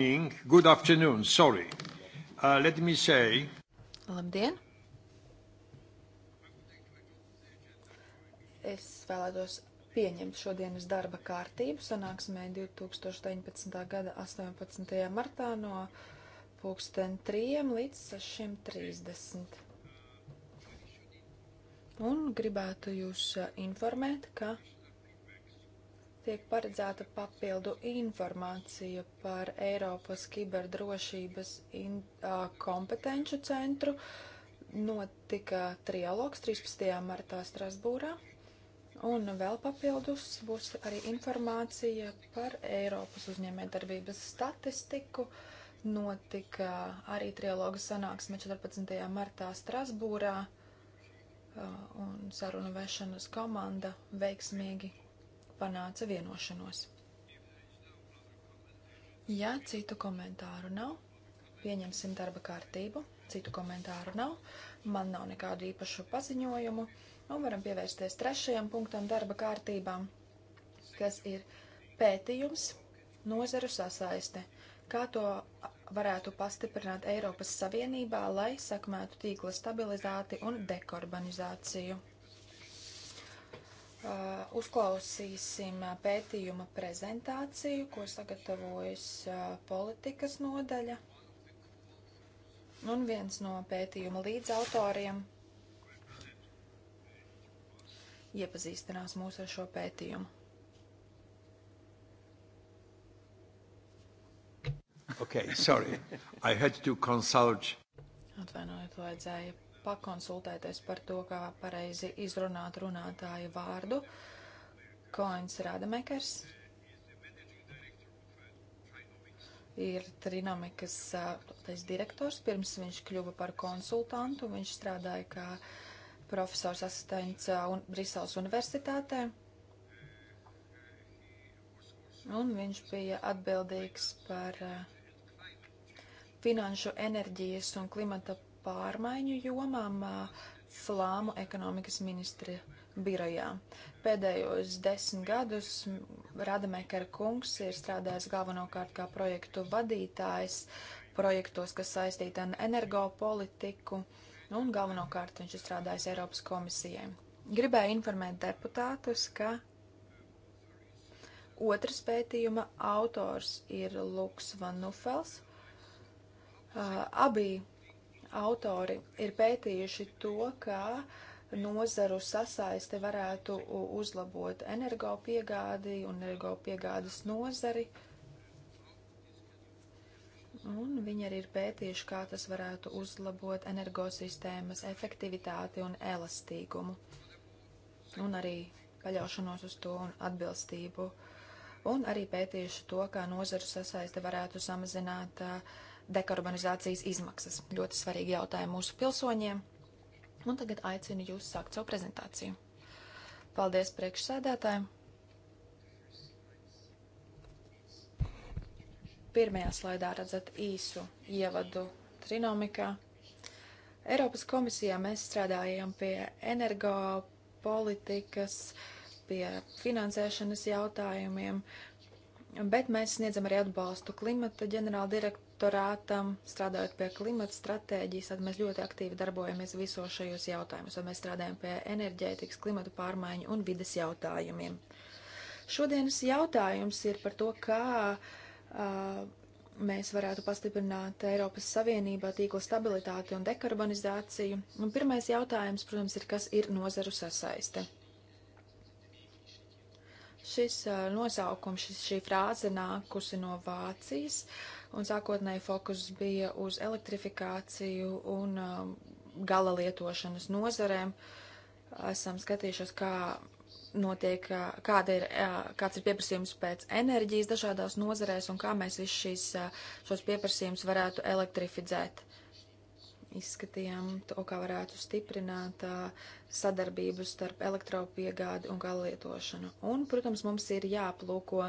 Good afternoon, sorry. Uh, let me say. Labdien! Es vēlētos pieņemt šodienas darba kārtību sanāksmē 2019. gada 18. martā no pulksten 3 līdz 6.30. Un gribētu jūs uh, informēt, ka tiek paredzēta papildu informācija par Eiropas kiberdrošības in, uh, kompetenču centru. Notika trialogs 13. martā Strasbūrā. Un vēl papildus būs arī informācija par Eiropas uzņēmējdarbības statistiku. Notika arī trialoga sanāksme 14. martā Strasbūrā, un sarunu vešanas komanda veiksmīgi panāca vienošanos. Ja citu komentāru nav, pieņemsim darba kārtību. Citu komentāru nav, man nav nekādu īpašu paziņojumu, un varam pievērsties trešajam punktam darba kārtībām, kas ir pētījums nozaru sasaiste, kā to varētu pastiprināt Eiropas Savienībā, lai sakmētu tīkla stabilizāti un dekarbonizāciju. Uh, uzklausīsim uh, pētījuma prezentāciju, ko sagatavojas uh, politikas nodaļa. Un viens no pētījuma līdzautoriem iepazīstinās mūs ar šo pētījumu. Okay, sorry. I had to consult. Atvainojiet, vajadzēja pakonsultēties par to, kā pareizi izrunāt runātāju vārdu. Koins Rademekers ir Trinomikas tais, direktors. Pirms viņš kļuva par konsultantu, viņš strādāja kā profesors asistents un Briseles universitātē. Un viņš bija atbildīgs par finanšu, enerģijas un klimata pārmaiņu jomām Flāmu ekonomikas ministri birojā. Pēdējos desmit gadus Radamekara kungs ir strādājis galvenokārt kā projektu vadītājs projektos, kas saistīti ar energopolitiku, un galvenokārt viņš ir strādājis Eiropas komisijai. Gribēju informēt deputātus, ka otrs pētījuma autors ir Luks Van Nufels. Uh, abi autori ir pētījuši to, kā nozaru sasaiste varētu uzlabot energopiegādi un energopiegādes nozari. Un viņi arī ir pētījuši, kā tas varētu uzlabot energosistēmas efektivitāti un elastīgumu. Un arī paļaušanos uz to un atbilstību. Un arī pētījuši to, kā nozaru sasaiste varētu samazināt uh, dekarbonizācijas izmaksas. Ļoti svarīgi jautājumi mūsu pilsoņiem. Un tagad aicinu jūs sākt savu prezentāciju. Paldies priekšsēdētājiem! Pirmajā slaidā redzat īsu ievadu trinomikā. Eiropas komisijā mēs strādājam pie energopolitikas, pie finansēšanas jautājumiem, uh, bet mēs sniedzam arī atbalstu klimata ģenerāla direktorātam, strādājot pie klimata stratēģijas, tad mēs ļoti aktīvi darbojamies visos šajos jautājumos, un mēs strādājam pie enerģētikas, klimata pārmaiņu un vides jautājumiem. Šodienas jautājums ir par to, kā uh, mēs varētu pastiprināt Eiropas Savienībā tīkla stabilitāti un dekarbonizāciju. Un pirmais jautājums, protams, ir, kas ir nozaru sasaiste. Šis uh, nosaukums, šis, šī frāze nākusi no Vācijas, un sākotnēji fokus bija uz elektrifikāciju un um, gala lietošanas nozarēm. Esam skatījušies, kā notiek, kāda ir, kāds ir pieprasījums pēc enerģijas dažādās nozarēs un kā mēs visus šos pieprasījumus varētu elektrificēt izskatījām to, kā varētu stiprināt sadarbību starp elektropiegādi un galvietošanu. Un, protams, mums ir jāplūko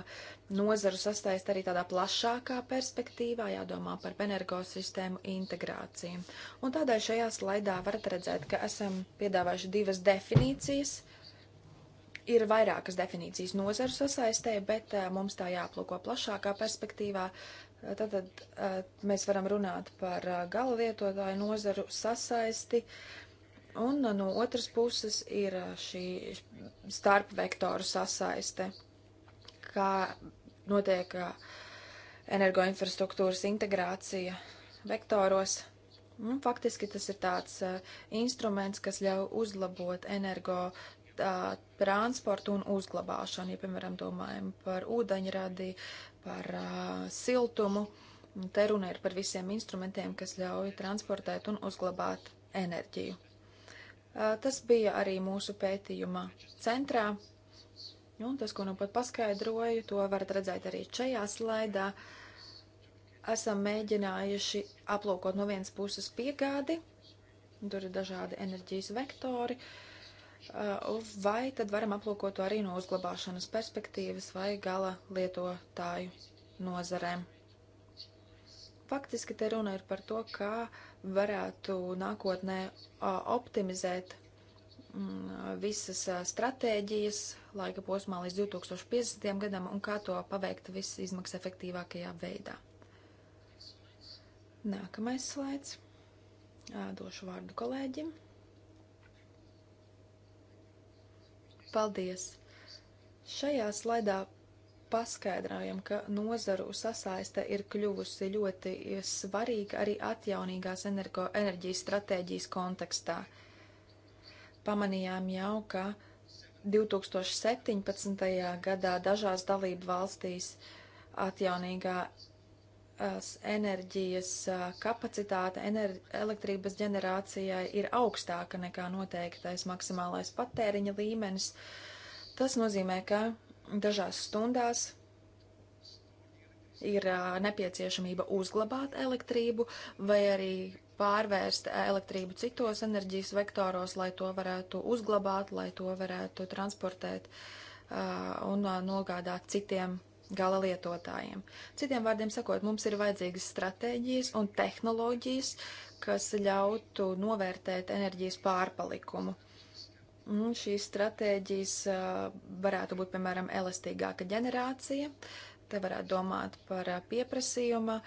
nozaru sastaist arī tādā plašākā perspektīvā, jādomā par energosistēmu integrāciju. Un tādēļ šajā slaidā varat redzēt, ka esam piedāvājuši divas definīcijas. Ir vairākas definīcijas nozaru sasaistē, bet mums tā jāplūko plašākā perspektīvā, Tātad mēs varam runāt par galvietotāju nozaru sasaisti, un no otras puses ir šī starpvektoru sasaiste, kā notiek energoinfrastruktūras integrācija vektoros. Un, faktiski tas ir tāds instruments, kas ļauj uzlabot energo tā, uh, transportu un uzglabāšanu, ja, piemēram, domājam par ūdeņradī, par uh, siltumu. Te runa ir par visiem instrumentiem, kas ļauj transportēt un uzglabāt enerģiju. Uh, tas bija arī mūsu pētījuma centrā. Un tas, ko nu pat paskaidroju, to varat redzēt arī šajā slaidā. Esam mēģinājuši aplūkot no vienas puses piegādi, tur ir dažādi enerģijas vektori, uh, Uh, vai tad varam aplūkot to arī no uzglabāšanas perspektīvas vai gala lietotāju nozarēm. Faktiski te runa ir par to, kā varētu nākotnē uh, optimizēt mm, visas uh, stratēģijas laika posmā līdz 2050. gadam un kā to paveikt viss izmaksas efektīvākajā veidā. Nākamais slaids. Došu vārdu kolēģim. Paldies! Šajā slaidā paskaidrojam, ka nozaru sasaiste ir kļuvusi ļoti svarīga arī atjaunīgās energo, enerģijas stratēģijas kontekstā. Pamanījām jau, ka 2017. gadā dažās dalību valstīs atjaunīgā enerģijas kapacitāte ener elektrības ģenerācijai ir augstāka nekā noteiktais maksimālais patēriņa līmenis. Tas nozīmē, ka dažās stundās ir nepieciešamība uzglabāt elektrību vai arī pārvērst elektrību citos enerģijas vektoros, lai to varētu uzglabāt, lai to varētu transportēt uh, un uh, nogādāt citiem gala lietotājiem. Citiem vārdiem sakot, mums ir vajadzīgas stratēģijas un tehnoloģijas, kas ļautu novērtēt enerģijas pārpalikumu. Un šīs stratēģijas varētu būt, piemēram, elastīgāka ģenerācija. Te varētu domāt par pieprasījuma,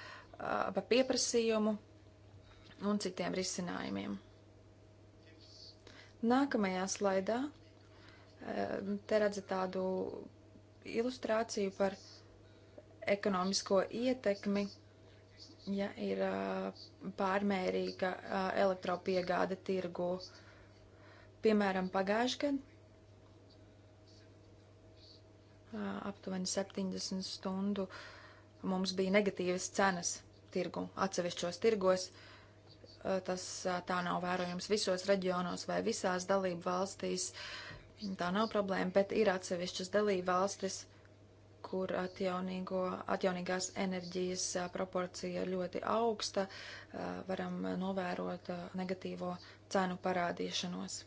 par pieprasījumu un citiem risinājumiem. Nākamajā slaidā te redzat tādu ilustrāciju par uh, ekonomisko ietekmi, ja ir pārmērīga elektropiegāde tirgu. Piemēram, pagājuši gadu aptuveni 70 stundu mums bija negatīvas cenas tirgu, atsevišķos tirgos. Tas tā nav vērojams visos reģionos vai visās dalību valstīs. Tā nav problēma, bet ir atsevišķas dalību valstis, kur atjaunīgās enerģijas proporcija ļoti augsta, varam novērot negatīvo cenu parādīšanos.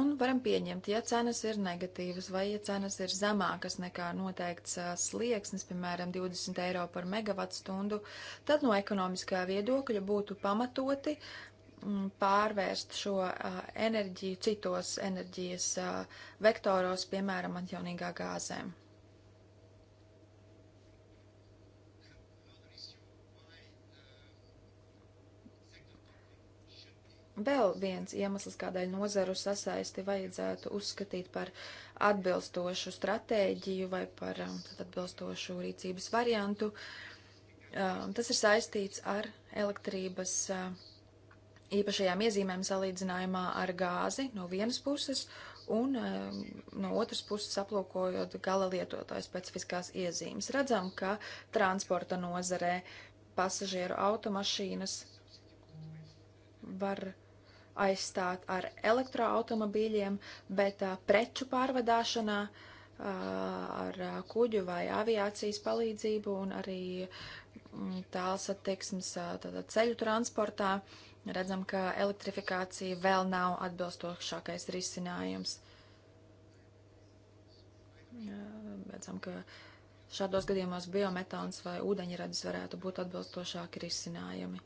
Un varam pieņemt, ja cenas ir negatīvas vai ja cenas ir zemākas nekā noteikts slieksnis, piemēram, 20 eiro par megawatstundu, tad no ekonomiskā viedokļa būtu pamatoti mm, pārvērst šo uh, enerģiju citos enerģijas uh, vektoros, piemēram, atjaunīgā gāzēm. Vēl viens iemesls, kādēļ nozaru sasaisti vajadzētu uzskatīt par atbilstošu stratēģiju vai par um, tad, atbilstošu rīcības variantu, um, tas ir saistīts ar elektrības um, īpašajām iezīmēm salīdzinājumā ar gāzi no vienas puses un no otras puses aplūkojot gala lietotāju specifiskās iezīmes. Redzam, ka transporta nozarē pasažieru automašīnas var aizstāt ar elektroautomobīļiem, bet uh, preču pārvadāšanā uh, ar uh, kuģu vai aviācijas palīdzību un arī mm, tāls attieksmes uh, ceļu transportā redzam, ka elektrifikācija vēl nav atbilstošākais risinājums. Uh, redzam, ka šādos gadījumos biometāns vai ūdeņradis varētu būt atbilstošāki risinājumi.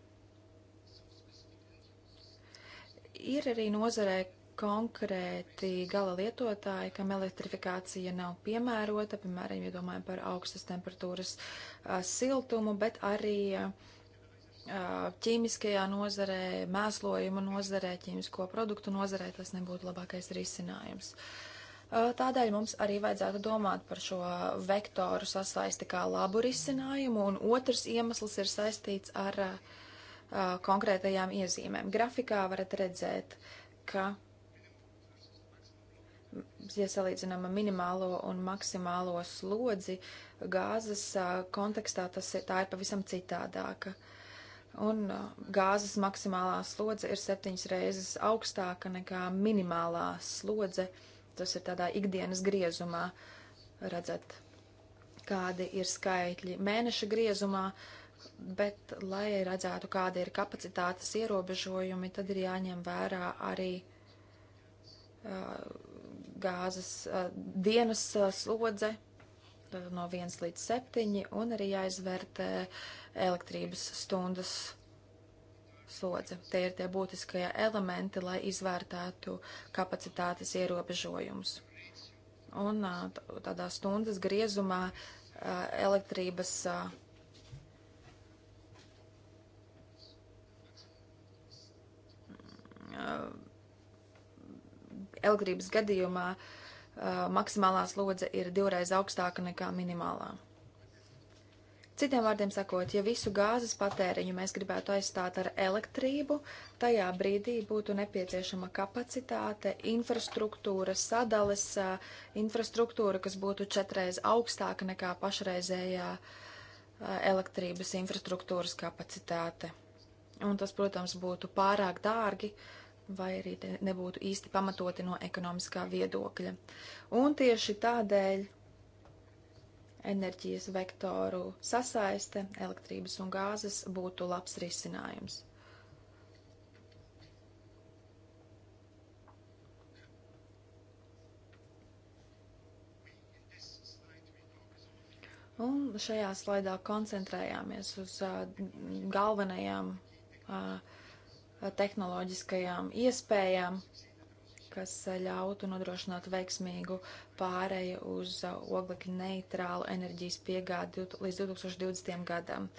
Ir arī nozarē konkrēti gala lietotāji, kam elektrifikācija nav piemērota, piemēram, ja domājam par augstas temperatūras a, siltumu, bet arī a, ķīmiskajā nozarē, mēslojuma nozarē, ķīmisko produktu nozarē tas nebūtu labākais risinājums. Tādēļ mums arī vajadzētu domāt par šo vektoru sasaisti kā labu risinājumu, un otrs iemesls ir saistīts ar uh, uh, konkrētajām iezīmēm. Grafikā varat redzēt, ka, ja salīdzinām minimālo un maksimālo slodzi, gāzes uh, kontekstā tas ir, tā ir pavisam citādāka. Un uh, gāzes maksimālā slodze ir septiņas reizes augstāka nekā minimālā slodze. Tas ir tādā ikdienas griezumā, redzat, kādi ir skaitļi mēneša griezumā. Uh, bet, lai redzētu, kāda ir kapacitātes ierobežojumi, tad ir jāņem vērā arī uh, gāzes uh, dienas uh, slodze no 1 līdz 7 un arī jāizvērtē elektrības stundas slodze. Tie ir tie būtiskie elementi, lai izvērtētu kapacitātes ierobežojumus. Un tādā stundas griezumā elektrības uh, Elgrības uh, gadījumā uh, maksimālā slodze ir divreiz augstāka nekā minimālā. Citiem vārdiem sakot, ja visu gāzes patēriņu mēs gribētu aizstāt ar elektrību, tajā brīdī būtu nepieciešama kapacitāte, infrastruktūra, sadales uh, infrastruktūra, kas būtu četreiz augstāka nekā pašreizējā elektrības infrastruktūras kapacitāte. Un tas, protams, būtu pārāk dārgi, uh, vai arī nebūtu īsti pamatoti no ekonomiskā viedokļa. Un tieši tādēļ enerģijas vektoru sasaiste elektrības un gāzes būtu labs risinājums. Un šajā slaidā koncentrējāmies uz uh, galvenajām uh, tehnoloģiskajām iespējām, kas eh, ļautu nodrošināt veiksmīgu pāreju uz eh, oglekļa neitrālu enerģijas piegādi līdz 2020. gadam.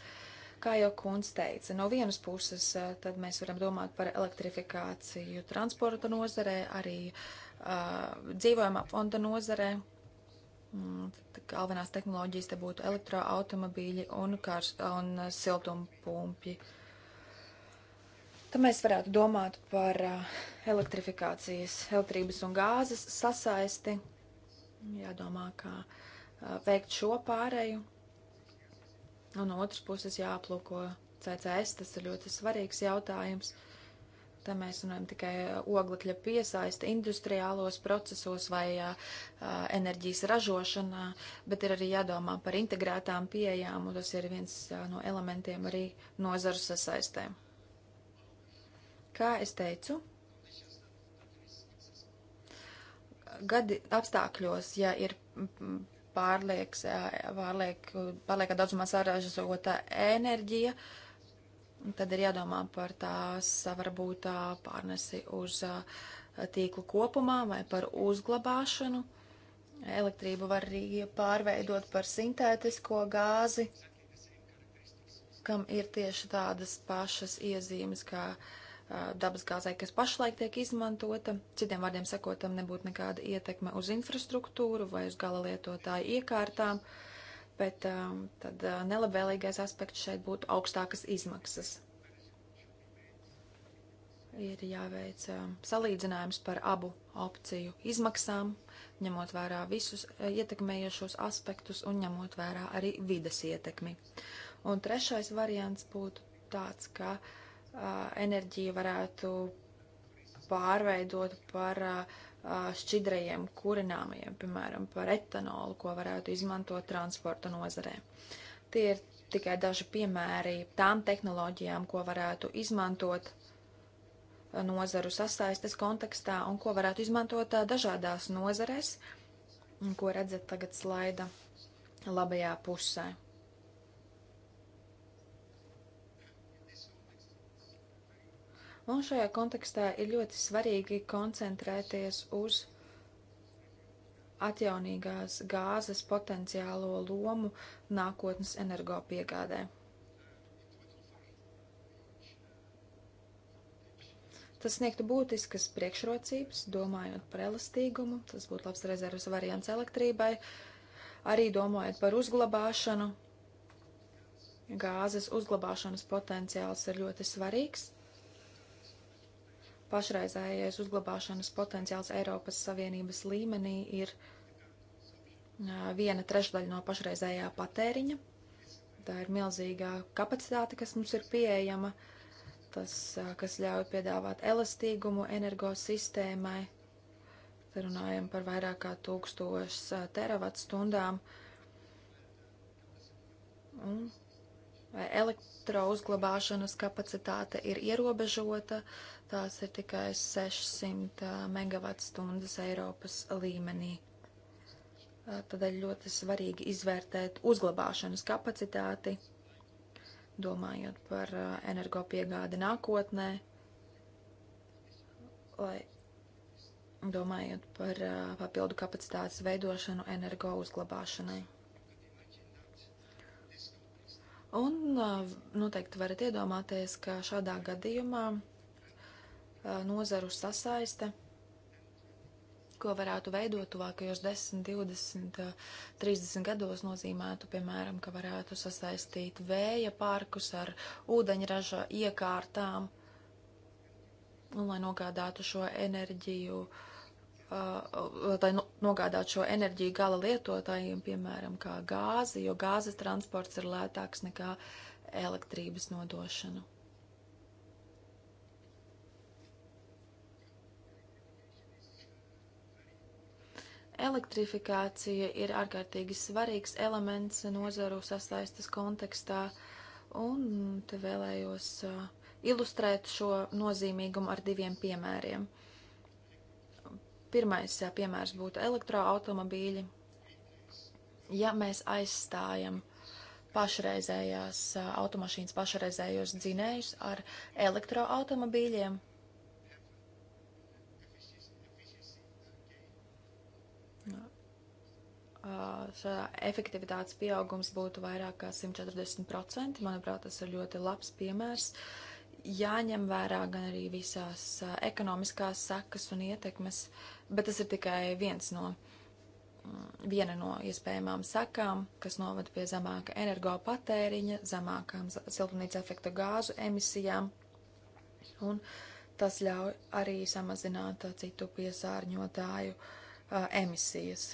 Kā jau Kunts teica, no vienas puses eh, tad mēs varam domāt par elektrifikāciju transporta nozarē, arī uh, dzīvojamā fonda nozarē. Mm, galvenās tehnoloģijas te būtu elektroautomobīļi un, kars, un siltumpumpji. Uh, Tad mēs varētu domāt par uh, elektrifikācijas, elektrības un gāzes sasaisti. Jādomā, kā uh, veikt šo pāreju. Un no otras puses jāaplūko CCS, tas ir ļoti svarīgs jautājums. Tā mēs runājam tikai uh, oglekļa piesaisti industriālos procesos vai a, enerģijas ražošanā, bet ir arī jādomā par integrētām pieejām, un tas ir viens a, no elementiem arī nozaru sasaistēm. Kā es teicu, gadi apstākļos, ja ir pārlieks, eh, pārliek, pārliekā daudzumā sāražotā enerģija, tad ir jādomā par tās varbūt pārnesi uz eh, tīklu kopumā vai par uzglabāšanu. Elektrību var arī pārveidot par sintētisko gāzi, kam ir tieši tādas pašas iezīmes kā uh, dabasgāzai, kas pašlaik tiek izmantota. Citiem vārdiem sakot, tam nebūtu nekāda ietekme uz infrastruktūru vai uz gala lietotāju iekārtām, bet tad nelabvēlīgais aspekts šeit būtu augstākas izmaksas. Ir jāveic salīdzinājums par abu opciju izmaksām, ņemot vērā visus ietekmējošos aspektus un ņemot vērā arī vides ietekmi. Un trešais variants būtu tāds, ka uh, enerģiju varētu pārveidot par šķidrajiem kurināmajiem, piemēram, par etanolu, ko varētu izmantot transporta nozarē. Tie ir tikai daži piemēri tām tehnoloģijām, ko varētu izmantot nozaru sasaistes kontekstā un ko varētu izmantot dažādās nozarēs, ko redzat tagad slaida labajā pusē. Un šajā kontekstā ir ļoti svarīgi koncentrēties uz atjaunīgās gāzes potenciālo lomu nākotnes energopiegādē. Tas sniegtu būtiskas priekšrocības, domājot par elastīgumu, tas būtu labs rezerves variants elektrībai, arī domājot par uzglabāšanu. Gāzes uzglabāšanas potenciāls ir ļoti svarīgs pašreizējais uzglabāšanas potenciāls Eiropas Savienības līmenī ir viena trešdaļa no pašreizējā patēriņa. Tā ir milzīgā kapacitāte, kas mums ir pieejama, tas, kas ļauj piedāvāt elastīgumu energosistēmai. Te runājam par vairāk kā tūkstošs teravat stundām. Un elektrouzglabāšanas kapacitāte ir ierobežota, tās ir tikai 600 MWh Eiropas līmenī. Tādēļ ļoti svarīgi izvērtēt uzglabāšanas kapacitāti, domājot par energopiegādi nākotnē, lai domājot par papildu kapacitātes veidošanu energo uzglabāšanai. Un eh, noteikti varat iedomāties, ka šādā gadījumā eh, nozaru sasaiste, ko varētu veidot tuvākajos 10, 20, 30 gados, nozīmētu, piemēram, ka varētu sasaistīt vēja parkus ar ūdeņraža iekārtām, un nu, lai nogādātu šo enerģiju uh, Uh, lai nogādātu šo enerģiju gala lietotājiem, piemēram, kā gāzi, jo gāzes transports ir lētāks nekā elektrības nodošana. Elektrifikācija ir ārkārtīgi svarīgs elements nozaru sasaistas kontekstā, un te vēlējos uh, ilustrēt šo nozīmīgumu ar diviem piemēriem. Pirmais piemērs būtu elektroautomobīļi. Ja mēs aizstājam pašreizējās automašīnas pašreizējos dzinējus ar elektroautomobīļiem, šādā efektivitātes pieaugums būtu vairāk kā 140%. Manuprāt, tas ir ļoti labs piemērs jāņem vērā gan arī visās uh, ekonomiskās sakas un ietekmes, bet tas ir tikai viens no, mm, viena no iespējamām sakām, kas novada pie zemāka energopatēriņa, zemākām siltumnīca efekta gāzu emisijām, un tas ļauj arī samazināt citu piesārņotāju uh, emisijas.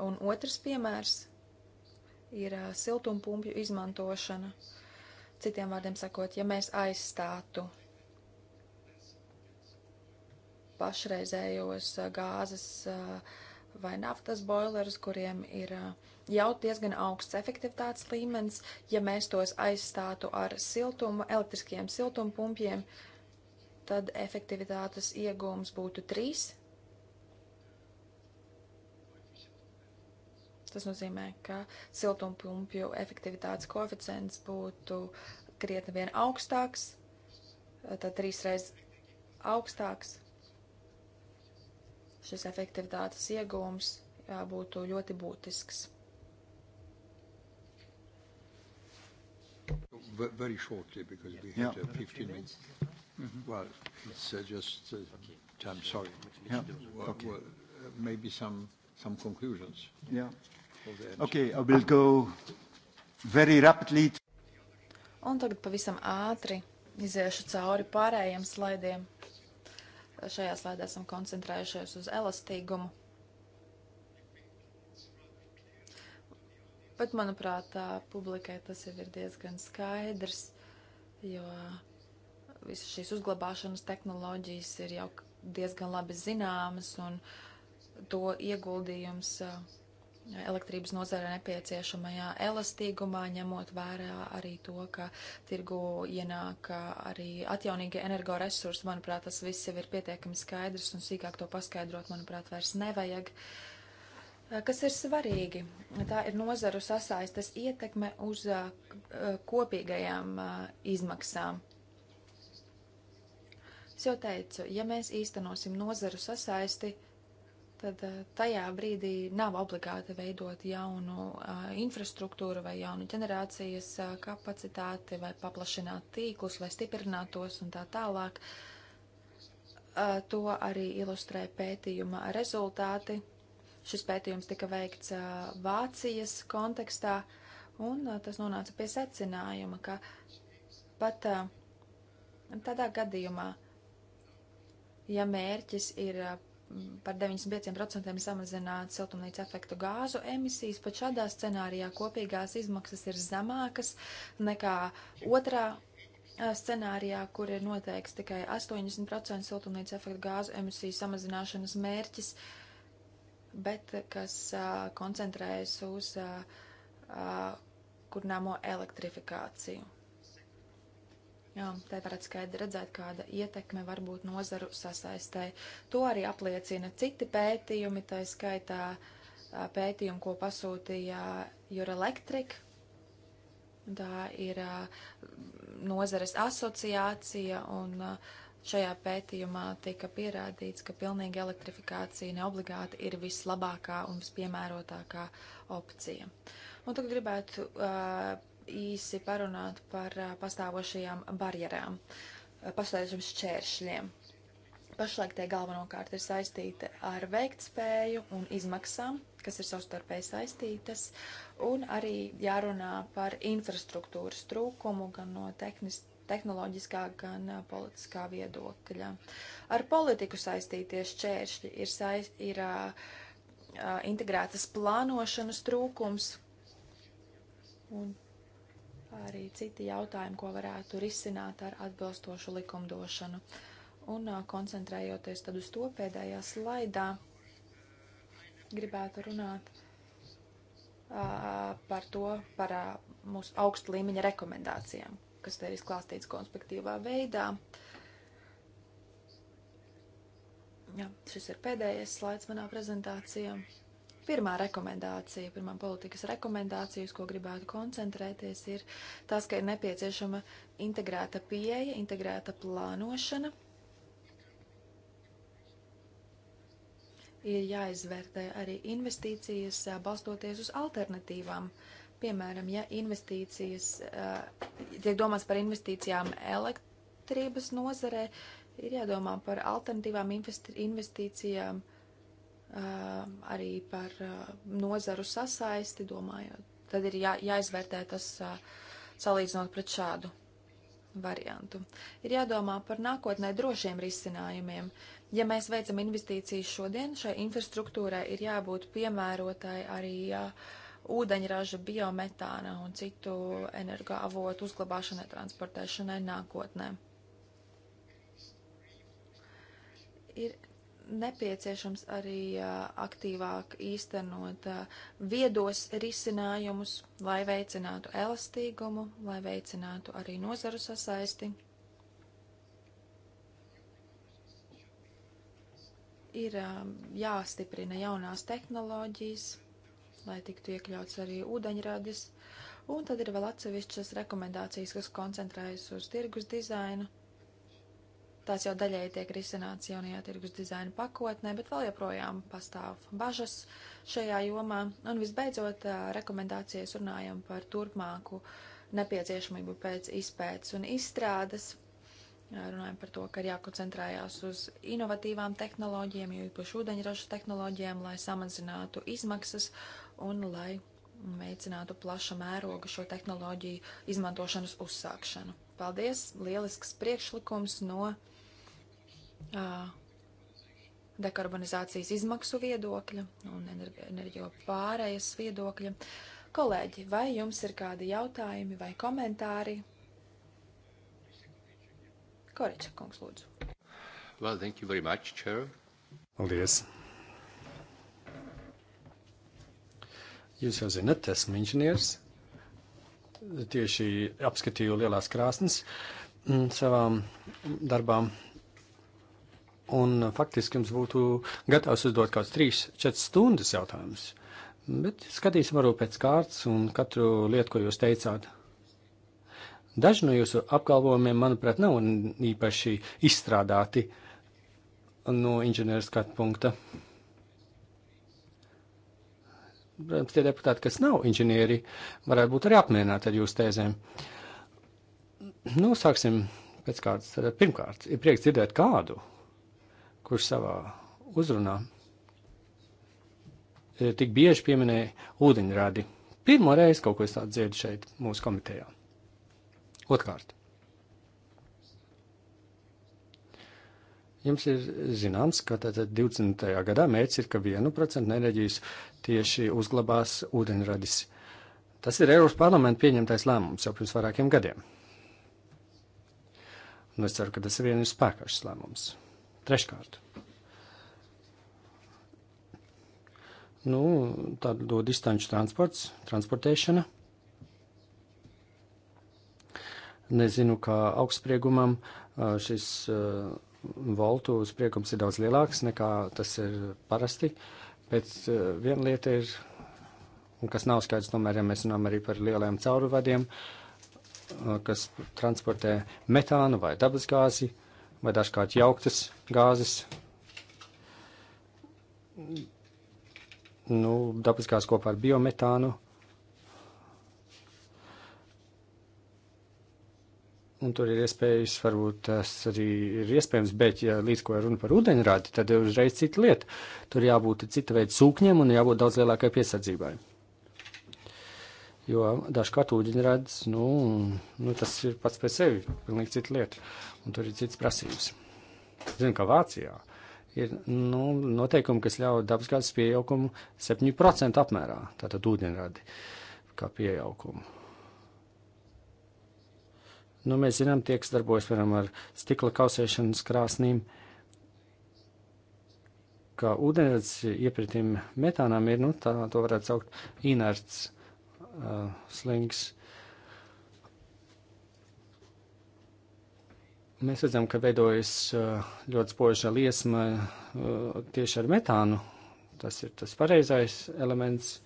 Un otrs piemērs ir uh, siltumpumpju izmantošana. Uh, Citiem vārdiem sakot, ja mēs aizstātu pašreizējos eh, gāzes eh, vai naftas boilerus, kuriem ir eh, jau diezgan augsts efektivitātes līmenis, ja mēs tos aizstātu ar siltumu, elektriskiem siltumpumpiem, tad efektivitātes iegūms būtu 3, Tas nozīmē, ka siltumpumpju efektivitātes koeficients būtu krietni vien augstāks, tad trīsreiz augstāks. Šis efektivitātes iegūms jā, būtu ļoti būtisks. Very shortly, because we yeah. had uh, 15 minutes. Mm -hmm. Well, it's uh, just uh, time, sorry. Yeah. Well, okay. well, uh, maybe some some conclusions. Yeah. Okay, I will go very rapidly. Un tagad pavisam ātri iziešu cauri pārējiem slaidiem. Šajā slaidā esam koncentrējušies uz elastīgumu. Bet, manuprāt, publikai tas jau ir diezgan skaidrs, jo visas šīs uzglabāšanas tehnoloģijas ir jau diezgan labi zināmas, un uh, to ieguldījums eh, elektrības nozara nepieciešamajā elastīgumā, ņemot vērā arī to, ka tirgu ienāk eh, arī atjaunīgie energoresursi. Manuprāt, tas viss jau ir pietiekami skaidrs un sīkāk to paskaidrot, manuprāt, vairs nevajag. Eh, kas ir svarīgi? Tā ir nozaru sasaistes ietekme uz kopīgajām izmaksām. Es jau teicu, ja mēs īstenosim nozaru sasaisti, tad eh, tajā brīdī nav obligāti veidot jaunu uh, infrastruktūru vai jaunu ģenerācijas uh, kapacitāti vai paplašināt tīklus, lai stiprinātos un tā tālāk. Uh, to arī ilustrē pētījuma rezultāti. Šis pētījums tika veikts Vācijas kontekstā, un tas nonāca pie secinājuma, ka pat tādā gadījumā, ja mērķis ir par 95% samazināt siltumnīca efektu gāzu emisijas, pat šādā scenārijā kopīgās izmaksas ir zemākas nekā otrā scenārijā, kur ir noteikts tikai 80% siltumnīca efektu gāzu emisiju samazināšanas mērķis, bet kas koncentrējas uz kurnāmo elektrifikāciju. Jā, te varat skaidri redzēt, kāda ietekme var būt nozaru sasaistē. To arī apliecina citi pētījumi, tā skaitā pētījumi, ko pasūtīja Jura Electric. Tā ir nozares asociācija un šajā pētījumā tika pierādīts, ka pilnīga elektrifikācija neobligāti ir vislabākā un vispiemērotākā opcija. Un tagad gribētu uh, īsi parunāt par pastāvošajām barjerām, pastāvošiem šķēršļiem. Pašlaik tie galvenokārt ir saistīti ar veiktspēju un izmaksām, kas ir savstarpēji saistītas, un arī jārunā par infrastruktūras trūkumu gan no tehnis, tehnoloģiskā, gan politiskā viedokļa. Ar politiku saistītie šķēršļi ir, saist, ir uh, integrētas plānošanas trūkums. Un arī citi jautājumi, ko varētu risināt ar atbilstošu likumdošanu. Un koncentrējoties tad uz to pēdējā slaidā, gribētu runāt par to, par mūsu augstu līmeņa rekomendācijām, kas te ir izklāstīts konspektīvā veidā. Jā, šis ir pēdējais slaids manā prezentācijā. Pirmā rekomendācija, pirmā politikas rekomendācija, uz ko gribētu koncentrēties, ir tas, ka ir nepieciešama integrēta pieeja, integrēta plānošana. Ir jāizvērtē arī investīcijas, balstoties uz alternatīvām. Piemēram, ja investīcijas, tiek domāts par investīcijām elektrības nozarē, ir jādomā par alternatīvām investīcijām. Uh, Um, arī par uh, nozaru sasaisti domājot. Tad ir jā, jāizvērtē tas uh, salīdzinot pret šādu variantu. Ir jādomā par nākotnē drošiem risinājumiem. Ja mēs veicam investīcijas šodien, šai infrastruktūrai ir jābūt piemērotai arī jā, uh, ūdeņraža, biometāna un citu energoavotu uzglabāšanai, transportēšanai nākotnē. Ir nepieciešams arī aktīvāk īstenot viedos risinājumus, lai veicinātu elastīgumu, lai veicinātu arī nozaru sasaisti. Ir jāstiprina jaunās tehnoloģijas, lai tiktu iekļauts arī ūdeņradis, un tad ir vēl atsevišķas rekomendācijas, kas koncentrējas uz tirgus dizainu Tās jau daļēji tiek risināts jaunajā tirgus dizaina pakotnē, bet vēl joprojām pastāv bažas šajā jomā. Un visbeidzot, rekomendācijas runājam par turpmāku nepieciešamību pēc izpētes un izstrādes. Runājam par to, ka ir jākoncentrējās uz inovatīvām tehnoloģijām, jo īpaši ūdeņraža tehnoloģijām, lai samazinātu izmaksas un lai veicinātu plaša mēroga šo tehnoloģiju izmantošanas uzsākšanu. Paldies! Lielisks priekšlikums no dekarbonizācijas izmaksu viedokļa un enerģio pārējas viedokļa. Kolēģi, vai jums ir kādi jautājumi vai komentāri? Koriča kungs, lūdzu. Well, thank you very much, Chair. Paldies. Jūs jau zinat, esmu inženieris. Tieši apskatīju lielās krāsnes mm, savām darbām Un faktiski jums būtu gatavs uzdot kaut kāds 3-4 stundas jautājums. Bet skatīsim varbūt pēc kārtas un katru lietu, ko jūs teicāt. Daži no jūsu apgalvojumiem, manuprāt, nav īpaši izstrādāti no inženieru skatu punkta. Protams, tie deputāti, kas nav inženieri, varētu būt arī apmierināti ar jūsu tēzēm. Nu, sāksim pēc kārtas. Pirmkārt, ir prieks dzirdēt kādu kurš savā uzrunā e, tik bieži pieminēja ūdeņradi. Pirmo reizi kaut ko es tādu dzirdu šeit mūsu komitejā. Otkārt. Jums ir zināms, ka tātad 20. gadā mērķis ir, ka 1% enerģijas tieši uzglabās ūdeņradis. Tas ir Eiropas parlamenta pieņemtais lēmums jau pirms vairākiem gadiem. Un nu, es ceru, ka tas ir viens spēkāšs lēmums. Treškārt. Nu, tad dod distanču transports, transportēšana. Nezinu, kā augstspriegumam šis voltu spriegums ir daudz lielāks nekā tas ir parasti, bet viena lieta ir, un kas nav skaidrs, tomēr, ja mēs runājam arī par lielajiem cauruvadiem, kas transportē metānu vai dabasgāzi, gāzi, vai dažkārt jauktas gāzes. Nu, dabiskās kopā ar biometānu. Un tur ir iespējas, varbūt tas arī ir iespējams, bet, ja līdz ko ir runa par ūdeņrādi, tad ir uzreiz cita lieta. Tur jābūt cita veida sūkņiem un jābūt daudz lielākai piesardzībai. Jo dažkārt ūdeņi redz, nu, nu, tas ir pats par sevi pilnīgi cita lieta, un tur ir cits prasības. Zinu, ka Vācijā ir nu, noteikumi, kas ļauj dabasgādes pieaugumu 7% apmērā, tātad ūdeņradi kā pieaugumu. Nu, mēs zinām, tie, kas darbojas, piemēram, ar stikla kausēšanas krāsnīm, ka ūdeņrads iepritim metānām ir, nu, tā to varētu saukt, inerts uh, slings. Mēs redzam, ka veidojas uh, ļoti spoža liesma uh, tieši ar metānu. Tas ir tas pareizais elements.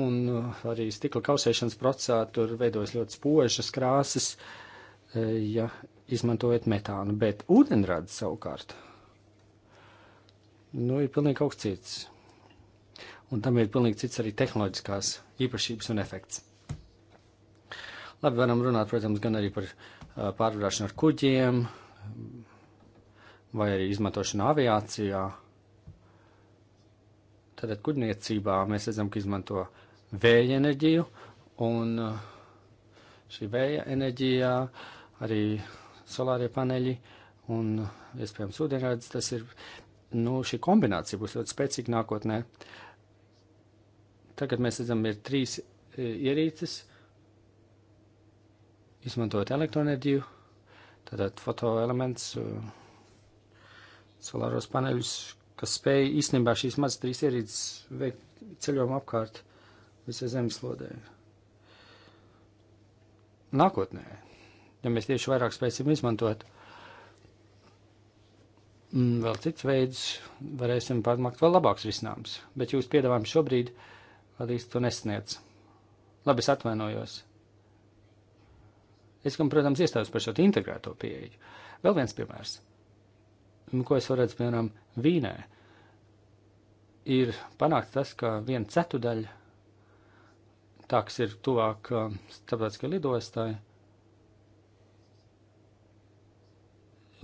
Un uh, arī stikla kausēšanas procesā tur veidojas ļoti spožas krāsas, uh, ja izmantojot metānu. Bet ūdenrads savukārt nu, ir pilnīgi kaut kas cits. Un tam ir pilnīgi cits arī tehnoloģiskās īpašības un efekts. Labi, varam runāt, protams, gan arī par pārvarāšanu ar kuģiem, vai arī izmantošanu aviācijā. Tātad kuģniecībā mēs redzam, ka izmanto vēja enerģiju, un šī vēja enerģija, arī solārie paneļi un, iespējams, ūdeņrads, tas ir nu, šī kombinācija būs ļoti spēcīga nākotnē. Tagad mēs redzam, ir trīs e, ierīces, izmantojot elektroenerģiju, tātad fotoelements, e, solāros paneļus, kas spēj īstenībā šīs mazas trīs ierīces veikt ceļojumu apkārt visai zemeslodē. Nākotnē, ja mēs tieši vairāk spēsim izmantot, uh, Mm, vēl cits veids, varēsim panākt vēl labāks risinājums, bet jūs piedāvājums šobrīd vēl īsti to nesniedz. Labi, es atvainojos. Es, kam, protams, iestājos par šo integrēto pieeju. Vēl viens piemērs, mm, ko es varētu, piemēram, Vīnē, ir panākt tas, ka viena ceturdaļa tāks ir tuvāk um, starptautiskai lidostai,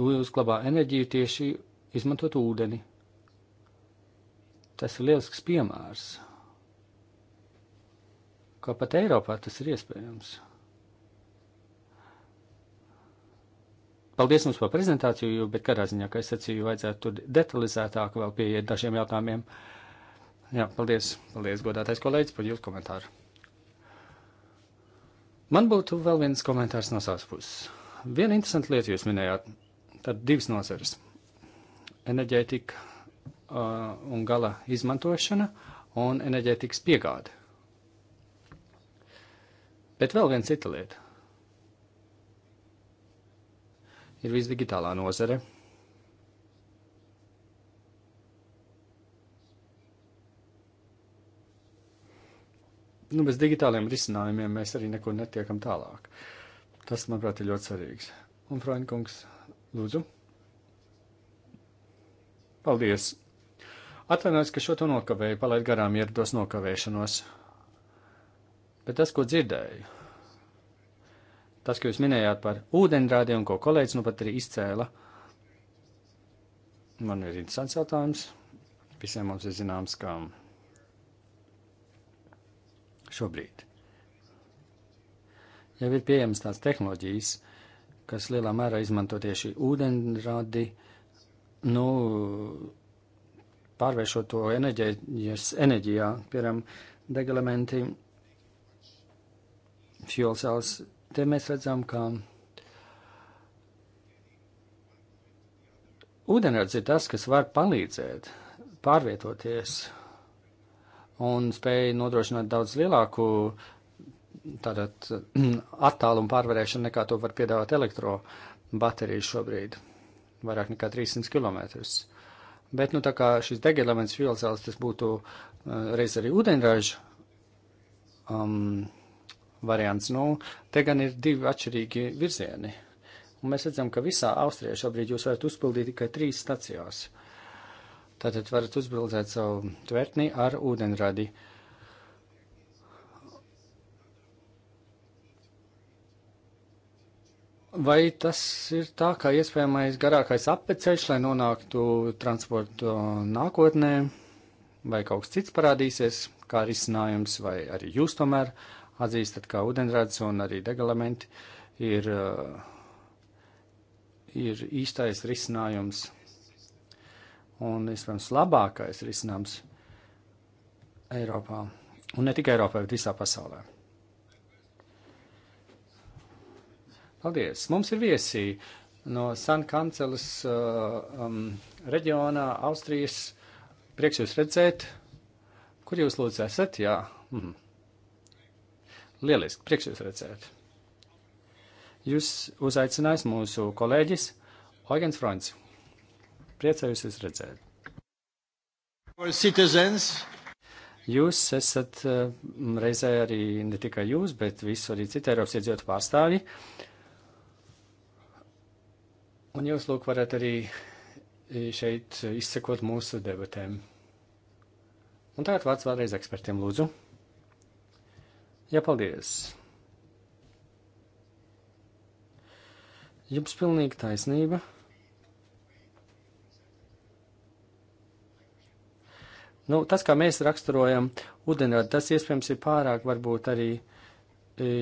uzglabā enerģiju tieši izmantot ūdeni. Tas ir lielisks piemērs, kā pat Eiropā tas ir iespējams. Paldies jums par prezentāciju, bet kādā ziņā, kā es sacīju, vajadzētu tur detalizētāk vēl pieiet dažiem jautājumiem. Jā, paldies, paldies, godātais kolēģis, par jūsu komentāru. Man būtu vēl viens komentārs no savas puses. Viena interesanta lieta jūs minējāt Tad divas nozares - enerģētika uh, un gala izmantošana un enerģētikas piegāde. Bet vēl viena cita lieta - ir viss digitālā nozare. nu, bez digitāliem risinājumiem mēs arī nekur netiekam tālāk. Tas, manuprāt, ir ļoti svarīgs. Un, Frankungs, Lūdzu. Paldies. Atvainojos, ka šo to nokavēju, palaid garām ierados nokavēšanos. Bet tas, ko dzirdēju, tas, ko jūs minējāt par ūdeņrādiem, ko kolēģis nu pat arī izcēla, man ir interesants jautājums. Visiem mums ir zināms, ka šobrīd jau ir pieejamas tās tehnoloģijas, uh, kas lielā mērā izmanto tieši ūdenradi, nu, pārvēršot to enerģijas, enerģijā, piemēram, degelementi, fuel cells, te mēs redzam, ka ūdenrads ir tas, kas var palīdzēt pārvietoties un spēja nodrošināt daudz lielāku uh, tātad attālumu pārvarēšana nekā to var piedāvāt elektrobaterijas šobrīd, vairāk nekā 300 km. Bet, nu, tā kā šis degelements vielcēls, tas būtu uh, reiz arī ūdeņraža um, variants. Nu, te gan ir divi atšķirīgi virzieni. Un mēs redzam, ka visā Austrijā šobrīd jūs varat uzpildīt tikai trīs stacijās. Tātad varat uzbildēt savu tvertni ar ūdeņradi. Uh, Vai tas ir tā kā iespējamais garākais apceļš, lai nonāktu transportu nākotnē, vai kaut kas cits parādīsies, kā risinājums, vai arī jūs tomēr atzīstat, kā ūdenrāds un arī degalamenti ir, uh, ir īstais risinājums un, iespējams, labākais risinājums Eiropā, un ne tikai Eiropā, bet visā pasaulē. Paldies! Mums ir viesī no Sankancelas uh, um, reģionā, Austrijas. Prieks jūs redzēt. Kur jūs lūdzu esat? Jā. Mm. Lieliski, prieks jūs redzēt. Jūs uzaicinājis mūsu kolēģis Oigens Fronts. Priecājos jūs redzēt. Jūs esat uh, reizē arī ne tikai jūs, bet visu arī citu Eiropas iedzīvotu pārstāvji. Uh, Un jūs, lūk, varat arī e, šeit izsekot mūsu debatēm. Un tagad vārds vēlreiz ekspertiem, lūdzu. Jā, paldies! Jums pilnīgi taisnība. Nu, tas, kā mēs raksturojam ūdenrādi, tas iespējams ir pārāk, varbūt arī e,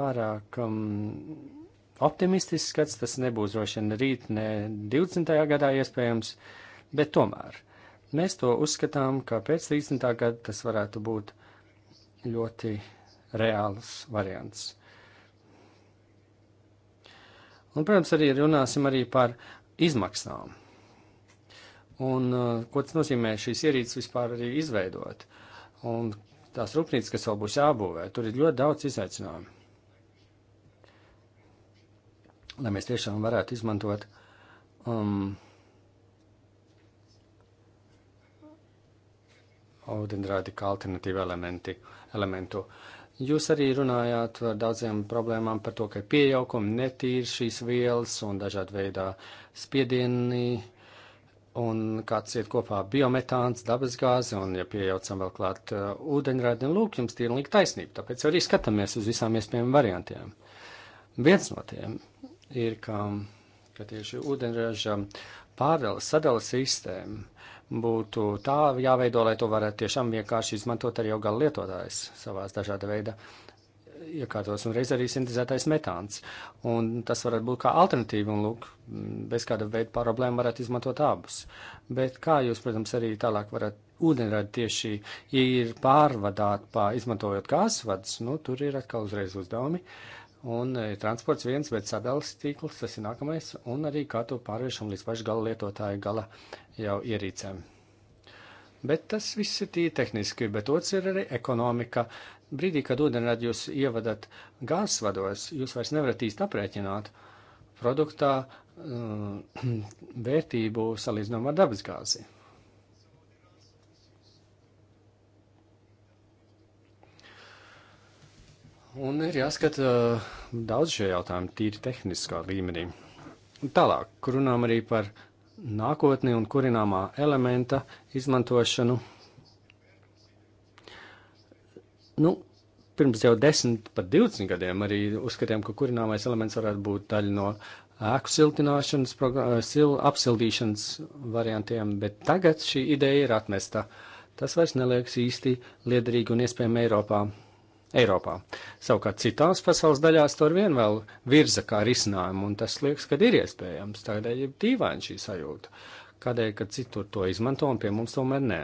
pārāk. Um, optimistisks skats, tas nebūs droši vien rīt, ne 20. gadā iespējams, bet tomēr mēs to uzskatām, ka pēc 30. gada tas varētu būt ļoti reāls variants. Un, protams, arī runāsim arī par izmaksām. Un uh, ko tas nozīmē šīs ierīces vispār arī izveidot? Un tās rūpnīcas, kas vēl būs jābūvē, tur ir ļoti daudz izaicinājumu lai mēs tiešām varētu izmantot um, audendrādi kā alternatīvu elementi, elementu. Jūs arī runājāt par daudziem problēmām par to, ka ir piejaukumi, netīri šīs vielas un dažādi veidā spiedieni un kāds iet kopā biometāns, dabasgāze un, ja piejaucam vēl klāt uh, ūdeņrādi, lūk, jums tie ir lika taisnība, tāpēc arī skatāmies uz visām iespējām variantiem. Viens no tiem ir, ka, ka tieši ūdenraža pārdales sadales sistēma būtu tā jāveido, lai to varētu tiešām vienkārši izmantot arī jau gala lietotājs savās dažāda veida iekārtos un reiz arī sintetizētais metāns. Un tas varētu būt kā alternatīva un, lūk, bez kāda veida problēma varētu izmantot abus. Bet kā jūs, protams, arī tālāk varat ūdenradi tieši ir pārvadāt, pār, izmantojot gāzvadus, nu, tur ir atkal uzreiz uzdevumi. Uh, Un e, transports viens, bet sadalas tīkls, tas ir nākamais, un arī kā to pārvēršam līdz pašu gala lietotāju gala jau ierīcēm. Bet tas viss ir tīri tehniski, bet otrs ir arī ekonomika. Brīdī, kad ūdenrad jūs ievadat gāzes vados, jūs vairs nevarat īsti aprēķināt produktā um, vērtību salīdzinām ar dabasgāzi. Un ir jāskata daudz šie jautājumi tīri tehniskā līmenī. Tālāk, kur runām arī par nākotni un kurināmā elementa izmantošanu. Nu, pirms jau 10, pat 20 gadiem arī uzskatījām, ka kurināmais elements varētu būt daļa no ēku siltināšanas, sil, apsildīšanas variantiem, bet tagad šī ideja ir atmesta. Tas vairs neliekas īsti liederīgi un iespējami Eiropā. Eiropā. Savukārt citās pasaules daļās to vien vēl virza kā risinājumu, un tas liekas, ka ir iespējams. Tādēļ ir dīvaini šī sajūta. Kādēļ, ka citur to izmanto un pie mums tomēr nē.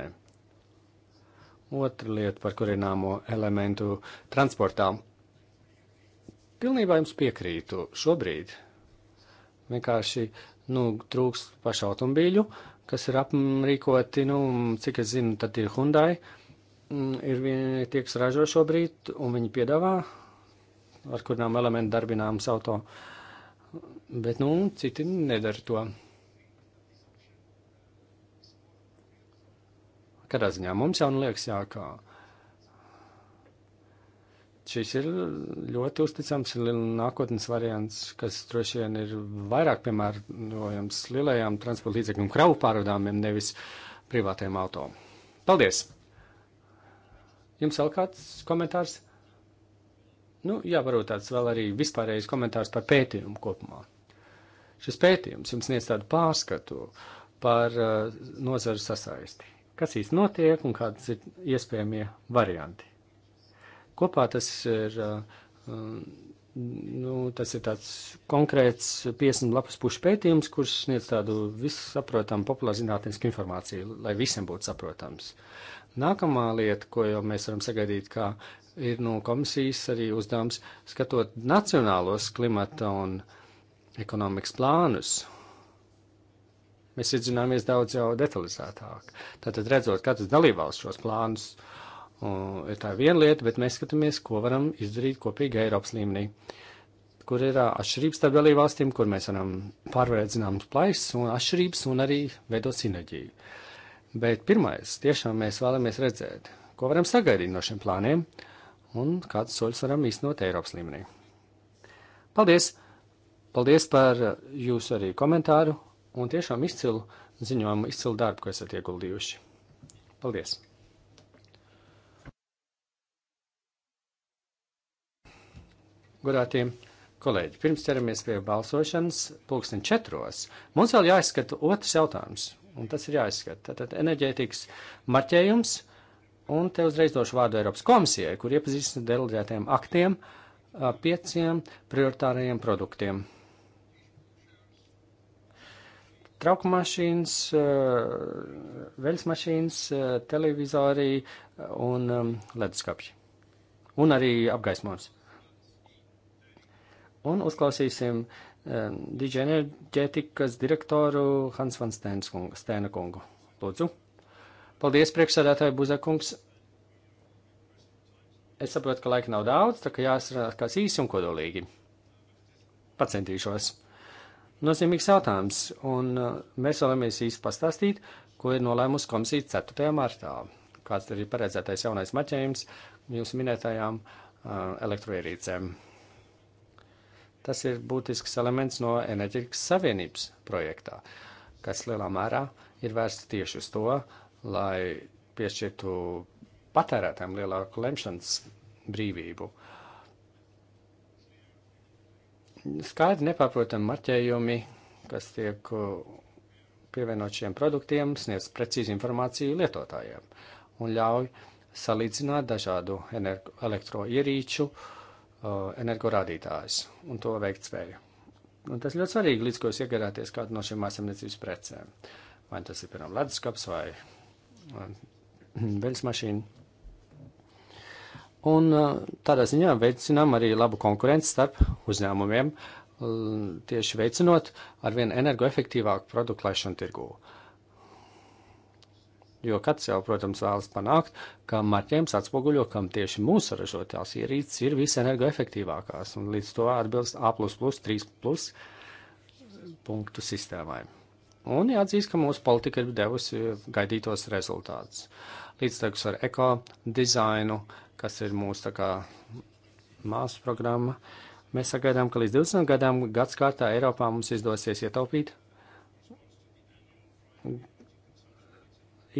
Otra lieta par kurināmo elementu transportā. Pilnībā jums piekrītu šobrīd. Vienkārši, nu, trūks pašu automobīļu, kas ir aprīkoti, nu, cik es zinu, tad ir Hyundai, uh, Mm, ir tie, kas ražo šobrīd, un viņi piedāvā, ar kurām elementu darbināms auto. Bet, nu, citi nedara to. Kādā ziņā mums jau nu liekas, jā, ka šis ir ļoti uzticams nākotnes variants, kas droši vien ir vairāk piemērojams lielajām transporta līdzekļu kravu pārvadāmiem, nevis privātiem auto. Paldies! Jums vēl kāds komentārs? Nu, jā, varbūt tāds vēl arī vispārējais komentārs par pētījumu kopumā. Šis pētījums jums sniedz tādu pārskatu par uh, nozaru sasaisti. Kas īsti notiek un kādas ir iespējamie varianti? Kopā tas ir, uh, um, nu, tas ir tāds konkrēts 50 lapas pušu pētījums, kurš sniedz tādu vissaprotamu populāru zinātnisku informāciju, lai visiem būtu saprotams. Nākamā lieta, ko jau mēs varam sagaidīt, kā ir no komisijas arī uzdevums skatot nacionālos klimata un ekonomikas plānus. Mēs iedzināmies daudz jau detalizētāk. Tātad redzot, kā tas dalībvalsts šos plānus, un, ir tā viena lieta, bet mēs skatāmies, ko varam izdarīt kopīgi Eiropas līmenī, kur ir atšķirības starp dalībvalstīm, kur mēs varam pārvarēt zināmas plaisas un atšķirības un arī veidot sinerģiju. Bet pirmais, tiešām mēs vēlamies redzēt, ko varam sagaidīt no šiem plāniem un kādas soļus varam īstenot Eiropas līmenī. Paldies! Paldies par jūsu arī komentāru un tiešām izcilu ziņojumu, izcilu darbu, ko esat ieguldījuši. Paldies! Godātiem kolēģi, pirms ķeramies pie balsošanas, pulksten četros, mums vēl jāizskata otrs jautājums, Un tas ir jāizskata. Tātad enerģētikas marķējums, un te uzreiz došu vārdu Eiropas komisijai, kur iepazīstina deleģētiem aktiem pieciem prioritārajiem produktiem. Trauku mašīnas, veļas mašīnas, televizori un leduskapji. Un arī apgaismojums. Un uzklausīsim uh, Digi enerģētikas direktoru Hans van Stēna kungu. Lūdzu. Paldies, priekšsēdētāji Buzekungs. Es saprotu, ka laika nav daudz, tā ka jāsarākās īsi un kodolīgi. Pacentīšos. Nozīmīgs jautājums, un eh, mēs vēlamies īsti pastāstīt, ko ir nolēmusi komisija 4. martā. Kāds ir paredzētais jaunais maķējums jūsu minētajām uh, elektroierīcēm? Tas ir būtisks elements no enerģetikas savienības projektā, kas lielā mērā ir vērsts tieši uz to, lai piešķirtu patērētājiem lielāku lemšanas brīvību. Skaidri nepārprotami marķējumi, kas tiek uh, pievienot šiem produktiem, sniedz precīzi informāciju lietotājiem un ļauj salīdzināt dažādu elektroierīču uh, Uh, energorādītājus un to veiktspēju. Un tas ļoti svarīgi, līdz ko jūs iegādāties kādu no šiem mājasemniecības precēm. Vai tas ir, piemēram, leduskaps vai veļas mašīna. Un uh, tādā ziņā veicinām arī labu konkurenci starp uzņēmumiem, tieši veicinot ar vien energoefektīvāku produktu laišanu tirgū. Uh, Jo katrs jau, protams, vēlas panākt, ka marķējums atspoguļo, kam tieši mūsu ražotās ierīces ir visenergoefektīvākās, un līdz to atbilst A, 3 punktu sistēmai. Un jāatzīst, ka mūsu politika ir devusi gaidītos rezultātus. Līdztekus ar eko dizainu, kas ir mūsu tā kā māsu programma, mēs sagaidām, ka līdz 20 gadām gads kārtā Eiropā mums izdosies ietaupīt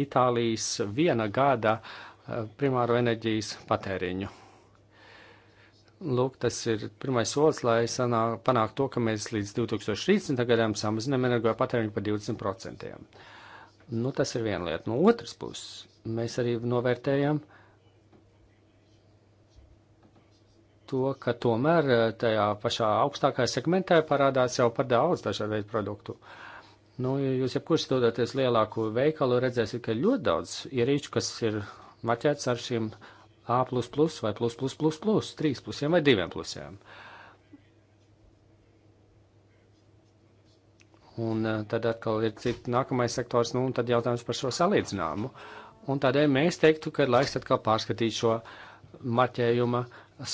Itālijas viena gada eh, primāro enerģijas patēriņu. Lūk, tas ir pirmais solis, lai sanā, panāk to, ka mēs līdz 2030. gadam samazinām energo patēriņu par 20%. Nu, tas ir viena lieta. No otras puses, mēs arī novērtējam to, ka tomēr eh, tajā pašā augstākajā segmentā parādās jau par daudz dažādu veidu produktu. Uh, Nu, ja jūs jebkurš dodaties lielāku veikalu, redzēsiet, ka ļoti daudz ierīču, kas ir maķēts ar šiem A++ vai plus, plus, plus, plus, 3 plusiem vai 2 plusiem. Un eh, tad atkal ir cita nākamais sektors, nu, un tad jautājums par šo salīdzinājumu. Un tādēļ mēs teiktu, ka ir laiks atkal pārskatīt šo maķējuma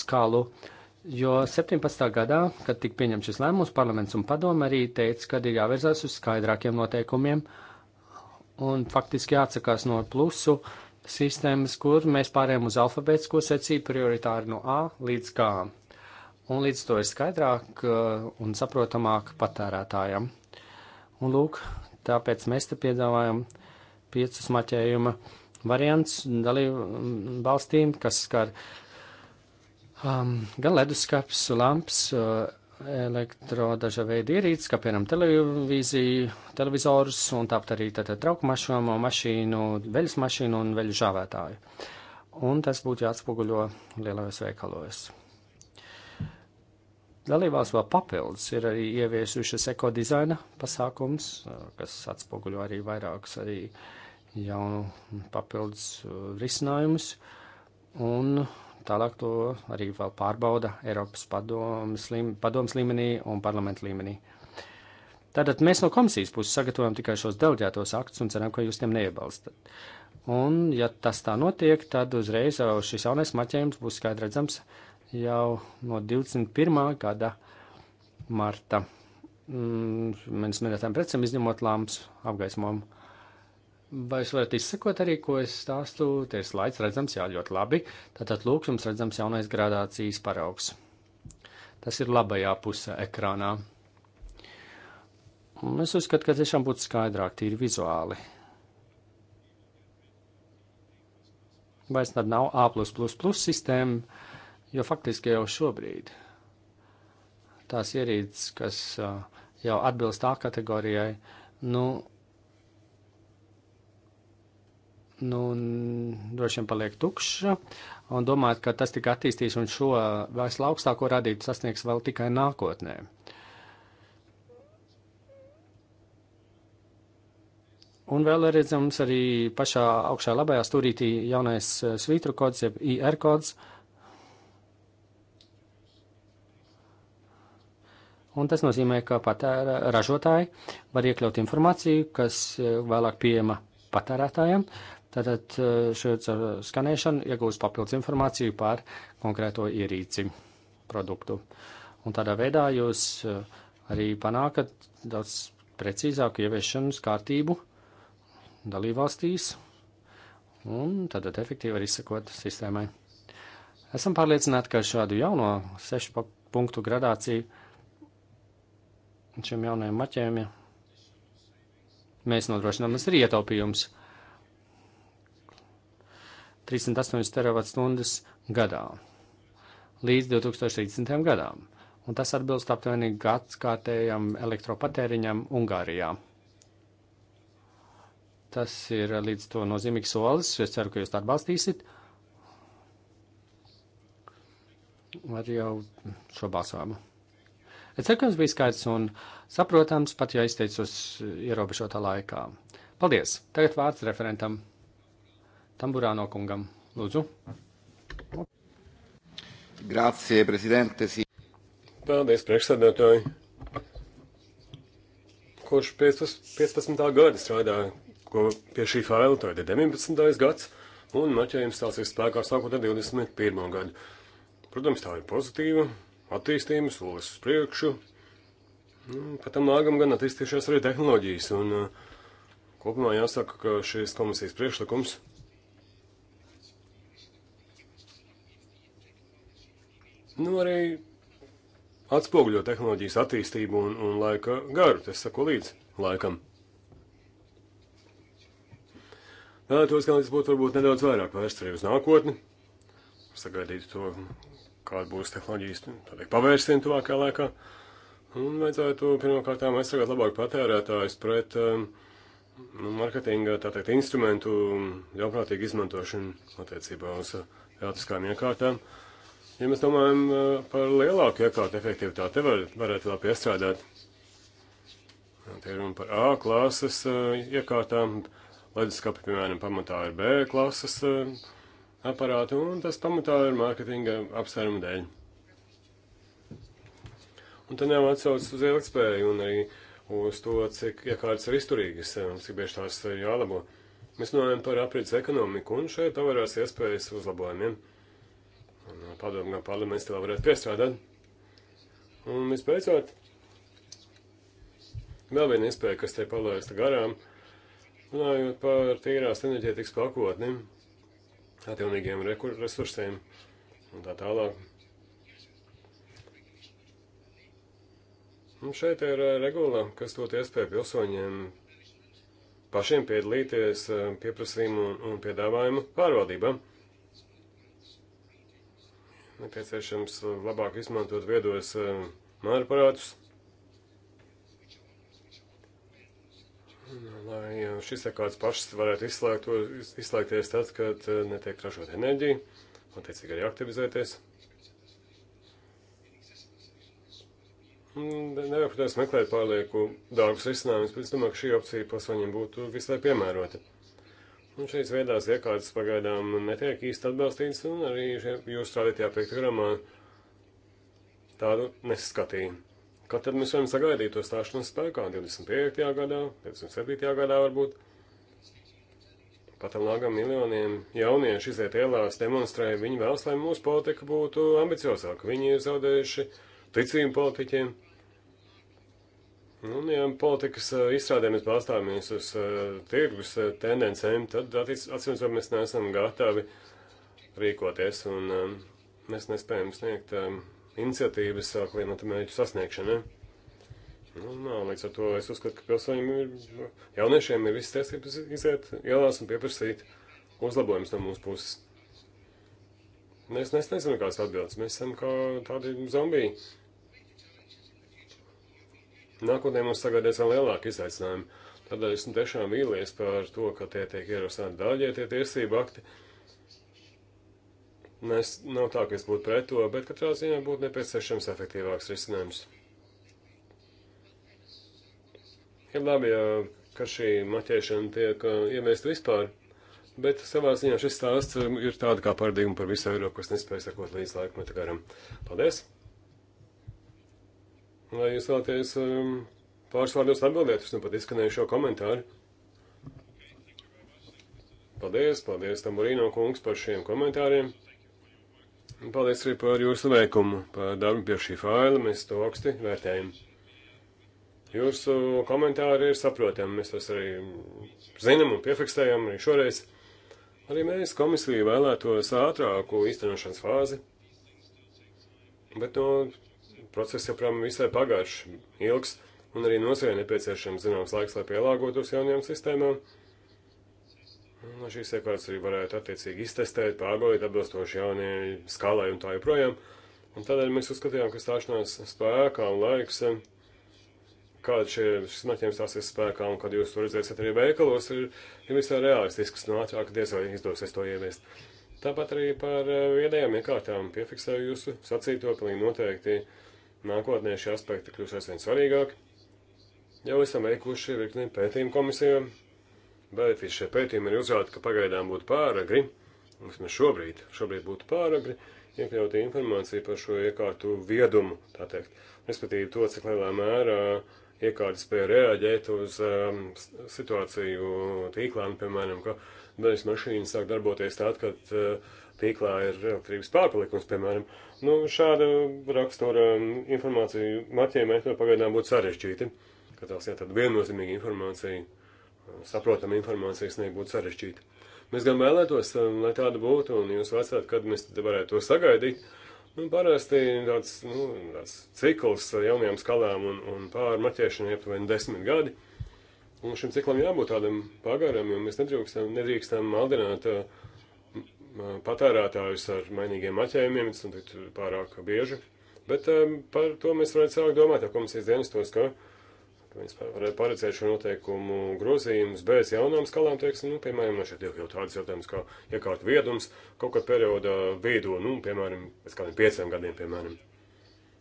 skalu. Uh, Jo 17. gadā, kad tika pieņemts šis lēmums, parlaments un padoma arī teica, ka ir jāvirzās uz skaidrākiem noteikumiem un faktiski jāatsakās no plusu sistēmas, kur mēs pārējām uz alfabētisko secību prioritāri no A līdz K. Un līdz to ir skaidrāk uh, un saprotamāk patērētājam. Un lūk, tāpēc mēs te piedāvājam piecus maķējuma variants dalību mm, valstīm, kas skar uh, um, gan leduskaps, lamps, uh, elektrodaža veida ierīces, kā piemēram televīziju, televizors un tāpat arī tātad trauku mašīnu, mašīnu, veļas mašīnu un veļu žāvētāju. Un tas būtu jāatspoguļo lielajos veikalos. Dalībās vēl papildus ir arī ieviesušas ekodizaina pasākums, uh, kas atspoguļo arī vairākus arī jaunu papildus uh, risinājumus. Un uh, Tālāk to arī vēl pārbauda Eiropas padomas, līme, padomas līmenī un parlamentu līmenī. Tātad mēs no komisijas puses sagatavojam tikai šos deleģētos aktus un ceram, ka jūs tiem neiebalstat. Un, ja tas tā notiek, tad uzreiz jau šis jaunais maķējums būs skaidredzams jau no 21. gada marta. Mm, mēs minētām precēm izņemot lāmas apgaismojumu. Vai jūs varat izsekot arī, ko es stāstu? Te ir slaids redzams, jā, ļoti labi. Tātad lūk, jums redzams jaunais gradācijas paraugs. Tas ir labajā pusē ekrānā. Un es uzskatu, ka tiešām būtu skaidrāk, tīri vizuāli. Vairs tad nav A++ sistēma, jo faktiski jau šobrīd tās ierīces, kas uh, jau atbilst tā kategorijai, nu, nu, droši vien paliek tukša, un domāt, ka tas tik attīstīs un šo vēl augstāko radītu sasniegs vēl tikai nākotnē. Un vēl redzams arī pašā augšā labajā stūrītī jaunais eh, svītru kods, jeb IR kods. Un tas nozīmē, ka patēra, ražotāji var iekļaut informāciju, kas eh, vēlāk pieejama patērētājiem, Tātad eh, šeit ar skanēšanu iegūst papildus informāciju par konkrēto ierīci produktu. Un tādā veidā jūs eh, arī panākat daudz precīzāku ieviešanas kārtību dalībvalstīs un tātad efektīvi arī sekot sistēmai. Esam pārliecināti, ka šādu jauno sešu punktu gradāciju šiem jaunajiem maķēm mēs nodrošinām arī ietaupījumus 308 teravatsstundas gadā līdz 2030. gadām, un tas atbilst aptuveni gadskārtējam elektropatēriņam Ungārijā. Tas ir līdz to nozīmīgs solis, es ceru, ka jūs to atbalstīsit. Ar jau šo balsojumu. Es ceru, ka jums bija skaidrs un saprotams, pat ja izteicos ierobežotā laikā. Paldies! Tagad vārds referentam. Tamburāno kungam. Lūdzu. Grācie, prezidente. Paldies, priekšsēdētāji. Kopš 15. gada strādāju pie šī faila, tā ir 19. gads, un maķējums stāsies spēkā sākot ar 21. gadu. Protams, tā ir pozitīva, attīstība, solis uz priekšu. Pat tam nākam gan attīstījušās arī tehnoloģijas, un uh, kopumā jāsaka, ka šīs komisijas priekšlikums nu arī atspoguļo tehnoloģijas attīstību un, un laika garu. Tas sako līdz laikam. Vēlētos, ka tas būtu varbūt nedaudz vairāk vērsts arī uz nākotni. Sagaidīt to, kāda būs tehnoloģijas pavērsiena tuvākajā laikā. Un vajadzētu pirmkārt aizsargāt labāk patērētājus pret um, nu, marketinga teikt, instrumentu ļaunprātīgu izmantošanu attiecībā uz jātiskām uh, iekārtām. Ja Ja mēs domājam par lielāku iekārtu efektivitāti, te var, varētu vēl piestrādāt. Te ir runa par A klases iekārtām, leduskapi, piemēram, pamatā ir B klases aparātu, un tas pamatā ir mārketinga apsvērumu dēļ. Un tad jau atsaucas uz ilgspēju un arī uz to, cik iekārtas ir izturīgas, cik bieži tās ir jālabo. Mēs runājam par aprīts ekonomiku, un šeit pavarās iespējas uzlabojumiem. Ja? padomu, gan parlaments te vēl varētu piestrādāt. Un vispēcot, vēl viena iespēja, kas te palaista garām, runājot par tīrās enerģētikas pakotni, atjaunīgiem resursiem un tā tālāk. Un šeit ir eh, regula, kas dot iespēju pilsoņiem pašiem piedalīties eh, pieprasījumu un piedāvājumu pārvaldībām nepieciešams eh, labāk izmantot viedos eh, mārparātus, lai eh, šis ekāds pašas varētu izslēgt, izslēgties tad, kad netiek ražot enerģija, un tiecīgi arī aktivizēties. Mm, Nevar, protams, meklēt pārlieku dārgus risinājumus, bet es domāju, ka šī opcija pilsoņiem būtu visai piemērota. Un nu, šīs veidās iekārtas pagaidām netiek īsti atbalstītas, un arī jūs strādājat piektajā tādu neskatīju. Kad tad mēs varam sagaidīt to stāšanos spēkā? 25. gadā, 27. gadā varbūt. Pat lāgam miljoniem jauniešu iziet ielās, demonstrēja, viņi vēlas, lai mūsu politika būtu ambiciozāka. Viņi ir zaudējuši ticību politiķiem, Nu, un, ja politikas eh, izstrādē mēs balstāmies uz uh, tirgus eh, tendencēm, tad atcīm redzot, mēs neesam gatavi rīkoties un um, mēs nespējam sniegt um, iniciatīvas uh, klimata mērķu sasniegšanai. Nu, nā, līdz ar to es uzskatu, ka pilsoņiem ir, jauniešiem ir visas tiesības iziet ielās un pieprasīt uzlabojumus no mūsu puses. Mēs nesniedzam nekādas atbildes, mēs esam kā tādi zombiji Nākotnē mums sagādēs vēl lielāku izaicinājumu. Tādēļ esmu tiešām vīlies par to, ka tie tiek ierosināti daļie tie tiesību akti. Mēs nav tā, ka es būtu pret to, bet katrā ziņā būtu nepieciešams efektīvāks risinājums. Ir labi, ja, ka šī maķēšana tiek ieviesta vispār, bet savā ziņā šis stāsts ir tāda kā paradigma par visu Eiropu, kas nespēja sekot līdz laikmetu garam. Paldies! Vai jūs vēlaties um, pāris vārdus atbildēt uz nu pat izskanējušo komentāru? Paldies, paldies Tamburīno kungs par šiem komentāriem. Paldies arī par jūsu veikumu, par darbu pie šī faila. Mēs to augsti vērtējam. Jūsu komentāri ir saprotami. Mēs tos arī zinām un piefiksējam arī šoreiz. Arī mēs komisiju vēlētos ātrāku īstenošanas fāzi. Bet no Process joprojām visai pagājušs, ilgs, un arī nosvērē nepieciešams zināms laiks, lai pielāgotos jaunajām sistēmām. Un, lai šīs iekārtas arī varētu attiecīgi iztestēt, pārbaudīt atbilstoši jaunajai skalai un tā joprojām. Un tādēļ mēs uzskatījām, ka stāšanās spēkā un laiks kāda šie snaķiem stāsies spēkā un kad jūs to redzēsiet arī veikalos, ir, ir visai realistisks un ātrāk diez vai izdosies to ieviest. Tāpat arī par eh, viedajām iekārtām piefiksēju jūsu sacīto, pilnīgi noteikti Nākotnē šie aspekti kļūs aizvien svarīgāki. Jau esam veikuši virkni pētījumu komisijām, bet visi šie pētījumi ir uzrādīti, ka pagaidām būtu pāragri, vismaz šobrīd, šobrīd būtu pāragri, iekļaut informāciju par šo iekārtu viedumu, tā teikt. Respektīvi to, cik lielā mērā iekārta spēja reaģēt uz um, situāciju tīklām, piemēram, ka dažas mašīnas sāk darboties tad, kad uh, tīklā ir elektrības pārpalikums, piemēram. Nu, šāda rakstura informācija maķēmēt vēl pagaidām būtu sarežģīti. Katrās jā, tāda viennozīmīga informācija, saprotama informācija sniegt būtu sarežģīti. Mēs gan vēlētos, eh, lai tāda būtu, un jūs vecāt, kad mēs varētu to sagaidīt. Nu, parasti tāds, nu, tāds cikls ar jaunajām skalām un, un pārmaķēšanu ir aptuveni desmit gadi. Un šim ciklam jābūt tādam pagaram, jo mēs nedrīkstam, nedrīkstam maldināt uh, patērētājus ar mainīgiem maķējumiem, tas notiek pārāk bieži. Bet par to mēs varētu sākt domāt, ja komisijas dienestos, ka viņas varētu paredzēt šo noteikumu grozījumus bez jaunām skalām, teiksim, nu, piemēram, no nu, šeit jau, jau tādas jautājumas kā iekārt viedums kaut kad periodā vidū, nu, piemēram, pēc kādiem pieciem gadiem, piemēram.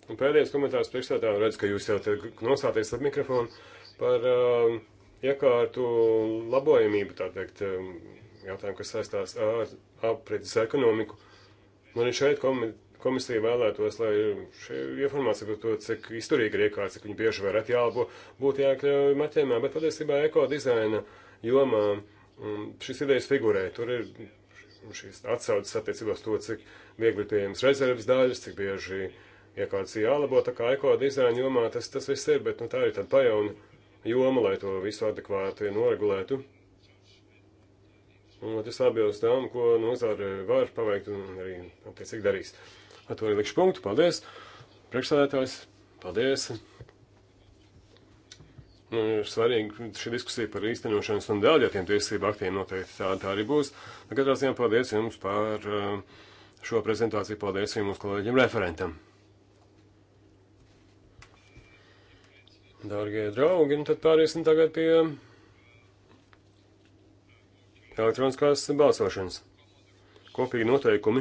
Un pēdējais komentārs priekšstādā redz, ka jūs jau te nostāties ar mikrofonu par uh, iekārtu labojamību, tā teikt, uh, jautājumu, kas saistās ar apritis ekonomiku. Man ir šeit komisija vēlētos, lai šī informācija par to, cik izturīgi ir iekārts, cik viņi bieži var atjālbo, būtu jākļauj matēmā, bet patiesībā ekodizaina jomā mm, šis idejas figurē. Tur ir šīs atsaucas attiecībās to, cik viegli pieejams rezerves daļas, cik bieži iekārts jālabo, tā kā ekodizaina jomā tas, tas viss ir, bet nu, tā ir tāda pajauna joma, lai to visu adekvāti noregulētu un tas atbilst tam, ko nozare var paveikt un arī attiecīgi darīs. Ar to arī likšu punktu. Paldies! Priekšsēdētājs, paldies! Nu, ir svarīgi šī diskusija par īstenošanas un dēļotiem tiesību aktiem noteikti tā, tā arī būs. Katrā ziņā paldies jums par uh, šo prezentāciju. Paldies jums, kolēģim, referentam. Dārgie draugi, nu tad pāriesim tagad pie elektroniskās balsošanas. Kopīgi noteikumi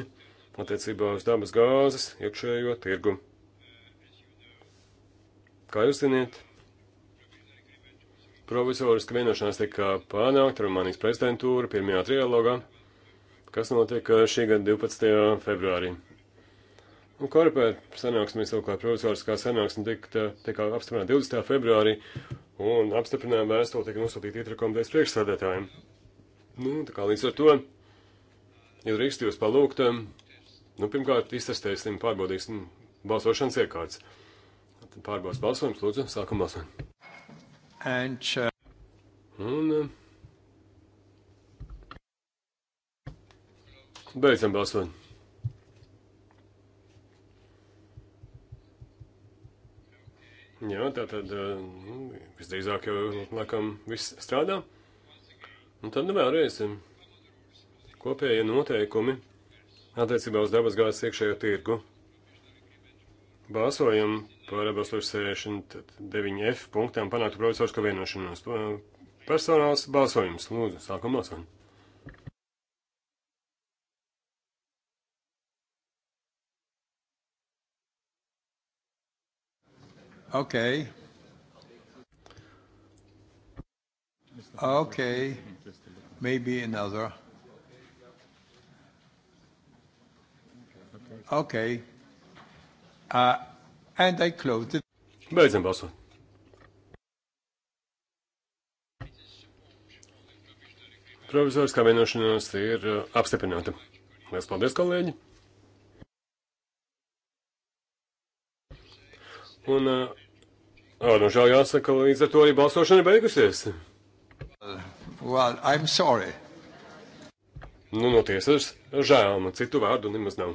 attiecībā uz dabas gāzes iekšējo tirgu. Kā jūs ziniet, provizoriska vienošanās tika panākta Rumānijas prezidentūra pirmajā trialogā, kas notika eh, šī gada 12. februārī. Un Korpē sanāksmē savukārt provizoriskā sanāksme tika, tika apstiprināta 20. februārī un apstiprinājuma vēstuli tika nosūtīta ietrakomdēs priekšsādētājiem. Nu, tā kā līdz ar to, ja drīkst jūs palūgt, nu, pirmkārt, iztestēsim, pārbaudīsim balsošanas iekārtas. Pārbaudas balsojums, lūdzu, sākam balsot. Uh, Un uh, beidzam balsot. Jā, tā tad uh, nu, visdrīzāk jau laikam viss strādā. Un tad nu vēlreiz kopējie noteikumi attiecībā uz dabasgāzes iekšējo tirgu. Balsojam par atbilstoši 69F punktām panāktu provisorisko vienošanos. Eh, personāls balsojums. Lūdzu, sākam balsojumu. Okay. Okay, maybe another. Okay. Uh, and I close it. Beidzam balsot. Provizoriskā vienošanās ir uh, apstiprināta. Lielas paldies, kolēģi! Un, ā, uh, oh, nu žēl jāsaka, līdz ar to arī balsošana ir beigusies. Well, I'm sorry. Nu, no tiesas žēl, nu, citu vārdu nemaz nav.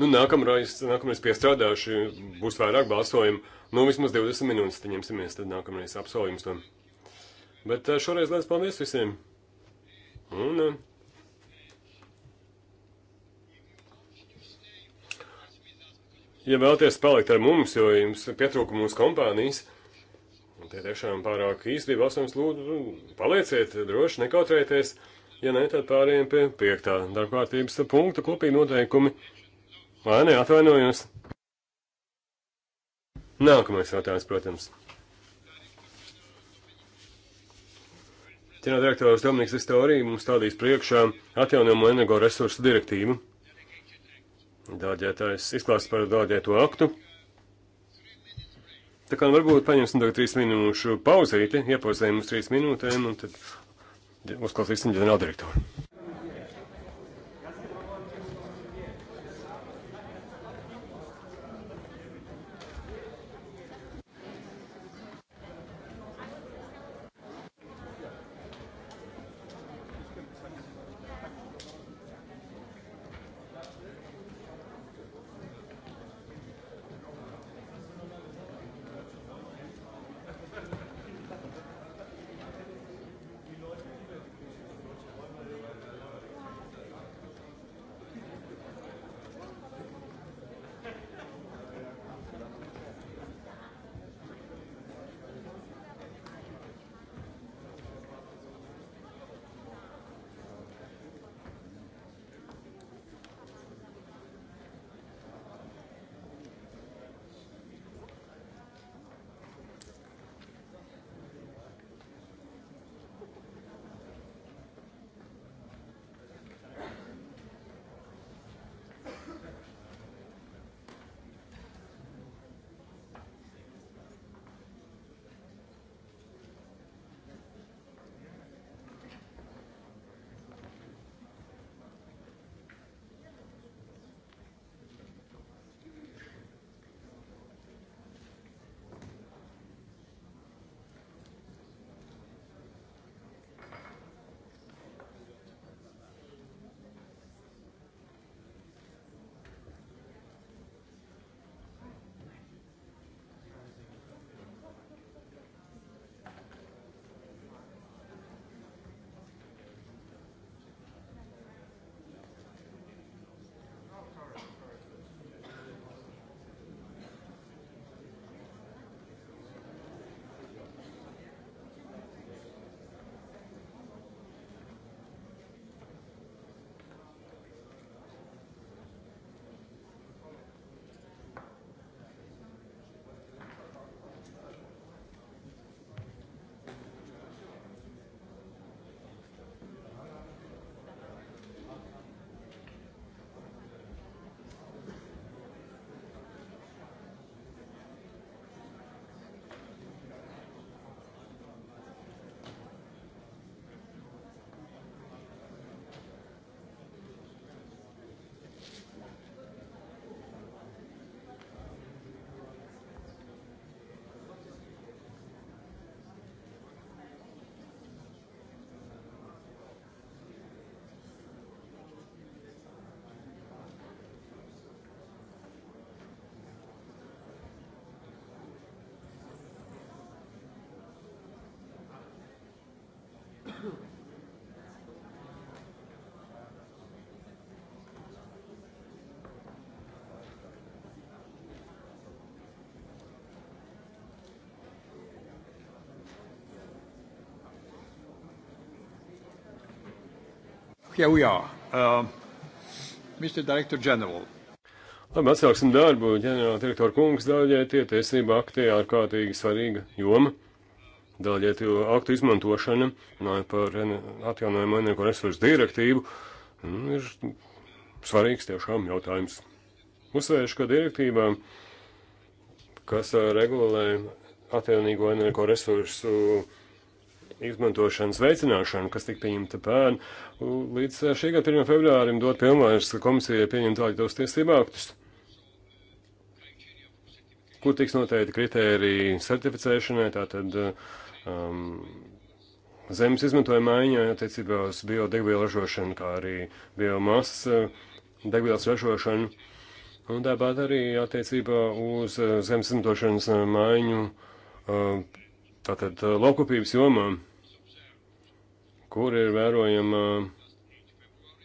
Nu, nākamreiz, nākamreiz piestrādājuši, būs vairāk balsojumu. Nu, vismaz 20 minūtes, tad ņemsimies, tad nākamreiz apsolījums tam. Bet eh, šoreiz liels paldies visiem. Un, eh, ja vēlaties palikt ar mums, jo jums pietrūka mūsu kompānijas, Tie tiešām pārāk īstenībā asams lūdzu, nu, palieciet droši, nekautrēties, ja ne, tad pārējiem pie piektā darbkārtības punkta kopīgi noteikumi. Vai ne, atvainojos? Nākamais jautājums, protams. Ķinā direktors Dominiks Vistorija mums stādīs priekšā atjaunojamo energoresursu direktīvu. Dāģētājs izklāsts par dāģēto aktu. Tā kā nu varbūt paņemsim tagad trīs minūšu pauzīti, iepauzējumus trīs minūtēm un tad uzklausīsim ģenerāldirektoru. here we are. Uh, um, Mr. Director General. Labi, atsāksim darbu. Ģenerāla direktora kungs daļai tie tiesība aktie ārkārtīgi svarīga joma. Daļai tie aktu izmantošana, runājot par atjaunojumu energo resursu direktīvu, nu, ir svarīgs tiešām jautājums. Uzsvēršu, ka direktīvā, kas regulē atjaunīgo energo resursu uh, izmantošanas veicināšanu, kas tika pieņemta pērn, līdz eh, šī gada 1. februārim dot pilnvaras, ka komisija pieņem tādos tiesību aktus, kur tiks noteikti kriteriji certificēšanai, tātad eh, um, zemes izmantojuma maiņā attiecībā uz biodegvielu ražošanu, kā arī biomasas eh, degvielas ražošanu, un tāpat arī attiecībā uz zemes izmantošanas maiņu. Uh, tātad laukopības jomām kur ir vērojama, eh,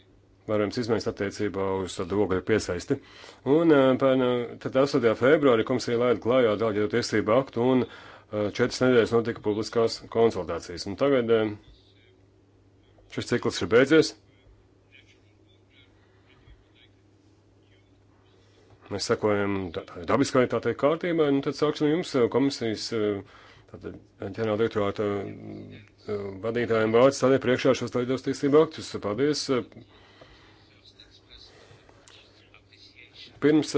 vērojams izmaiņas attiecībā uz ogļu piesaisti. Un eh, nu, tad 8. februārī komisija laida klājā daļu tiesību aktu un eh, četras nedēļas notika publiskās konsultācijas. Un tagad šis cikls ir beidzies. Mēs sekojam dabiskai tā teikt kārtībai, un nu, tad sāksim jums komisijas uh, Tātad eh, ģenerāla direktorāta eh, eh, vadītājiem vārds stādīja priekšā šos laidos tiesību aktus. Paldies! Pirms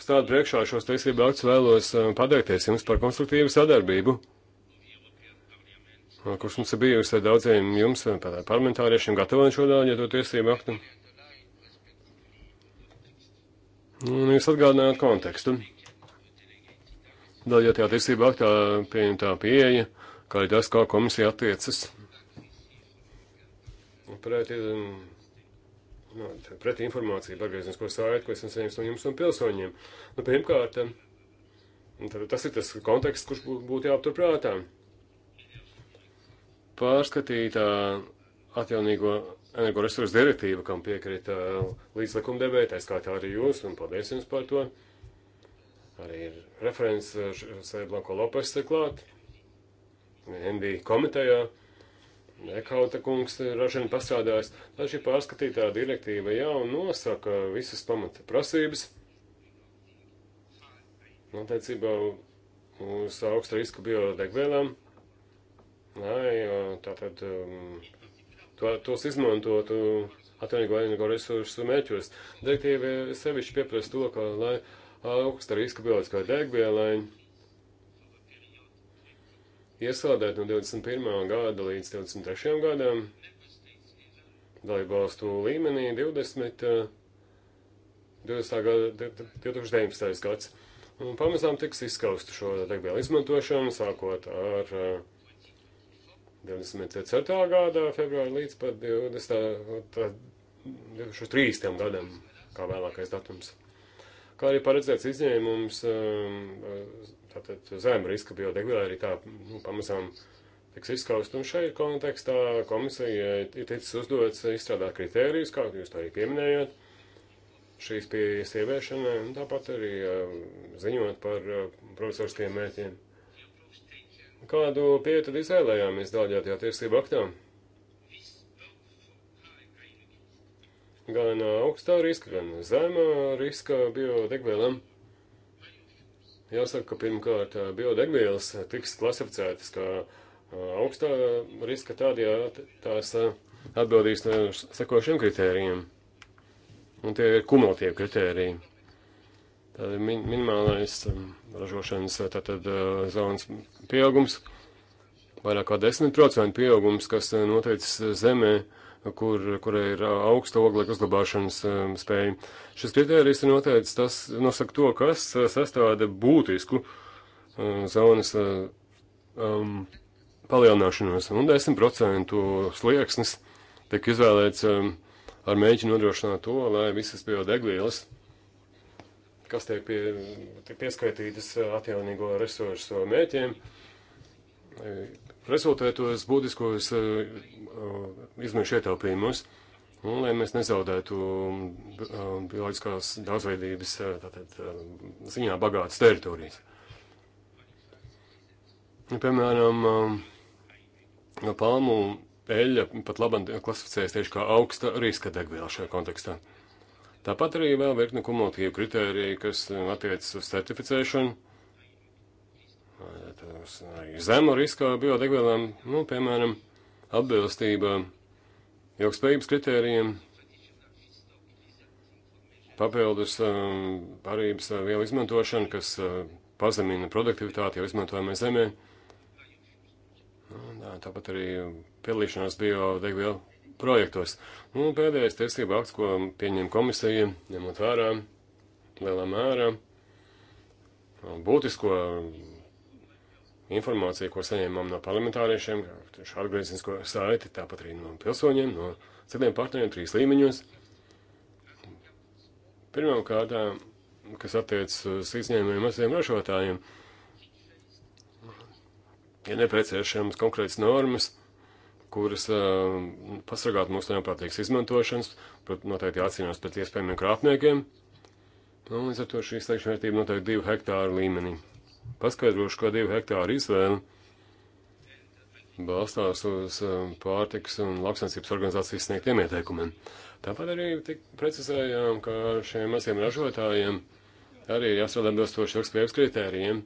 stādu priekšā šos tiesību aktus vēlos pateikties jums par konstruktīvu sadarbību, kurš mums ir bijusi ar daudziem jums, parlamentāriešiem, gatavojot šo daļu, ja to tiesību aktu. Un jūs atgādinājāt kontekstu. Vēl jau tajā tiesību aktā pieņemtā pieeja, kā ir tas, kā komisija attiecas. Pretī, no, pretī um, nu, informācija par grieznisko saiti, ko esam saņēmis no jums un pilsoņiem. Nu, pirmkārt, um, tas ir tas konteksts, kurš būtu jāaptur prātā. Pārskatītā atjaunīgo energoresursu direktīva, kam piekrita uh, līdzlikuma devētais, kā tā arī jūs, un paldies jums par to. Uh, Arī ir referents eh, Sēja Blanko Lopes ir klāt. NB komitejā. Ekauta kungs eh, ražina pastrādājis. Tā šī pārskatītā direktīva jau nosaka visas pamata prasības. Attiecībā uz augsta riska biodegvielām, lai eh, tātad um, to, tos izmantotu atjaunīgo energo resursu mērķos. Direktīva sevišķi pieprasa to, ka, lai augsta riska bioloģiskai degvielai iesaldēt no 21. gada līdz 23. gadam, dalībvalstu līmenī 20, 20. Eh, gada, 2019. gads. Un pamazām tiks izskausta šo degvielu izmantošanu, sākot ar 24. Eh, gada februāru līdz pat 20. 23. gadam, kā vēlākais datums kā arī paredzēts izņēmums um, tātad zem riska biodegvielai arī tā nu, pamazām tiks izskaust. Un šai kontekstā komisija ir ticis uzdots izstrādāt kritērijus, kā jūs to arī pieminējāt, šīs pieejas ieviešanai, un tāpat arī um, ziņot par uh, profesorskajiem mērķiem. Kādu pietu izvēlējāmies daļā tajā tiesību aktā? gan augstā riska, gan zemā riska biodegvielām. Jāsaka, ka pirmkārt biodegvielas tiks klasificētas kā augstā riska tādējā tās atbildīs sekošiem kritērijiem. Un tie ir kumulatīvi kritēriji. Tad ir min minimālais ražošanas tātad, zonas pieaugums, vairāk kā 10% pieaugums, kas noteicis zemē kur, kurai ir augsta oglekļa uzglabāšanas um, spēja. Šis kriterijs ir noteicis, tas nosaka to, kas uh, sastāda būtisku uh, zonas uh, um, palielināšanos, un 10% slieksnis tiek izvēlēts um, ar mēģi nodrošināt to, lai visas biodegvielas, kas tiek, pie, tiek pieskaitītas atjaunīgo resursu mēķiem, rezultētos būtiskos eh, izmešu ietaupījumus, un lai mēs nezaudētu eh, bioloģiskās daudzveidības eh, tātad, ziņā bagātas teritorijas. Nu, piemēram, palmu eļļa pat labam klasificējas tieši kā augsta riska degviela šajā kontekstā. Tāpat arī vēl virkni kumulatīvu kritēriju, kas attiecas uz certificēšanu zemu riska biodegvielām, nu, piemēram, atbilstība ilgspējības kritērijiem, papildus varības um, uh, vielu izmantošana, kas uh, pazemina produktivitāti jau izmantojamai zemē. Tā, nu, uh, tāpat arī piedalīšanās biodegvielu projektos. Nu, pēdējais tiesība akts, ko pieņem komisija, ņemot vērā lielā mērā būtisko informācija, ko saņēmām no parlamentāriešiem, tieši atgrieznisko saiti, tāpat arī no pilsoņiem, no citiem partneriem trīs līmeņos. Pirmām kārtām, kas attiec uz izņēmumiem maziem ražotājiem, ir ja nepieciešams konkrēts normas, kuras uh, pasargātu mūsu nepatīkas izmantošanas, prot, noteikti jācīnās pret iespējamiem krāpniekiem. Un līdz ar to šī izslēgšana vērtība noteikti divu hektāru līmenī paskaidrošu, ka divu hektāru izvēle balstās uz um, pārtiks un lauksainsības organizācijas sniegtiem ieteikumiem. Tāpat arī tik precizējām, ka šiem maziem ražotājiem arī ir jāstrādā atbilstoši ilgspējības kritērijiem,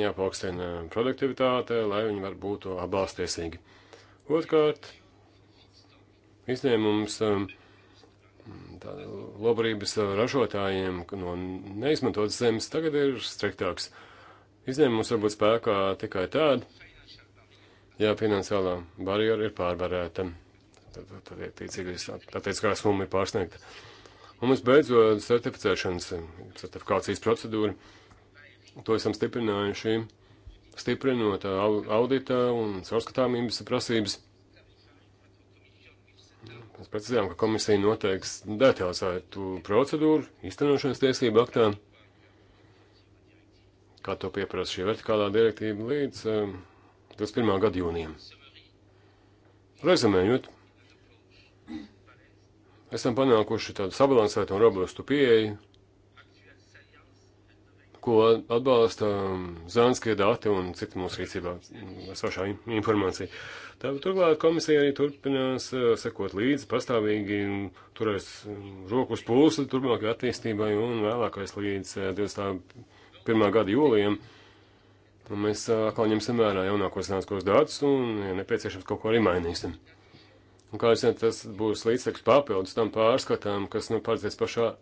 jāpaukstina produktivitāte, lai viņi var būt atbalstiesīgi. Otkārt, izņēmums. Um, labarības ražotājiem no neizmantotas zemes tagad ir striktāks. Izņēmums var būt spēkā tikai tād, ja finansiālā barjera ir pārvarēta. Tad, tad ir tīcīgais, tāpēc kā summa ir pārsniegta. Un mums beidzot certificēšanas, certifikācijas procedūra, to esam stiprinājuši, stiprinot audita un caurskatāmības prasības. Mēs precizējām, ka komisija noteiks detalizētu procedūru īstenošanas tiesību aktā, kā to pieprasa šī vertikālā direktīva līdz 21. gada jūnijam. Rezumējot, esam panākuši tādu sabalansētu un robustu pieeju ko atbalsta um, Zānskie dati un cita mūsu rīcībā nu, esošā informācija. Tā, turklāt komisija arī turpinās uh, sekot līdzi pastāvīgi un turēs um, rokas pulsi turpmākai attīstībai un vēlākais līdz 21. Uh, gada jūlijam. Un mēs uh, atkal ņemsim vērā jaunākos zinātniskos datus un, ja nepieciešams, kaut ko arī mainīsim. Un, kā jūs zināt, tas būs līdzekļs papildus tam pārskatām, kas nu paredzēts pašā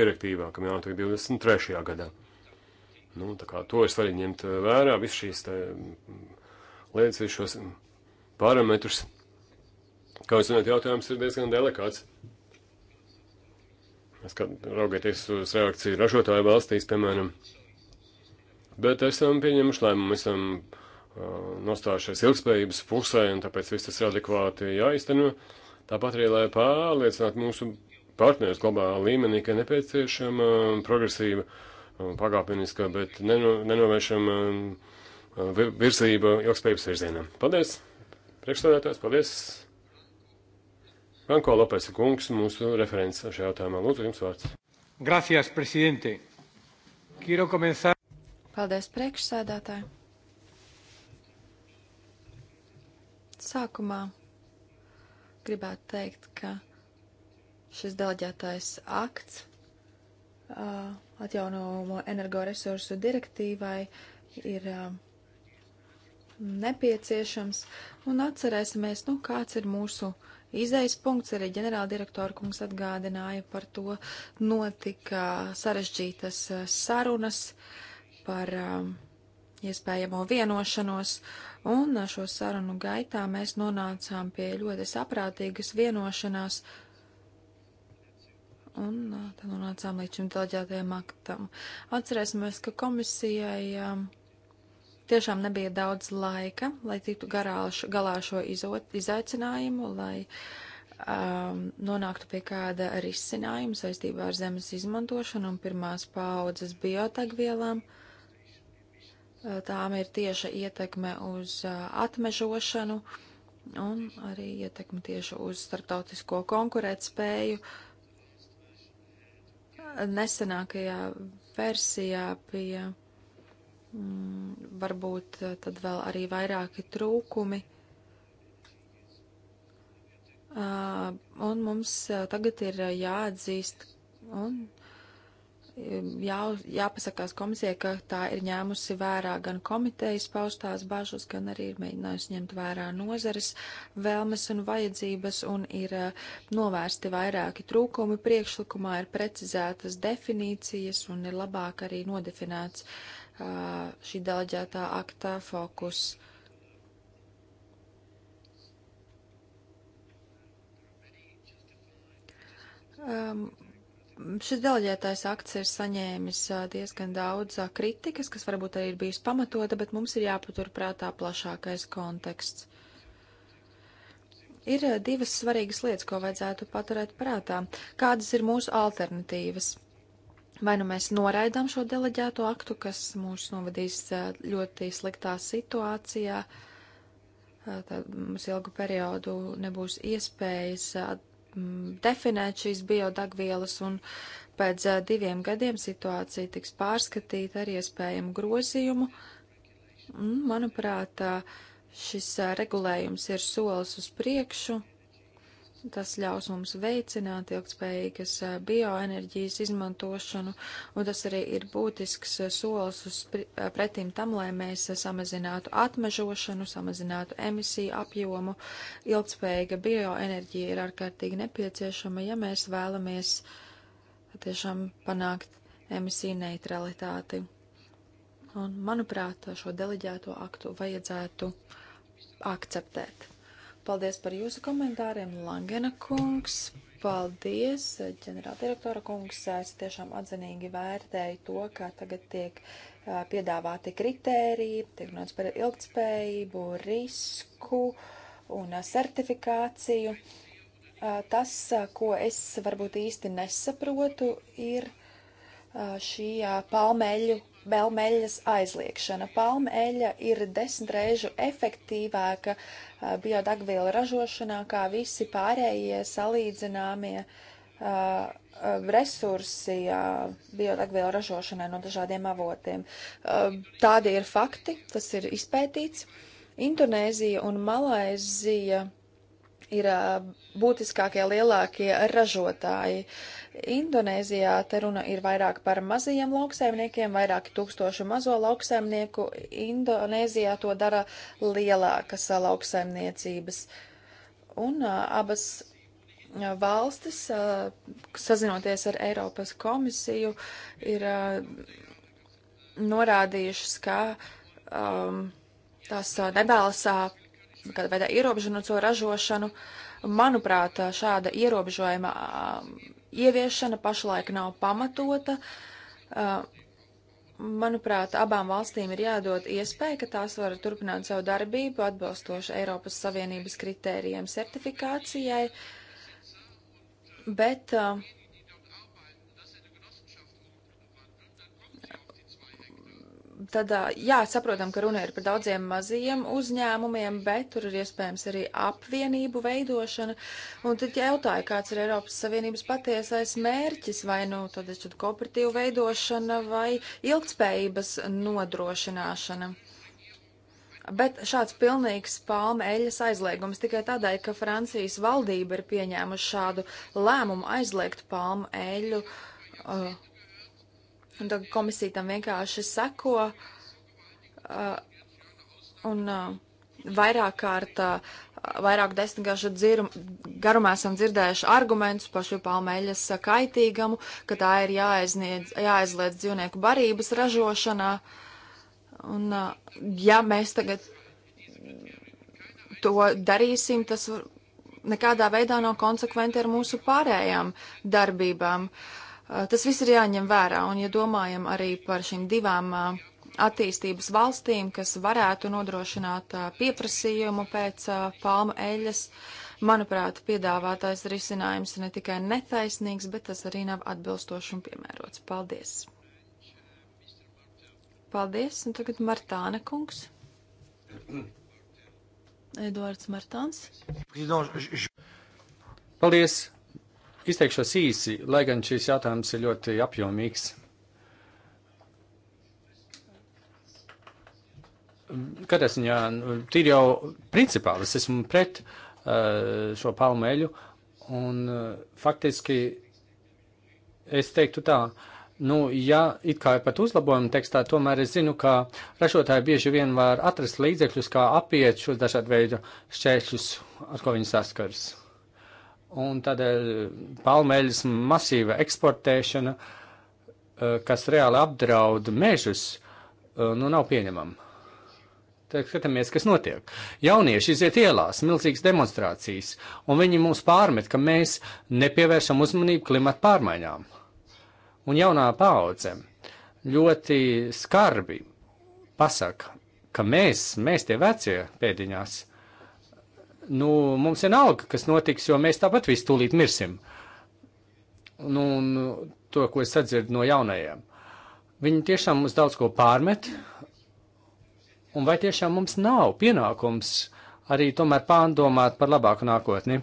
direktīvā, kam jānotiek 23. gadā. Nu, tā kā to ir svarīgi ņemt eh, vērā, visu šīs tā, mm, lietas, visu šos mm, parametrus. Kā jūs zināt, jautājums ir diezgan delikāts. Es kā raugieties uz reakciju ražotāju valstīs, piemēram. Bet esam pieņemuši lēmumu, esam uh, nostājušies ilgspējības pusē, un tāpēc viss tas ir adekvāti jāizteno. Tāpat arī, lai pārliecinātu mūsu partnerus globālā līmenī, ka nepieciešama progresīva uh, Um, pagāpeniskā, bet neno, nenovēršama um, um, virzība ilgspējības virzienā. Paldies! Priekšstādātājs, paldies! Franko Lopes kungs, mūsu referents šajā jautājumā. Lūdzu, jums vārds. Gracias, presidente. Quiero comenzar. Paldies, priekšsēdētāji. Sākumā gribētu teikt, ka šis delģētais akts atjaunojumu energoresursu direktīvai ir nepieciešams. Un atcerēsimies, nu, kāds ir mūsu izējas punkts. Arī ģenerāldirektora kungs atgādināja par to. Notika sarežģītas sarunas par um, iespējamo vienošanos, un šo sarunu gaitā mēs nonācām pie ļoti saprātīgas vienošanās un tad nonācām līdz šim delģētajam aktam. Atcerēsimies, ka komisijai um, tiešām nebija daudz laika, lai tiktu garāš, galā šo izot, izaicinājumu, lai um, nonāktu pie kāda risinājuma saistībā ar zemes izmantošanu un pirmās paudzes biotagvielām. Tām ir tieša ietekme uz uh, atmežošanu un arī ietekme tieši uz starptautisko konkurētspēju. Uh, nesenākajā versijā bija mm, varbūt eh, tad vēl arī vairāki trūkumi. Uh, un mums eh, tagad ir eh, jāatzīst un jā, jāpasakās komisijai, ka tā ir ņēmusi vērā gan komitejas paustās bažas, gan arī ir mēģinājusi ņemt vērā nozares vēlmes un vajadzības, un ir eh, novērsti vairāki trūkumi. Priekšlikumā ir precizētas definīcijas un ir labāk arī nodefinēts šī deleģētā aktā fokus. Um, Šis deleģētais akts ir saņēmis diezgan daudz kritikas, kas varbūt arī ir bijis pamatota, bet mums ir jāpaturprātā plašākais konteksts. Ir divas svarīgas lietas, ko vajadzētu paturēt prātā. Kādas ir mūsu alternatīvas? Vai nu mēs noraidām šo deleģēto aktu, kas mūs novadīs ļoti sliktā situācijā, tad mums ilgu periodu nebūs iespējas Mm, definēt šīs biodegvielas, un pēc diviem gadiem situācija tiks pārskatīta ar iespējamu grozījumu. Manuprāt, šis regulējums ir solis uz priekšu, Tas ļaus mums veicināt ilgspējīgas eh, bioenerģijas izmantošanu, un tas arī ir būtisks eh, solis uz eh, pretim tam, lai mēs samazinātu atmežošanu, samazinātu emisiju apjomu. Ilgspējīga bioenerģija ir ārkārtīgi nepieciešama, ja mēs vēlamies tiešām panākt emisiju neutralitāti. Un, manuprāt, šo deleģēto aktu vajadzētu akceptēt. Paldies par jūsu komentāriem, Langena kungs. Paldies, ģenerāldirektora kungs. Es tiešām atzinīgi vērtēju to, ka tagad tiek piedāvāti kritēriji, tiek runāts par ilgtspējību, risku un certifikāciju. Tas, ko es varbūt īsti nesaprotu, ir šī palmeļu belmeļas aizliekšana. Palmeļa ir desmit reižu efektīvāka uh, biodagviela ražošanā kā visi pārējie salīdzināmie uh, uh resursi uh, biodagviela ražošanai no dažādiem avotiem. Uh, tādi ir fakti, tas ir izpētīts. Indonēzija un Malaizija ir būtiskākie lielākie ražotāji. Indonēzijā te runa ir vairāk par mazajiem lauksaimniekiem, vairāki tūkstoši mazo lauksaimnieku. Indonēzijā to dara lielākas lauksaimniecības. Un a, abas valstis, a, sazinoties ar Eiropas komisiju, ir a, norādījušas, ka um, tās nevēlas kāda veidā ierobežot šo ražošanu. Manuprāt, šāda ierobežojuma ieviešana pašlaik nav pamatota. Manuprāt, abām valstīm ir jādod iespēja, ka tās var turpināt savu darbību atbilstoši Eiropas Savienības kritērijiem certifikācijai, bet uh, tad, jā, saprotam, ka runa ir par daudziem maziem uzņēmumiem, bet tur ir iespējams arī apvienību veidošana. Un tad jautāja, kāds ir Eiropas Savienības patiesais mērķis, vai nu tad ir kooperatīva veidošana vai ilgtspējības nodrošināšana. Bet šāds pilnīgs palma eļas aizliegums tikai tādēļ, ka Francijas valdība ir pieņēmusi šādu lēmumu aizliegt palma eļu. Uh, Un tad komisija tam vienkārši seko. Uh, un uh, vairāk kārt, uh, vairāk desmitgažu garumā esam dzirdējuši argumentus par šo palmeļas kaitīgumu, ka tā ir jāaizniedz, jāaizliedz dzīvnieku barības ražošanā. Un uh, ja mēs tagad to darīsim, tas nekādā veidā nav konsekventi ar mūsu pārējām darbībām. Uh, Eh, tas viss ir jāņem vērā, un ja domājam arī par šīm divām eh, attīstības valstīm, kas varētu nodrošināt eh, pieprasījumu pēc palma eļas, manuprāt, piedāvātais risinājums ir ne tikai netaisnīgs, bet tas arī nav atbilstoši un piemērots. Paldies! Paldies, un tagad Martāna kungs. Eduards Martāns. Paldies! Izteikšos īsi, lai gan šis jautājums ir ļoti apjomīgs. Katrā ziņā, nu, tīri jau principāli, es esmu pret uh, šo palmeļu, un uh, faktiski es teiktu tā, nu, ja it kā ir pat uzlabojumi tekstā, tomēr es zinu, ka ražotāji bieži vien var atrast līdzekļus, kā apiet šos dažādu veidu šķēršļus, ar ko viņi saskars un tādēļ palmeļas masīva eksportēšana, eh, kas reāli apdraud mežus, eh, nu nav pieņemama. Tad skatāmies, kas notiek. Jaunieši iziet ielās, milzīgas demonstrācijas, un viņi mums pārmet, ka mēs nepievēršam uzmanību klimata pārmaiņām. Un jaunā paudze ļoti skarbi pasaka, ka mēs, mēs tie vecie pēdiņās, uh, nu, mums ir nauda, kas notiks, jo mēs tāpat visu tūlīt mirsim. Nu, un to, ko es sadzirdu no jaunajiem. Viņi tiešām mums daudz ko pārmet, un vai tiešām mums nav pienākums arī tomēr pārdomāt par labāku nākotni?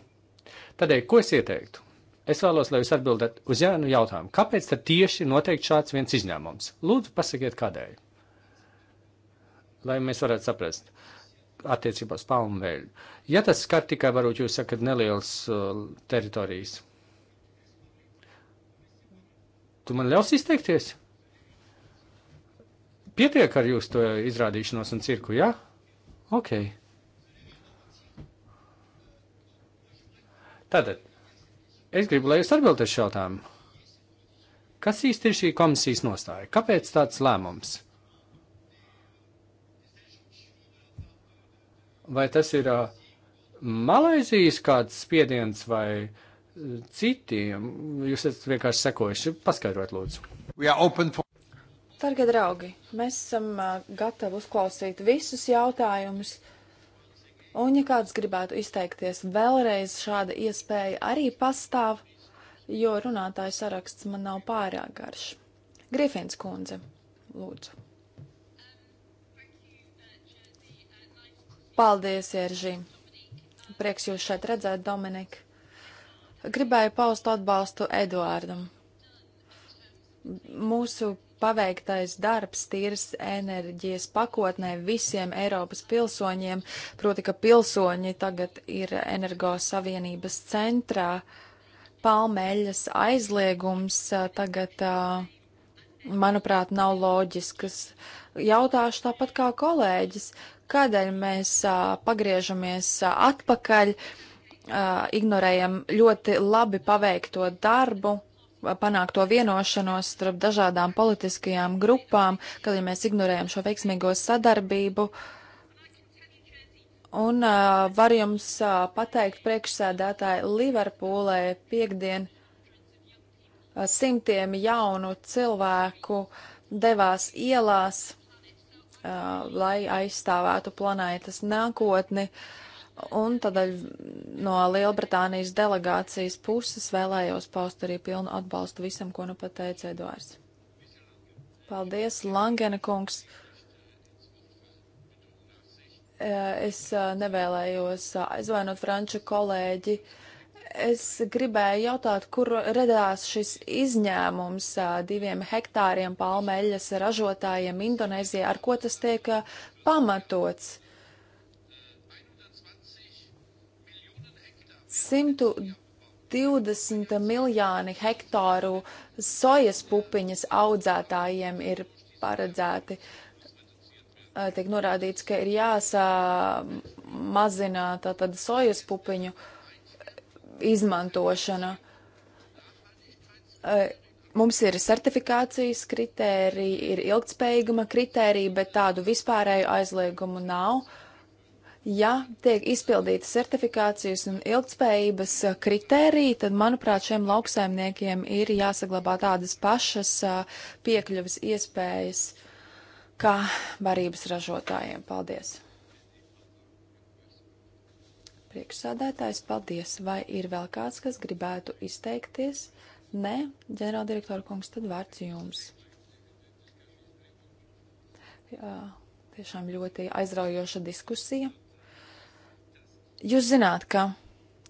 Tādēļ, ko es ieteiktu? Es vēlos, lai jūs atbildat uz Jānu jautājumu. Kāpēc tad tieši noteikti šāds viens izņēmums? Lūdzu, pasakiet, kādēļ. Lai mēs varētu saprast attiecībā uz palmveļu. Ja tas skar tikai, varbūt jūs sakat, nelielas uh, teritorijas. Tu man ļaus izteikties? Pietiek ar jūsu to izrādīšanos un cirku, jā? Ja? Ok. Tātad, es gribu, lai jūs atbildat šautājumu. Kas īsti ir šī komisijas nostāja? Kāpēc tāds lēmums? Vai tas ir Malaizijas kāds spiediens vai citi? Jūs esat vienkārši sekojuši. Paskaidrot, lūdzu. For... Dargie draugi, mēs esam gatavi uzklausīt visus jautājumus. Un, ja kāds gribētu izteikties vēlreiz, šāda iespēja arī pastāv, jo runātāju saraksts man nav pārāk garš. Grifins kundze, lūdzu. Paldies, Ieržī! Prieks jūs šeit redzēt, Dominika. Gribēju paust atbalstu Eduārdam. Mūsu paveiktais darbs tīras enerģijas pakotnē visiem Eiropas pilsoņiem, proti, ka pilsoņi tagad ir energosavienības centrā. Palmeļas aizliegums tagad, manuprāt, nav loģisks. Jautāšu tāpat kā kolēģis, kādēļ mēs a, pagriežamies a, atpakaļ, a, ignorējam ļoti labi paveikto darbu, panākto vienošanos starp dažādām politiskajām grupām, kādēļ mēs ignorējam šo veiksmīgo sadarbību. Un uh, var jums uh, pateikt priekšsēdētāji Liverpūlē piekdien uh, simtiem jaunu cilvēku devās ielās Uh, lai aizstāvētu planētas nākotni. Un tādēļ no Lielbritānijas delegācijas puses vēlējos paust arī pilnu atbalstu visam, ko nu pateica Eduards. Paldies, Langena kungs! Uh, es uh, nevēlējos aizvainot franču kolēģi. Uh, Es gribēju jautāt, kur radās šis izņēmums diviem hektāriem palmeļas ražotājiem Indonēzijā, ar ko tas tiek pamatots? 120 miljoni hektāru sojas pupiņas audzētājiem ir paredzēti. Tiek norādīts, ka ir jāsamazina tātad sojas pupiņu uh, izmantošana. Eh, mums ir certifikācijas kritērija, ir ilgtspējīguma kritērija, bet tādu vispārēju aizliegumu nav. Ja tiek izpildīta certifikācijas un ilgtspējības kritērija, tad, manuprāt, šiem lauksaimniekiem ir jāsaglabā tādas pašas eh, piekļuvas iespējas kā barības ražotājiem. Paldies! Priekšsādātājs, paldies. Vai ir vēl kāds, kas gribētu izteikties? Nē, ģenerāldirektora kungs, tad vārds jums. Jā, tiešām ļoti aizraujoša diskusija. Jūs zināt, ka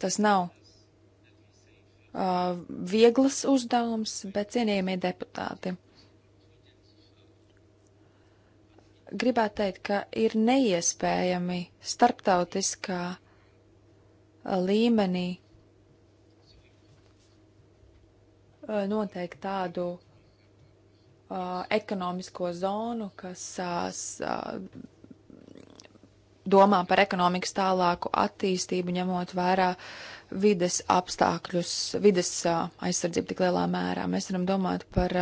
tas nav uh, vieglas uzdevums, bet cienījamie deputāti. gribētu teikt, ka ir neiespējami starptautiskā Uh, līmenī uh, noteikti tādu uh, ekonomisko zonu, kas domā par ekonomikas tālāku attīstību, ņemot vērā vides apstākļus, vides aizsardzību tik lielā mērā. Mēs varam domāt par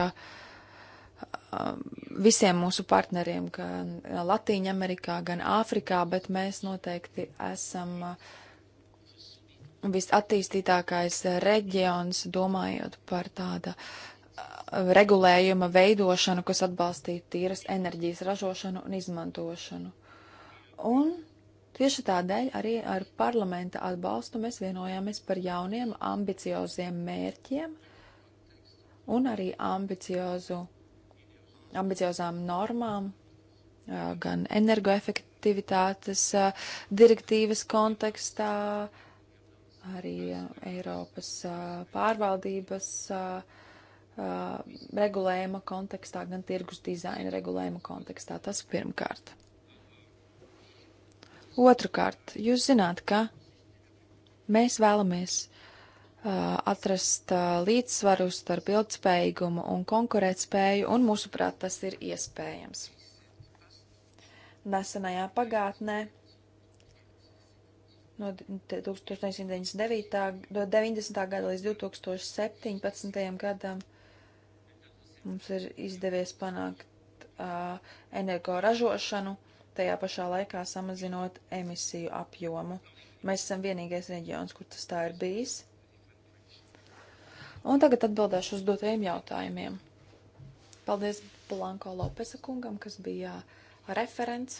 visiem mūsu partneriem, gan Latīņa Amerikā, gan Āfrikā, bet mēs noteikti esam uh, visattīstītākais reģions, domājot par tāda uh, regulējuma veidošanu, kas atbalstītu tīras enerģijas ražošanu un izmantošanu. Un tieši tādēļ arī ar parlamenta atbalstu mēs vienojāmies par jauniem ambicioziem mērķiem un arī ambiciozu, ambiciozām normām uh, gan energoefektivitātes uh, direktīvas kontekstā, uh, arī Eiropas pārvaldības regulējuma kontekstā, gan tirgus dizaina regulējuma kontekstā. Tas pirmkārt. Otrakārt, jūs zināt, ka mēs vēlamies atrast līdzsvaru starp ilgspējīgumu un konkurētspēju, un mūsuprāt, tas ir iespējams. Nesenajā pagātnē no 1999. No 90. gada līdz 2017. gadam mums ir izdevies panākt uh, energoražošanu, tajā pašā laikā samazinot emisiju apjomu. Mēs esam vienīgais reģions, kur tas tā ir bijis. Un tagad atbildēšu uz dotajiem jautājumiem. Paldies Blanko Lopesa kungam, kas bija referents.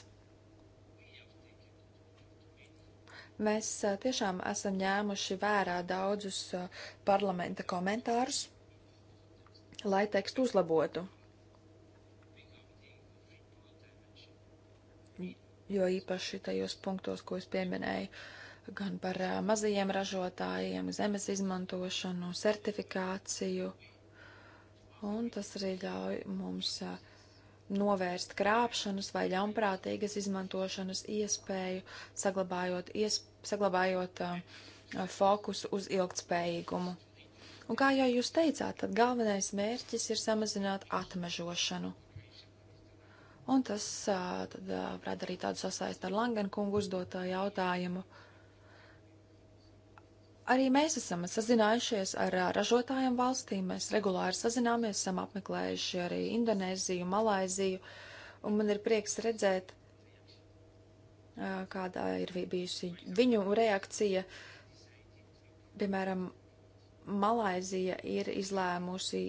Mēs tiešām esam ņēmuši vērā daudzus parlamenta komentārus, lai tekstu uzlabotu. Jo īpaši tajos punktos, ko es pieminēju, gan par mazajiem ražotājiem, zemes izmantošanu, certifikāciju. Un tas arī ļauj mums uh, novērst krāpšanas vai ļaunprātīgas izmantošanas iespēju, saglabājot, iesp saglabājot um, uh, fokusu uz ilgtspējīgumu. Un kā jau jūs teicāt, tad galvenais mērķis ir samazināt atmežošanu. Un tas uh, tad, uh, rada arī tādu sasaisti ar Langenkungu uzdoto uh, jautājumu. Uh, Arī mēs esam sazinājušies ar ražotājiem valstīm. Mēs regulāri sazināmies, esam apmeklējuši arī Indonēziju, Malaiziju, un man ir prieks redzēt, kādā ir bijusi viņu reakcija. Piemēram, Malaizija ir izlēmusi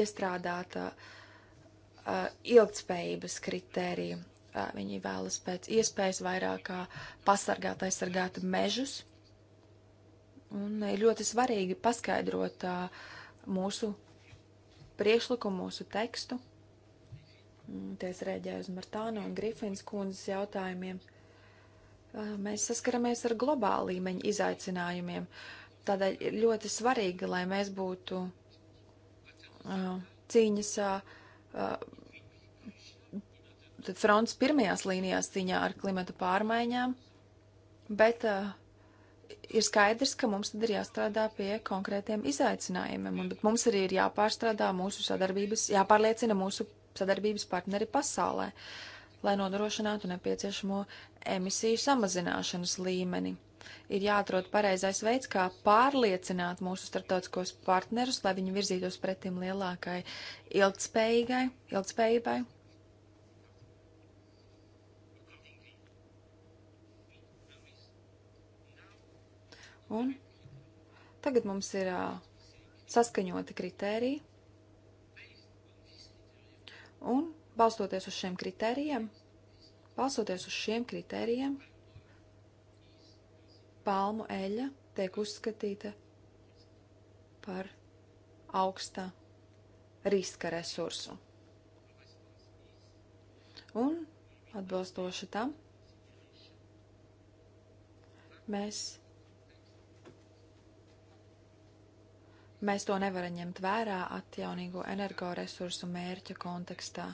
iestrādāt ilgtspējības kritēriju. Viņi vēlas pēc iespējas vairāk pasargāt, aizsargāt mežus Un ir ļoti svarīgi paskaidrot uh, mūsu priekšlikumu, mūsu tekstu. Mm, tie es rēģēju uz Martānu un Grifins kundzes jautājumiem. Uh, mēs saskaramies ar globālu līmeņu izaicinājumiem. Tādēļ ir ļoti svarīgi, lai mēs būtu uh, cīņas fronts pirmajās līnijās cīņā ar klimatu pārmaiņām, bet uh, ir skaidrs, ka mums tad ir jāstrādā pie konkrētiem izaicinājumiem, un, bet mums arī ir jāpārstrādā mūsu sadarbības, jāpārliecina mūsu sadarbības partneri pasaulē, lai nodrošinātu nepieciešamo emisiju samazināšanas līmeni. Ir jāatrod pareizais veids, kā pārliecināt mūsu starptautiskos partnerus, lai viņi virzītos pretim lielākai ilgspējīgai, ilgspējībai Un tagad mums ir saskaņoti kritēriji. Un balstoties uz šiem kritērijiem, balstoties uz šiem kritērijiem, palmu eļļa tiek uzskatīta par augsta riska resursu. Un atbilstoši tam mēs Mēs to nevaram ņemt vērā atjaunīgo energoresursu mērķa kontekstā.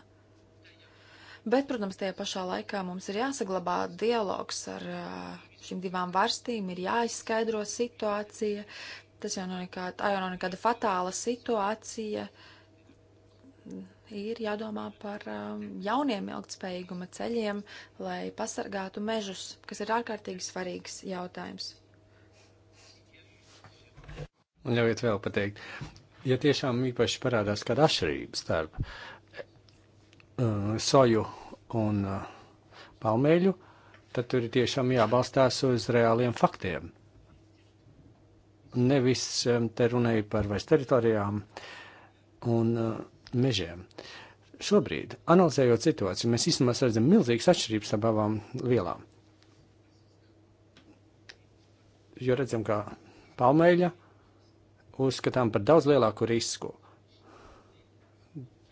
Bet, protams, tajā pašā laikā mums ir jāsaglabā dialogs ar šīm divām varstīm, ir jāizskaidro situācija. Tas jau nav nekāda, tā jau nav nekāda fatāla situācija. Ir jādomā par jauniem ilgtspējīguma ceļiem, lai pasargātu mežus, kas ir ārkārtīgi svarīgs jautājums. Un ļaujiet vēl pateikt, ja tiešām īpaši parādās kāda atšķirība starp uh, soju un uh, palmeļu, tad tur ir tiešām jābalstās uz reāliem faktiem. Nevis um, te runēju par vairs teritorijām un uh, mežiem. Šobrīd, analizējot situāciju, mēs īstenībā redzam milzīgas atšķirības starp abām vielām. Jo redzam, ka palmeļa uh, uzskatām par daudz lielāku risku.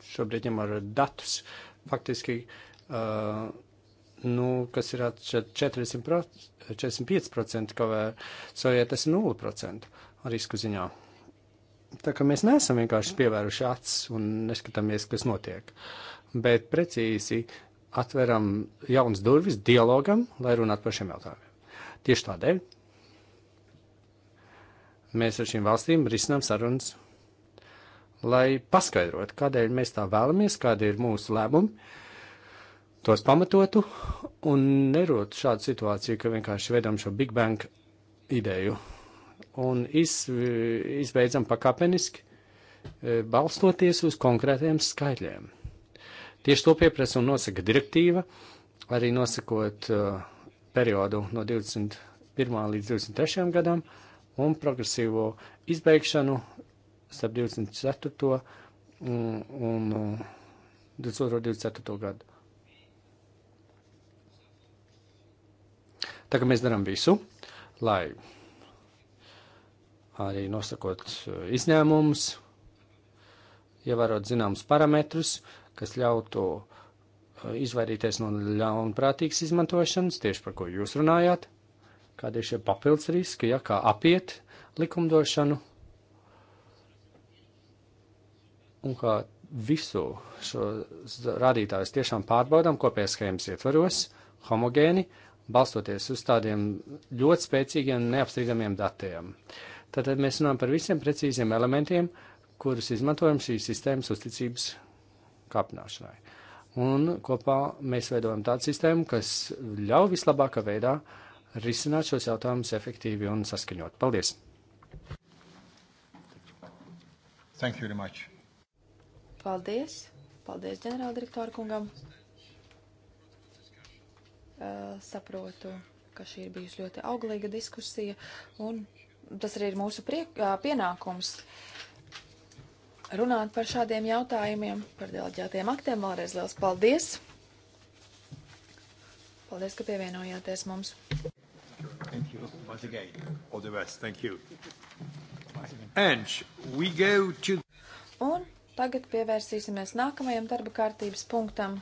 Šobrīd ņem ar datus. Faktiski, uh, nu, kas ir 40%, 45%, kaut vai sovietas 0% risku ziņā. Tā kā mēs neesam vienkārši pievēruši acis un neskatāmies, kas notiek, bet precīzi atveram jaunas durvis dialogam, lai runātu par šiem jautājumiem. Tieši tādēļ mēs ar šīm valstīm risinām sarunas, lai paskaidrotu, kādēļ mēs tā vēlamies, kādi ir mūsu lēmumi, tos pamatotu un nerotu šādu situāciju, ka vienkārši vedam šo Big Bang ideju un iz, izbeidzam pakāpeniski, e, balstoties uz konkrētiem skaitļiem. Tieši to pieprasa un nosaka direktīva, arī nosakot uh, periodu no 21. līdz 23. gadam. Uh, un progresīvo izbeigšanu starp 24. un, un 22. Uh, 24. gadu. Tā kā mēs darām visu, lai arī nosakot uh, izņēmumus, ievērot zināmus parametrus, kas ļautu uh, izvairīties no ļaunprātīgas izmantošanas, tieši par ko jūs runājāt kādi ir šie papildus riski, ja kā apiet likumdošanu un kā visu šo rādītājus tiešām pārbaudām kopējās schēmas ietvaros, homogēni, balstoties uz tādiem ļoti spēcīgiem, neapstrīdamiem datiem. Tātad mēs runājam par visiem precīziem elementiem, kurus izmantojam šīs sistēmas uzticības kāpināšanai. Un kopā mēs veidojam tādu sistēmu, kas ļauj vislabākā veidā uh, risināt šos jautājumus efektīvi un saskaņot. Paldies! Thank you very much. Paldies! Paldies ģenerāldirektoru kungam! Uh, saprotu, ka šī ir bijusi ļoti auglīga diskusija, un tas arī ir mūsu priek, uh, pienākums runāt par šādiem jautājumiem, par deleģētiem aktiem. Vēlreiz liels paldies! Paldies, ka pievienojāties mums! Thank you. Once again, all the best. Thank you. And we go to... Un tagad pievērsīsimies nākamajam darba kārtības punktam.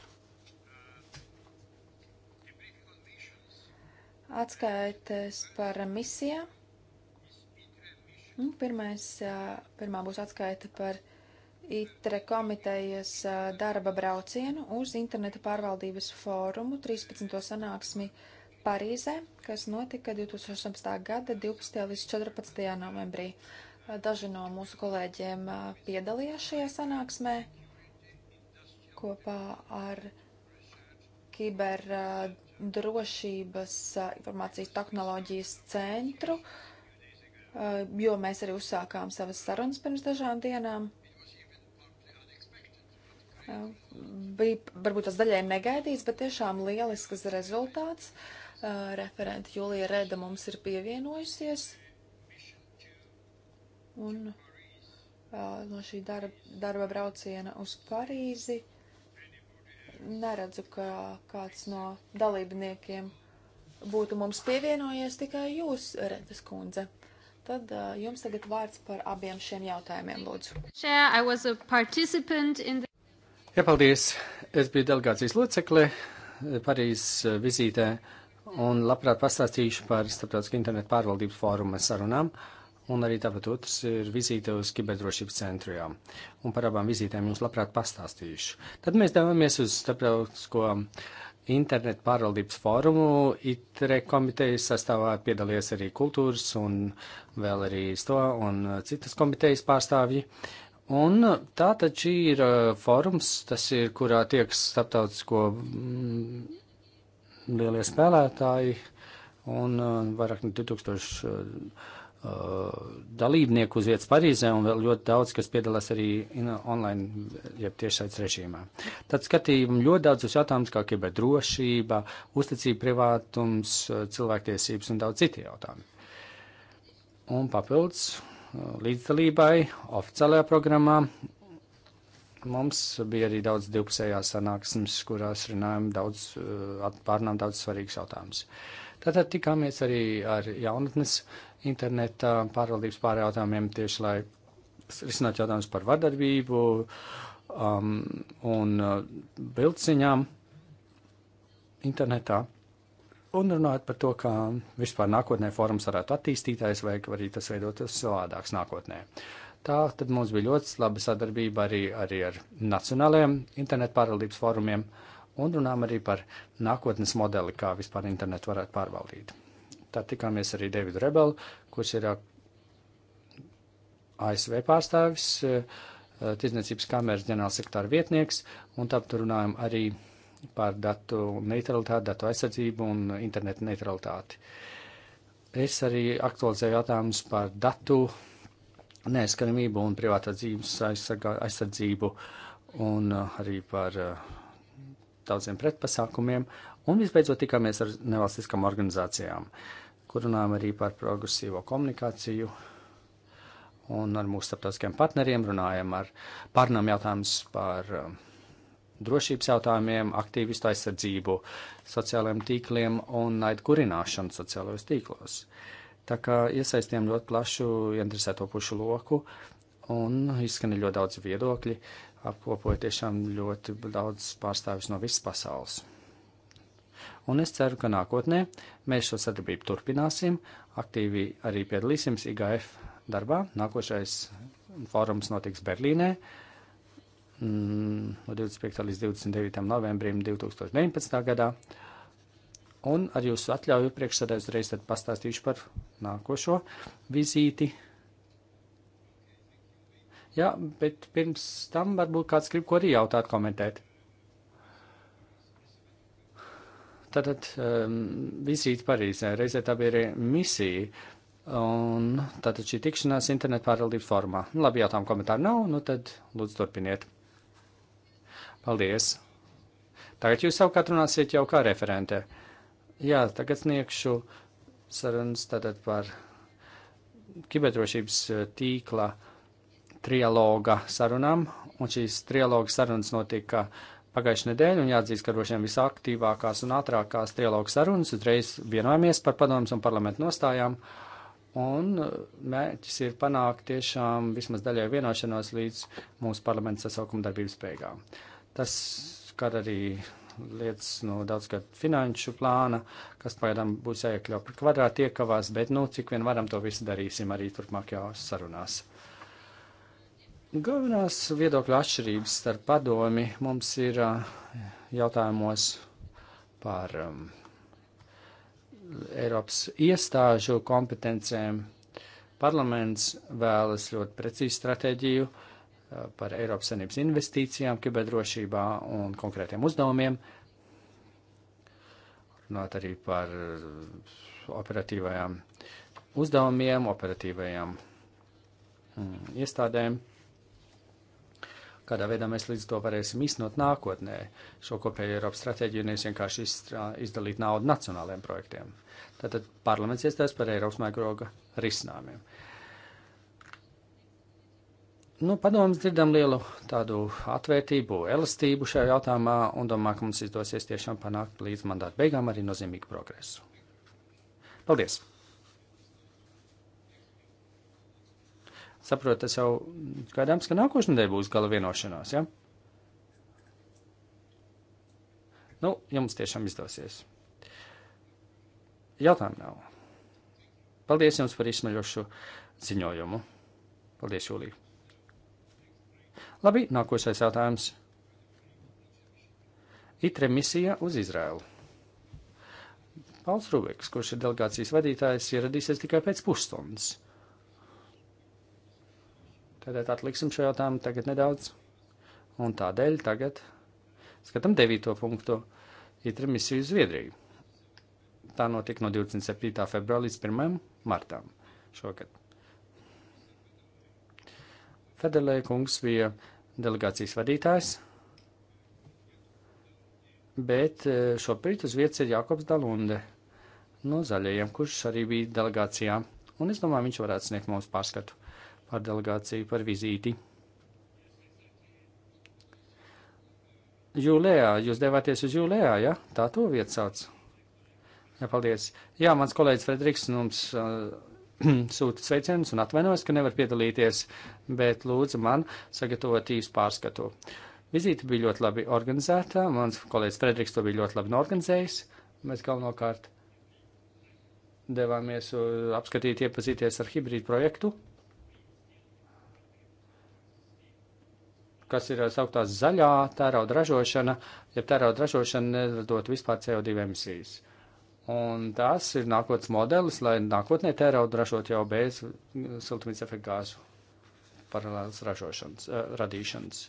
Atskaites par misijām. Nu, pirmais, pirmā būs atskaita par ITRE komitejas darba braucienu uz interneta pārvaldības fórumu 13. sanāksmi 2021. Parīzē, kas notika 2018. gada 12. līdz 14. novembrī. Daži no mūsu kolēģiem piedalījās šajā sanāksmē kopā ar kiberdrošības informācijas tehnoloģijas centru, jo mēs arī uzsākām savas sarunas pirms dažām dienām. Bija varbūt tas daļai negaidīts, bet tiešām lielisks rezultāts. Uh, referente Julija Reda mums ir pievienojusies. Un no šī darba, darba brauciena uz Parīzi neredzu, ka kāds no dalībniekiem būtu mums pievienojies tikai jūs, Redes kundze. Tad uh, jums tagad vārds par abiem šiem jautājumiem, lūdzu. The... Jā, paldies. Es biju delegācijas locekle Parīzes vizītē. Uh, un labprāt pastāstīšu par starptautiskā internetu pārvaldības fóruma sarunām, un arī tāpat otrs ir vizīte uz kiberdrošības centriem, un par abām vizītēm jums labprāt pastāstīšu. Tad mēs devāmies uz starptautisko internetu pārvaldības fórumu, ITRE komitejas sastāvā piedalījās arī kultūras un vēl arī to un citas komitejas pārstāvji. Un tātad šī ir uh, fórums, tas ir, kurā tiek starptautisko mm, lielie spēlētāji un uh, vairāk ne 2000 uh, dalībnieku uz vietas Parīzē un vēl ļoti daudz, kas piedalās arī online, jeb tiešsaits režīmā. Tad skatījumi ļoti daudz uz jautājumus, kā kiberdrošība, uzticība, privātums, uh, cilvēktiesības un daudz citi jautājumi. Un papildus līdzdalībai oficiālajā programmā Mums bija arī daudz divpusējās sanāksmes, kurās runājām daudz, uh, pārnām daudz svarīgus jautājumus. Tātad tikāmies arī ar jaunatnes interneta pārvaldības pārjautājumiem tieši, lai risinātu jautājumus par vardarbību um, un uh, vilciņām internetā un runājot par to, kā vispār nākotnē forums varētu attīstīties, vai arī tas veidotos savādāks nākotnē. Tā tad mums bija ļoti laba sadarbība arī, arī ar nacionālajiem internetu pārvaldības fórumiem un runām arī par nākotnes modeli, kā vispār internetu varētu pārvaldīt. Tā tikāmies arī Davidu Rebelu, kurš ir ASV pārstāvis, Tirzniecības kameras ģenerālsektāra vietnieks, un tāpat runājam arī par datu neutralitāti, datu aizsardzību un internetu neutralitāti. Es arī aktualizēju jautājumus par datu neaizskanamību un privātā dzīves aizsargā, aizsardzību un uh, arī par uh, daudziem pretpasākumiem. Un visbeidzot tikāmies ar nevalstiskām organizācijām, kur runājam arī par progresīvo komunikāciju un ar mūsu starptautiskiem partneriem runājam ar pārnām jautājumus par um, drošības jautājumiem, aktīvistu aizsardzību, sociālajiem tīkliem un naidu kurināšanu sociālajos tīklos. Uh, Tā kā iesaistījām ļoti plašu interesēto pušu loku un izskanēja ļoti daudz viedokļi, apkopoja tiešām ļoti daudz pārstāvis no visas pasaules. Un es ceru, ka nākotnē mēs šo sadarbību turpināsim, aktīvi arī piedalīsimies IGF darbā. Nākošais fórums notiks Berlīnē mm, no 25. līdz 29. novembrim 2019. gadā. Un ar jūsu atļauju priekšsēdē uzreiz tad pastāstīšu par nākošo vizīti. Jā, bet pirms tam varbūt kāds grib ko arī jautāt, komentēt. Tātad um, vizīte Parīzē, reizē tā bija arī misija, un tātad šī tikšanās internetu pārvaldības formā. Nu, labi, jautājumu komentāru nav, nu tad lūdzu turpiniet. Paldies! Tagad jūs savukārt runāsiet jau kā referente. Uh, Jā, tagad sniegšu sarunas tātad par kiberdrošības eh, tīkla trialoga sarunām, un šīs trialoga sarunas notika pagājušajā nedēļā, un jāatzīst, ka droši vien visaktīvākās un ātrākās trialoga sarunas uzreiz vienojamies par padomus un parlamentu nostājām, un eh, mērķis ir panākt tiešām vismaz daļai vienošanos līdz mūsu parlamentu sasaukuma darbības beigām. Tas skar arī lietas no daudzgad finanšu plāna, kas pagaidām būs jāiekļau par kvadrātu iekavās, bet, nu, cik vien varam to visu darīsim arī turpmākajās sarunās. Galvenās viedokļu atšķirības starp padomi mums ir jautājumos par um, Eiropas iestāžu kompetencēm. Parlaments vēlas ļoti precīzu stratēģiju, uh, par Eiropas Savienības investīcijām, kiberdrošībā un konkrētiem uzdevumiem. Runāt arī par operatīvajām uzdevumiem, operatīvajām mm, iestādēm. Kādā veidā mēs līdz to varēsim iznot nākotnē šo kopēju Eiropas stratēģiju, nevis vienkārši izstrā, izdalīt naudu nacionāliem projektiem. Tātad parlaments iestājas par Eiropas mēgroga risinājumiem. Uh, nu, padomus dzirdam lielu tādu atvērtību, elastību šajā jautājumā un domā, ka mums izdosies tiešām panākt līdz mandāta beigām arī nozīmīgu progresu. Paldies! Saprotu, tas jau gaidāms, ka nākošais nedēļa būs gala vienošanās, ja? Nu, ja mums tiešām izdosies. Jautājumu nav. Paldies jums par izsmeļošu ziņojumu. Paldies, Jūlija! Labi, nākošais jautājums. Itre misija uz Izraēlu. Pauls Rubiks, kurš ir delegācijas vadītājs, ieradīsies tikai pēc pusstundas. Tādēļ atliksim šo jautājumu tagad nedaudz. Un tādēļ tagad skatām devīto punktu Itre misiju uz Zviedriju. Tā notika no 27. februāra līdz 1. martām šogad. Federlē kungs bija delegācijas vadītājs, bet e, šobrīd uz vietas ir Jākops Dalunde no zaļajiem, kurš arī bija delegācijā, un es domāju, viņš varētu sniegt mums pārskatu par delegāciju, par vizīti. Jūlijā, jūs devāties uz Jūlijā, ja? Tā to vietu sauc. Jā, paldies. Jā, mans kolēģis Frederiks nu, mums uh, sūtu sveicienus un atvainojos, ka nevar piedalīties, bet lūdzu man sagatavot īsu pārskatu. Vizīte bija ļoti labi organizēta, mans kolēģis Frederiks to bija ļoti labi norganizējis. Mēs galvenokārt devāmies uh, apskatīt, iepazīties ar hibrīdu projektu, kas ir uh, sauktās zaļā tērauda ražošana, ja tērauda ražošana nedodot vispār CO2 emisijas. Uh, Un tas ir nākotnes modelis, lai nākotnē tērauda ražot jau bez siltumnīca efekta gāzu paralēlas ražošanas, eh, radīšanas.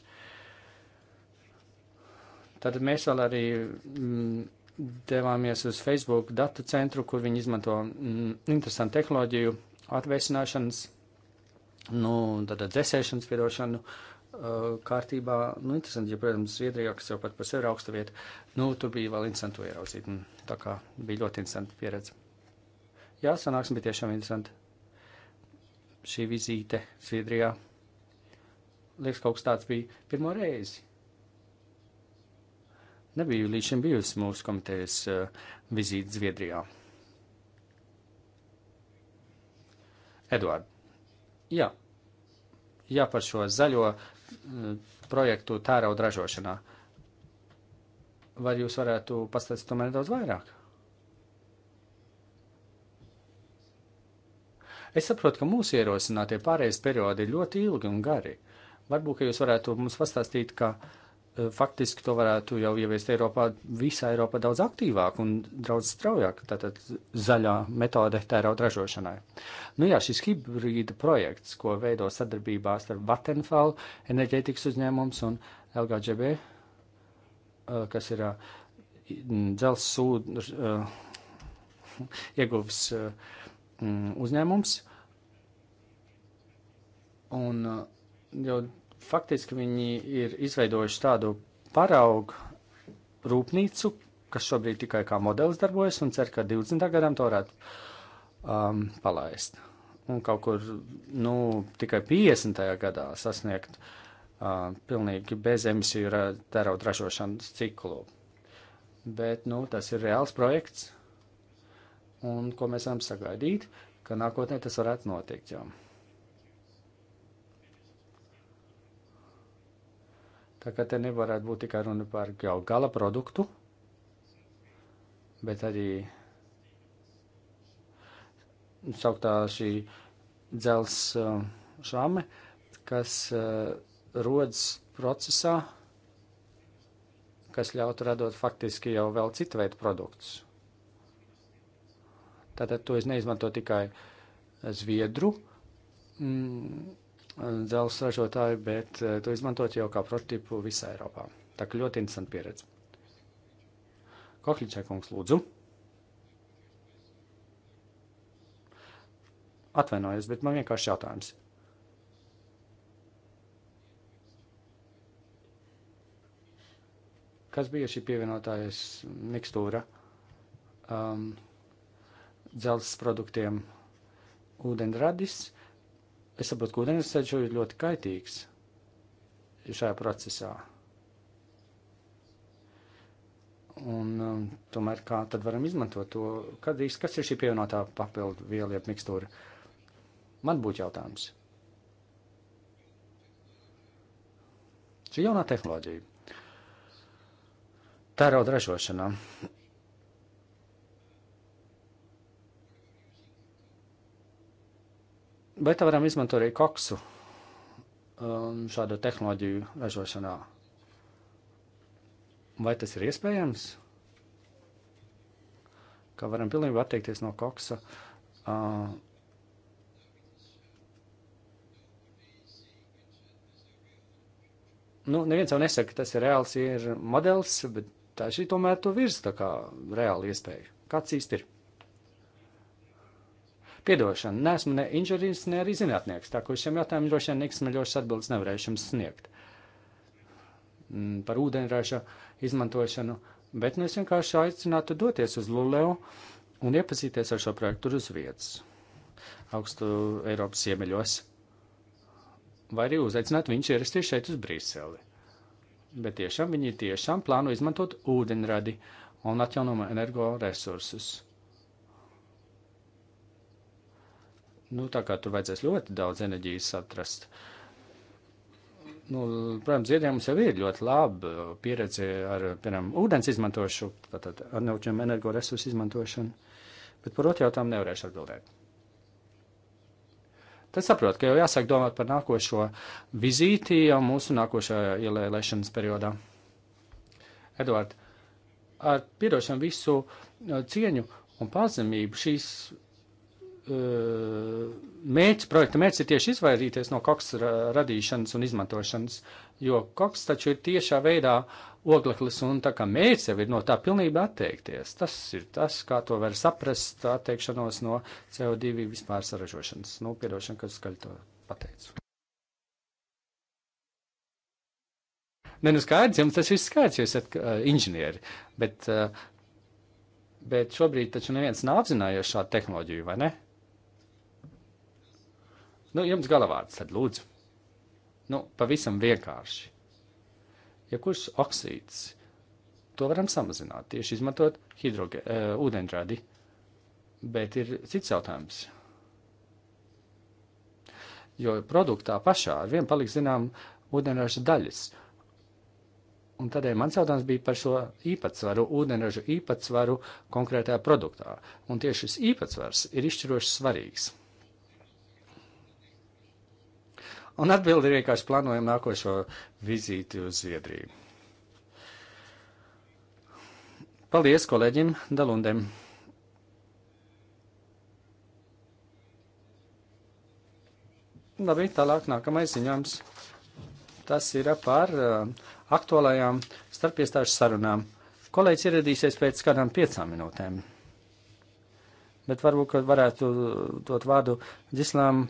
Tad mēs vēl arī m, mm, devāmies uz Facebook datu centru, kur viņi izmanto m, mm, interesantu tehnoloģiju atvēsināšanas, nu, tad dzēsēšanas piedošanu Eh, kārtībā, nu, interesanti, ja, protams, Zviedrijā, kas jau pat par sevi ir augsta vieta, nu, tur bija vēl interesanti to ieraudzīt, un tā kā bija ļoti interesanti pieredze. Jā, sanāksim, bija tiešām interesanti šī vizīte Zviedrijā. Liekas, kaut kas tāds bija pirmo reizi. Nebija līdz šim bijusi mūsu komitejas uh, vizīte Zviedrijā. Eduard, jā, jā, par šo zaļo projektu tērauda ražošanā. Vai jūs varētu pastāstīt tomēr daudz vairāk? Es saprotu, ka mūsu ierosinātie pārējais periodi ir ļoti ilgi un gari. Varbūt, ka jūs varētu mums pastāstīt, ka uh, Eh, faktiski to varētu jau ieviest Eiropā, visā Eiropā daudz aktīvāk un daudz straujāk, tātad zaļā metode tērauda ražošanai. Nu jā, šis hibrīda projekts, ko veido sadarbībā starp Vattenfall enerģētikas uzņēmums un LGGB, eh, kas ir eh, dzels sūdu ieguvs mm, uzņēmums, un jau Faktiski viņi ir izveidojuši tādu paraugu rūpnīcu, kas šobrīd tikai kā modelis darbojas un cer, ka 20. gadam to varētu um, palaist. Un kaut kur, nu, tikai 50. gadā sasniegt uh, pilnīgi bez emisiju terauda ražošanas ciklu. Bet, nu, tas ir reāls projekts, un ko mēs varam sagaidīt, ka nākotnē tas varētu notikt jau. Tā kā te nevarētu būt tikai runa par jau gala produktu, bet arī sauktā šī dzels šāme, uh, kas uh, rodas procesā, kas ļautu radot faktiski jau vēl citu veidu produktus. Tātad to es neizmanto tikai zviedru. Mm, dzelzs ražotāji, bet eh, to izmantot jau kā prototipu visā Eiropā. Tā kā ļoti interesanti pieredze. Kokļičai kungs, lūdzu. Atvainojos, bet man vienkārši jautājums. Kas bija šī pievienotājas mikstūra um, dzelzs produktiem? Ūdenradis. Uh, Es saprotu, ka ūdens ceļš ir ļoti kaitīgs šajā procesā. Un, um, tomēr kā tad varam izmantot to? Kad, kas ir šī pievienotā papildu viela, jeb mikstūra? Man būtu jautājums. Šī jaunā tehnoloģija. Tērauda ražošanā. Bet varam izmantot arī koksu um, šādu tehnoloģiju ražošanā. Vai tas ir iespējams? Ka varam pilnībā atteikties no koksa. Uh, nu, neviens jau nesaka, ka tas ir reāls ir modelis, bet tā šī tomēr to virz tā kā reāli iespēja. Kāds īsti ir? Piedošana, neesmu ne inženieris, ne arī zinātnieks, tā ka uz šiem jautājumiem droši vien neizsmeļošas atbildes nevarēšu jums sniegt mm, par ūdeņraža izmantošanu, bet nu, es vienkārši aicinātu doties uz Luleo un iepazīties ar šo projektu uz vietas, augstu Eiropas ziemeļos, vai arī uzaicināt viņus ierasties šeit uz Brīseli. Bet tiešām viņi tiešām plāno izmantot ūdeņradi un atjaunojumu energoresursus. Nu, tā kā tur vajadzēs ļoti daudz enerģijas atrast. Nu, protams, Zviedrijā mums jau ir ļoti laba pieredze ar, piemēram, ūdens izmantošanu, tātad atnauķiem energoresursu izmantošanu, bet par otru jautājumu nevarēšu atbildēt. Tad saprot, ka jau jāsāk domāt par nākošo vizīti jau mūsu nākošajā ielēšanas periodā. Eduard, ar piedošanu visu uh, cieņu un pazemību šīs mērķis, projekta mērķis ir tieši izvairīties no koks radīšanas un izmantošanas, jo koks taču ir tiešā veidā ogleklis, un tā kā mērķis jau ir no tā pilnībā atteikties. Tas ir tas, kā to var saprast, atteikšanos no CO2 vispār saražošanas. Nu, piedošana, ka skaļi to pateicu. Nē, nu skaidrs, jums tas viss skaidrs, jūs esat uh, inženieri, bet, uh, bet šobrīd taču neviens nav apzinājies šādu tehnoloģiju, vai ne? Uh, Nu, jums galavārds tad lūdzu. Nu, pavisam vienkārši. Ja kurš oksīds, to varam samazināt, tieši izmantot hidroge, uh, ūdenradi. Bet ir cits jautājums. Jo produktā pašā ar vien paliks zinām ūdenraža daļas. Un tādēļ mans jautājums bija par šo īpatsvaru, ūdenražu īpatsvaru konkrētajā produktā. Un tieši šis īpatsvars ir izšķiroši svarīgs. Un atbildi ir vienkārši plānojam nākošo vizīti uz Zviedriju. Paldies kolēģim Dalundem! Labi, tālāk nākamais ziņojums. Tas ir par uh, aktuālajām starpiestāžu sarunām. Kolēģis ieradīsies pēc kādām piecām minūtēm. Bet varbūt, ka varētu dot vārdu Gislām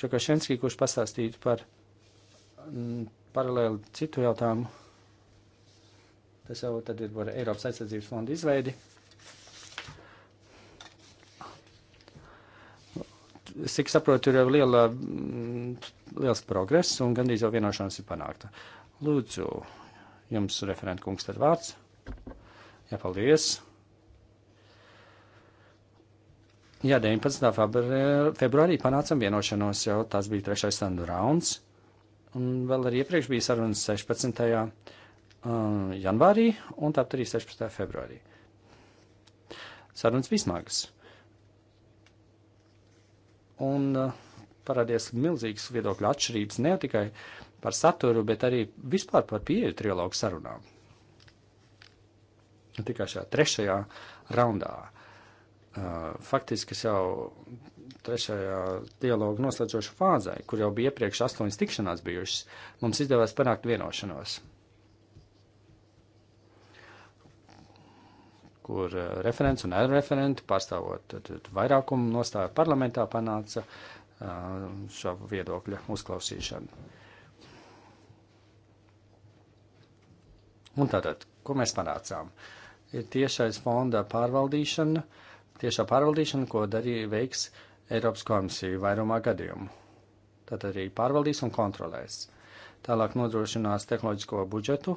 Čakašenskī, kurš pastāstītu par mm, paralēli citu jautājumu. Tas jau tad ir par Eiropas aizsardzības fonda izveidi. Es tik saprotu, ir jau liela, mm, liels progress un gandrīz jau vienošanās ir panākta. Lūdzu, jums referentkungs tad vārds. Jā, paldies. Jā, 19. februārī panācām vienošanos, jau tas bija trešais standu rauns, un vēl arī iepriekš bija sarunas 16. Uh, janvārī un tāpat arī 16. februārī. Sarunas bija smagas. Un uh, parādījās milzīgas viedokļu atšķirības ne tikai par saturu, bet arī vispār par pieeju trilogu sarunām. Tikai šajā trešajā raundā. Uh, faktiski jau trešajā dialogu noslēdzošu fāzē, kur jau bija iepriekš astoņas tikšanās bijušas, mums izdevās panākt vienošanos, kur referents un referenti pārstāvot tad, tad vairākumu nostāju parlamentā panāca šo viedokļa uzklausīšanu. Un tātad, ko mēs panācām? Ir tiešais fonda pārvaldīšana, uh, tiešā pārvaldīšana, ko darīja veiks Eiropas komisija vairumā gadījumu. Tad arī pārvaldīs un kontrolēs. Tālāk nodrošinās tehnoloģisko budžetu,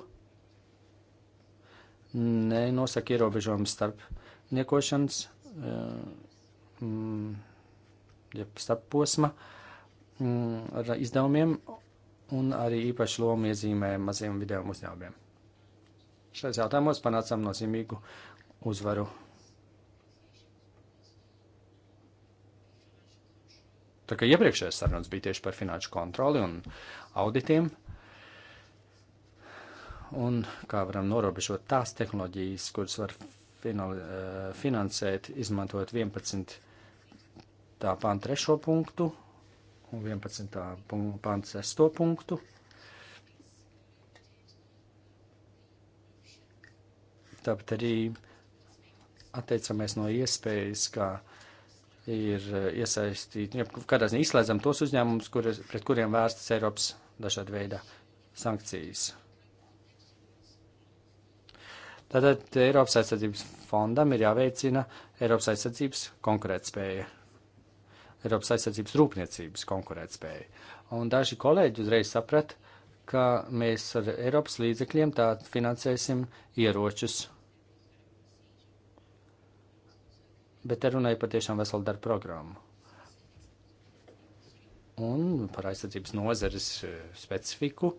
nenosaka ierobežojumus starp niekošanas, eh, mm, ja starp posma mm, ar izdevumiem un arī īpaši lomu iezīmē maziem video uzņēmumiem. Šajos jautājumos panācām nozīmīgu uzvaru Tā kā iepriekšējais sarunas bija tieši par finanšu kontroli un auditiem, un kā varam norobežot tās tehnoloģijas, kuras var eh, finansēt, izmantojot 11. pānta trešo punktu un 11. pānta sesto punktu. Tāpat arī atteicamies no iespējas, ka ir eh, iesaistīti, nu, ja kādā ziņā izslēdzam tos uzņēmumus, kur, pret kuriem vērstas Eiropas dažāda veida sankcijas. Tātad Eiropas aizsardzības fondam ir jāveicina Eiropas aizsardzības konkurētspēja, Eiropas aizsardzības rūpniecības konkurētspēja. Un daži kolēģi uzreiz saprata, ka mēs ar Eiropas līdzekļiem tā finansēsim ieročus Bet te runāja par tiešām veselu darbu programmu. Un par aizsardzības nozares e, specifiku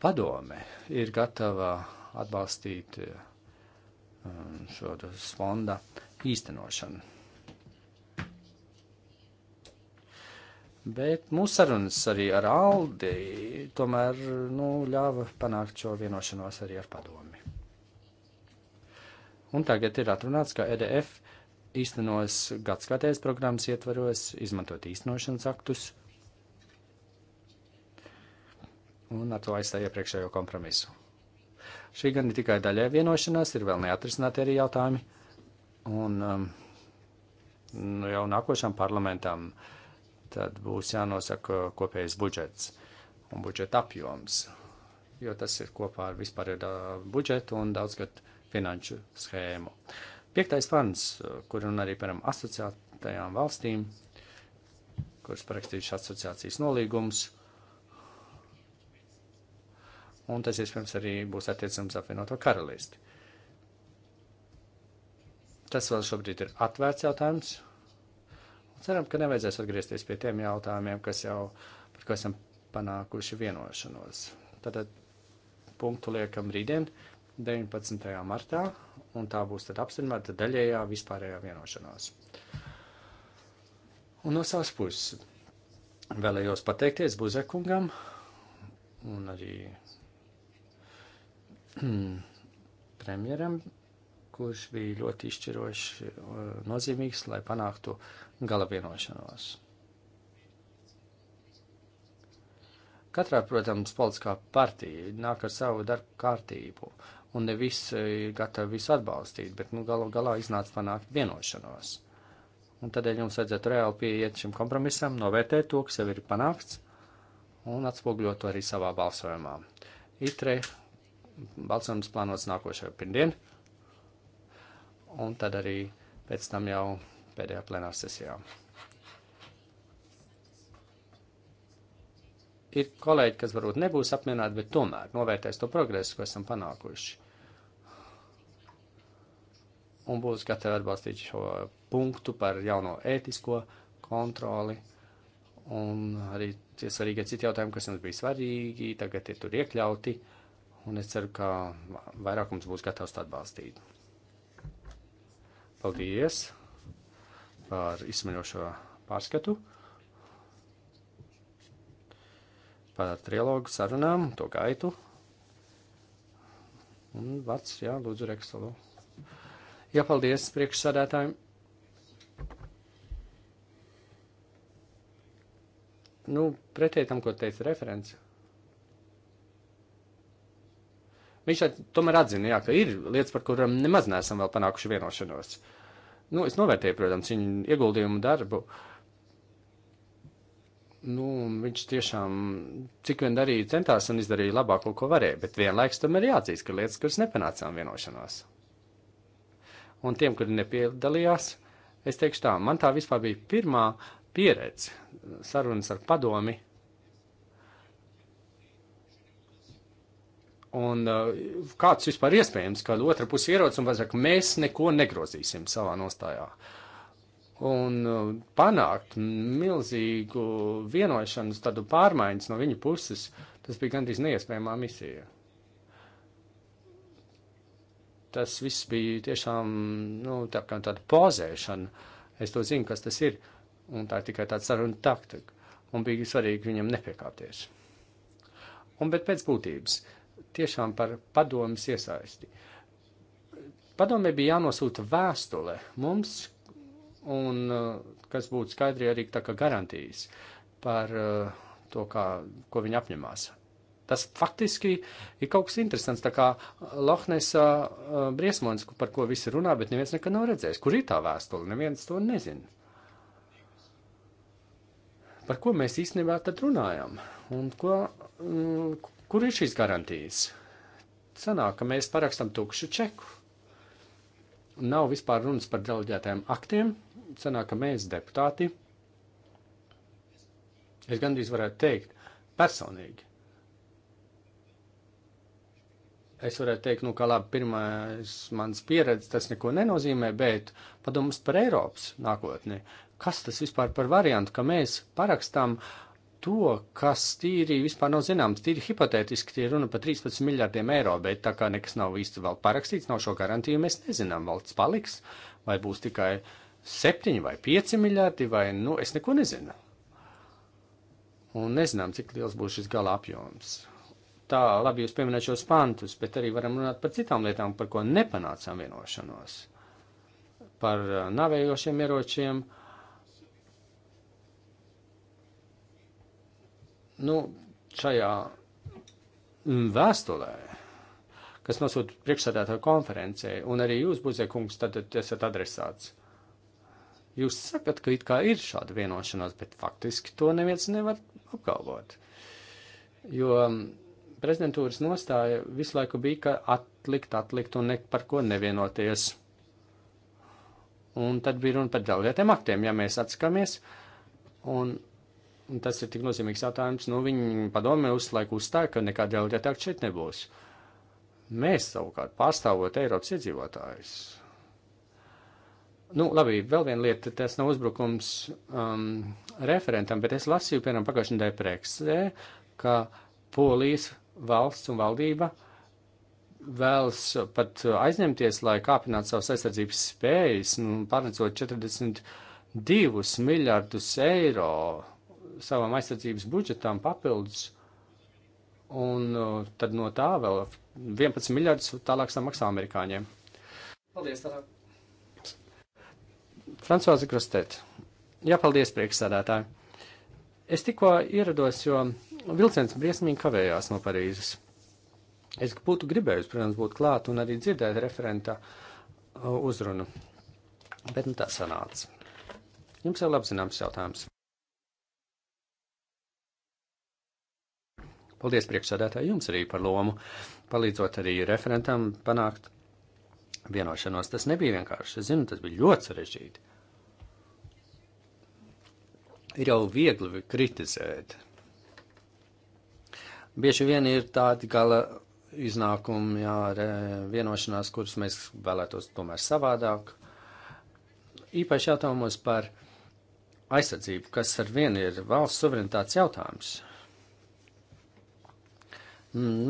padome ir gatava atbalstīt e, šo fonda īstenošanu. Bet mūsu sarunas arī ar Aldi tomēr nu, ļāva panākt šo vienošanos arī ar padomi. Un tagad ir atrunāts, ka EDF īstenos gadskatēs programmas ietvaros, izmantot īstenošanas aktus un ar to aizstāja iepriekšējo kompromisu. Šī gan ir tikai daļai vienošanās, ir vēl neatrisināti arī jautājumi, un um, nu, jau nākošam parlamentam tad būs jānosaka kopējais budžets un budžeta apjoms, jo tas ir kopā ar vispārējo budžetu un daudzgad finanšu schēmu. Uh, Piektais pants, kur un arī par asociētajām valstīm, kuras parakstījušas asociācijas nolīgumus. Un tas, iespējams, arī būs attiecams apvienoto karalisti. Tas vēl šobrīd ir atvērts jautājums. Ceram, ka nevajadzēs atgriezties pie tiem jautājumiem, kas jau par ko esam panākuši vienošanos. Tātad punktu liekam rītdien. 19. martā, un tā būs tad apstiprināta daļējā vispārējā vienošanās. Un no savas puses vēlējos pateikties Buzekungam un arī hmm, premjeram, kurš bija ļoti izšķiroši eh, nozīmīgs, lai panāktu gala vienošanos. Katrā, protams, politiskā partija nāk ar savu darbu kārtību, un ne visi eh, ir gatavi visu atbalstīt, bet nu, galu galā iznāca panākt vienošanos. Un tādēļ jums vajadzētu reāli pieiet šim kompromisam, novērtēt to, kas jau ir panākts, un atspoguļot to arī savā balsojumā. ITRE balsojums plānots nākošajā pirmdien, un tad arī pēc tam jau pēdējā plenāra sesijā. Ir kolēģi, kas varbūt nebūs apmierināti, bet tomēr novērtēs to progresu, ko esam panākuši un būs gatavi atbalstīt šo punktu par jauno ētisko kontroli. Un arī tie svarīgie citi jautājumi, kas jums bija svarīgi, tagad ir tur iekļauti. Un es ceru, ka vairākums būs gatavs atbalstīt. Paldies par izsmeļošo pārskatu, par trilogu sarunām, to gaitu. Un vārds, jā, lūdzu, Reksalu. Jā, paldies priekšsādātājiem. Nu, pretēji tam, ko teica referents. Viņš tomēr atzina, jā, ka ir lietas, par kurām nemaz neesam vēl panākuši vienošanos. Nu, es novērtēju, protams, viņa ieguldījumu darbu. Nu, viņš tiešām cik vien darīja, centās un izdarīja labāko, ko varēja, bet vienlaiks tam ir jāatzīst, ka lietas, kuras nepanācām vienošanās un tiem, kuri nepiedalījās, es teikšu tā, man tā vispār bija pirmā pieredze sarunas ar padomi. Un uh, kāds vispār iespējams, ka otra puse ierodas un pasaka, mēs neko negrozīsim savā nostājā. Un uh, panākt milzīgu vienošanos, tādu pārmaiņas no viņa puses, tas bija gandrīz neiespējamā misija tas viss bija tiešām nu, tā kā tāda pozēšana. Es to zinu, kas tas ir. Un tā ir tikai tāda saruna taktika. Un bija svarīgi viņam nepiekāpties. Un bet pēc būtības tiešām par padomus iesaisti. Padomē bija jānosūta vēstule mums, un uh, kas būtu skaidri arī tā kā garantijas par uh, to, kā, ko viņi apņemās Tas faktiski ir kaut kas interesants, tā kā Lohnesa uh, uh, briesmonis, par ko visi runā, bet neviens nekad nav redzējis. Kur ir tā vēstule? Neviens to nezina. Par ko mēs īstenībā tad runājam? Un ko, mm, kur ir šīs garantijas? Sanāk, ka mēs parakstam tukšu čeku. Nav vispār runas par deleģētajiem aktiem. Sanāk, ka mēs deputāti, es gandrīz varētu teikt, personīgi es varētu teikt, nu, ka labi, pirmais mans pieredze tas neko nenozīmē, bet padomas par Eiropas nākotni. Kas tas vispār par variantu, ka mēs parakstām to, kas tīri vispār nav zināms, tīri hipotētiski, tie runa par 13 miljārdiem eiro, bet tā kā nekas nav īsti vēl parakstīts, nav šo garantiju, mēs nezinām, valsts paliks, vai būs tikai 7 vai 5 miljārdi, vai, nu, es neko nezinu. Un nezinām, cik liels būs šis gala apjoms tā labi jūs pieminējat šos pantus, bet arī varam runāt par citām lietām, par ko nepanācām vienošanos. Par navējošiem ieročiem. Nu, šajā vēstulē, kas nosūta priekšsādātāju konferencē, un arī jūs, Buzekungs, tad esat adresāts. Jūs sakat, ka it kā ir šāda vienošanās, bet faktiski to neviens nevar apgalvot. Jo prezidentūras nostāja visu laiku bija, ka atlikt, atlikt un ne par ko nevienoties. Un tad bija runa par delietiem aktiem, ja mēs atskamies, un, un tas ir tik nozīmīgs jautājums, nu viņi padomē uzlaiku uzstāja, ka nekā delietiem akti šeit nebūs. Mēs savukārt pārstāvot Eiropas iedzīvotājus. Nu, labi, vēl viena lieta, tas nav uzbrukums um, referentam, bet es lasīju, piemēram, pagājušajā nedēļā preksē, ka polijas valsts un valdība vēlas pat aizņemties, lai kāpinātu savas aizsardzības spējas, nu, pārnecot 42 miljardus eiro savam aizsardzības budžetam papildus, un uh, tad no tā vēl 11 miljardus tālāk samaksā amerikāņiem. Paldies, tālāk. Francozi Krustēt. Jā, paldies, priekšsādātāji. Es tikko ierados, jo vilciens briesmīgi kavējās no Parīzes. Es būtu gribējusi, protams, būt klāt un arī dzirdēt referenta uh, uzrunu, bet nu tā sanāca. Jums jau labi zināms jautājums. Paldies priekšsādātāji jums arī par lomu, palīdzot arī referentam panākt vienošanos. Tas nebija vienkārši, es zinu, tas bija ļoti sarežģīti. Ir jau viegli kritizēt, Bieži vien ir tādi gala iznākumi, jā, e, vienošanās, kurus mēs vēlētos tomēr savādāk. Īpaši jautājumos par aizsardzību, kas ar vienu ir valsts suverenitātes jautājums.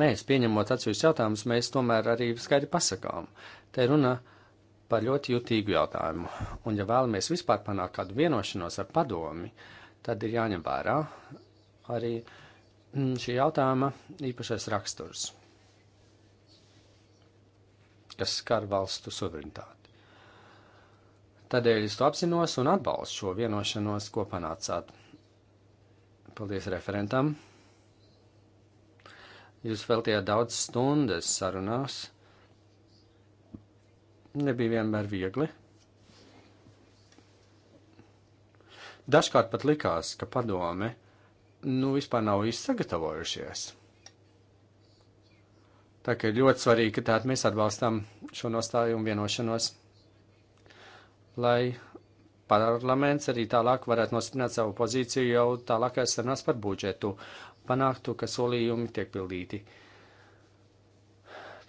Mēs, pieņemot atsevišķus jautājumus, mēs tomēr arī skaidri pasakām. Te runa par ļoti jutīgu jautājumu. Un, ja vēlamies vispār panākt kādu vienošanos ar padomi, tad ir jāņem vērā arī uh, Mm, šī jautājuma īpašais raksturs, kas skar valstu suverenitāti. Tādēļ es to apzinos un atbalstu šo vienošanos, ko panācāt. Paldies referentam! Jūs veltījāt daudz stundas sarunās. Nebija vienmēr viegli. Dažkārt pat likās, ka padome nu, vispār nav īsti sagatavojušies. Tā kā ir ļoti svarīgi, ka tātad mēs atbalstam šo nostājumu vienošanos, lai parlaments arī tālāk varētu nostiprināt savu pozīciju jau tālākajās sarunās par budžetu, panāktu, ka solījumi tiek pildīti.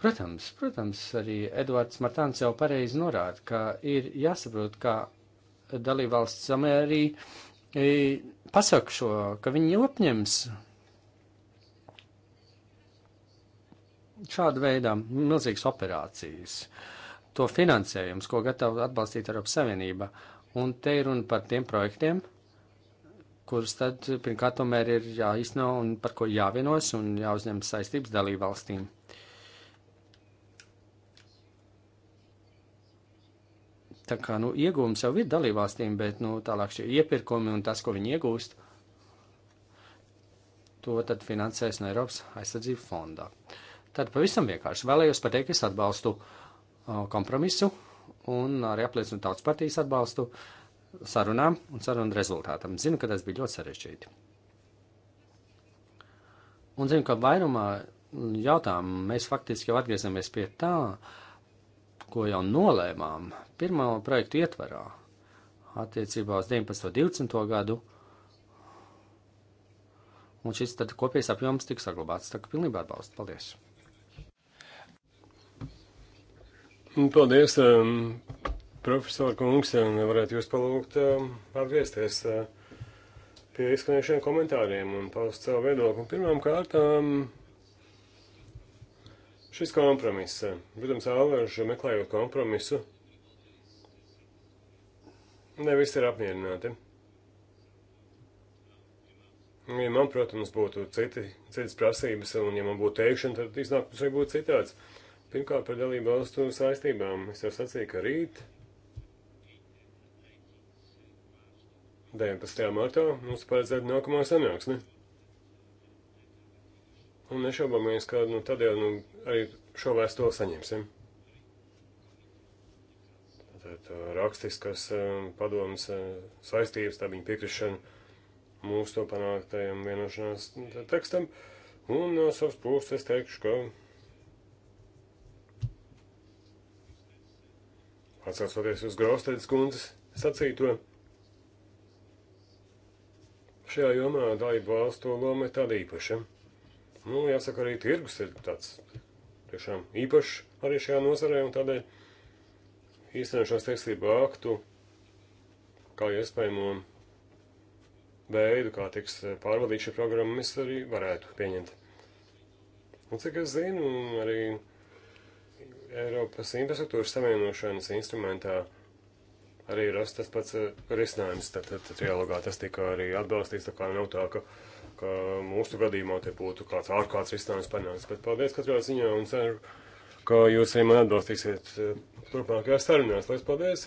Protams, protams, arī Eduards Martāns jau pareizi norāda, ka ir jāsaprot, ka dalībvalsts samērī pasaka šo, ka viņi apņems šādu veidu milzīgas operācijas, to finansējums, ko gatava atbalstīt Eiropas Savienība. Un te ir runa par tiem projektiem, kurus tad pirmkārt tomēr ir jāizno un par ko jāvienos un jāuzņem saistības dalību valstīm. Uh, Tā kā, nu, iegūms jau ir dalībvalstīm, bet, nu, tālāk šie iepirkumi un tas, ko viņi iegūst, to tad finansēs no Eiropas aizsardzības fondā. Tad pavisam vienkārši vēlējos pateikt, es atbalstu kompromisu un arī apliecinu tautas partijas atbalstu sarunām un sarunu rezultātam. Zinu, ka tas bija ļoti sarežģīti. Un zinu, ka vairumā jautājumu mēs faktiski jau atgriezāmies pie tā, uh, ko jau nolēmām pirmā projektu ietvarā attiecībā uz 19. un 20. gadu, un šis tad kopējais apjoms tiks saglabāts. Tā kā pilnībā atbalstu. Paldies! Paldies, um, profesor Kungs, un um, varētu jūs palūgt um, atgriezties uh, pie izskanējušiem komentāriem un paust savu viedokli. Pirmām kārtām. Um, Šis kompromiss, protams, Alvarš meklējot kompromisu, nevis ir apmierināti. Ja man, protams, būtu citi, citas prasības, un ja man būtu teikšana, tad iznākums arī būtu citāds. Pirmkārt, par dalību valstu saistībām. Es jau sacīju, ka rīt, 19. martā, mums paredzēta nākamā sanāksme. Ne? Un nešaubamies, ka nu, tad jau nu, arī šo vēstuli saņemsim. Tātad rakstiskas padomas saistības, tā viņa piekrišana mūsu to panāktajam vienošanās tekstam. Un no savas puses es teikšu, ka atsaucoties uz Graustedes kundzes sacīto, šajā jomā dalību valstu loma ir tāda īpaša. Nu, jāsaka, arī tirgus ir tāds tiešām īpašs arī šajā nozarē, un tādēļ īstenošanas tiesību aktu kā iespējamo veidu, kā tiks eh, pārvaldīt šī programma, mēs arī varētu pieņemt. Un cik es zinu, arī Eiropas infrastruktūras savienošanas instrumentā arī rast tas pats eh, risinājums, tad, tad, tad trialogā tas tika arī atbalstīts, tā kā nav tā, ka ka mūsu gadījumā te būtu kāds ārkārtas risinājums panāks. Bet paldies katrā ziņā un ceru, ka jūs arī man atbalstīsiet eh, turpmākajās sarunās. Lai paldies!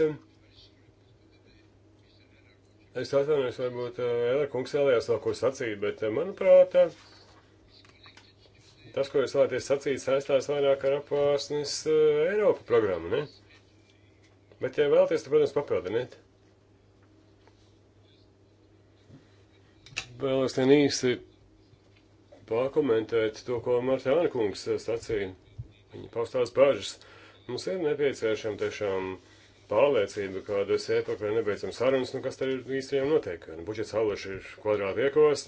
Es atvainojos, varbūt eh, Elere kungs vēlējās vēl ko sacīt, bet eh, manuprāt, tas, ko jūs vēlaties sacīt, saistās vairāk ar apvārsnes Eiropa programmu, ne? Bet, ja vēlaties, tad, protams, papildiniet. Vēlos vien īsi pakomentēt to, ko Martāna kungs sacīja. Viņa paustās bažas. Mums ir nepieciešama tiešām pārliecība, ka dosie pakaļ nebeidzam sarunas, nu kas tad ir īstajām notiek. Nu, budžets halaši ir kvadrāti iekos.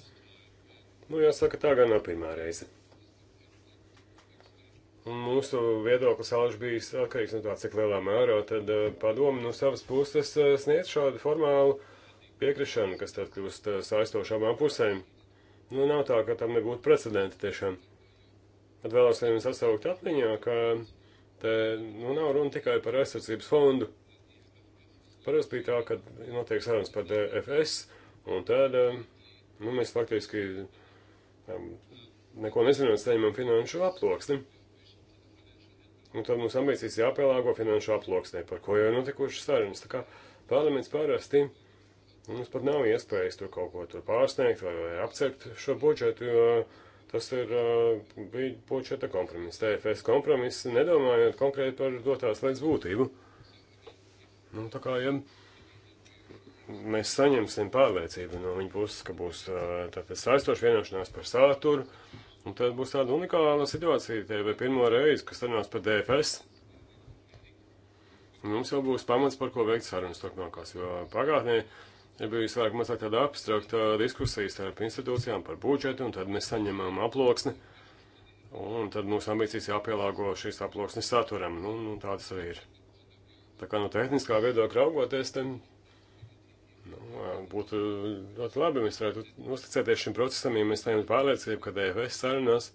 Nu, jāsaka, tā gan nav pirmā reize. Un mūsu viedoklis halaši bijis atkarīgs no tā, cik lielā mērā tad eh, padomu no savas puses eh, sniedz šādu formālu piekrišana, kas tad kļūst eh, saistoša abām pusēm. Nu, nav tā, ka tam nebūtu precedenta tiešām. Tad vēlos jums atsaukt atmiņā, ka te, nu, nav runa tikai par aizsardzības fondu. Parasti bija tā, ka notiek sarunas par DFS, un tad, eh, nu, mēs faktiski neko nezinot, saņemam finanšu aploksni. Un tad mums ambīcijas jāpielāgo finanšu aploksnē, par ko jau ir notikušas sarunas. Tā kā parlaments parasti. Pār Mums nu, pat nav iespējas tur kaut ko tur pārsniegt vai, vai apcept šo budžetu, jo tas ir bija budžeta kompromiss. TFS kompromiss, nedomājot konkrēti par dotās lietas būtību. Nu, tā kā, ja mēs saņemsim pārliecību no viņa puses, ka būs tātad saistoši vienošanās par saturu, un tad būs tāda unikāla situācija TV pirmo reizi, kas runās par DFS. Mums jau būs pamats, par ko veikt sarunas turpmākās, jo pagātnē ir bijusi vairāk mazāk tāda abstraktā diskusija starp institūcijām par budžetu, un tad mēs saņemam aploksni, un tad mūsu ambīcijas jāpielāgo šīs aploksnes saturam. Nu, nu, tādas arī ir. Tā kā no tehniskā viedokļa raugoties, tad nu, būtu ļoti labi, mēs varētu uzticēties šim procesam, ja mēs saņemtu pārliecību, ka DFS sarunās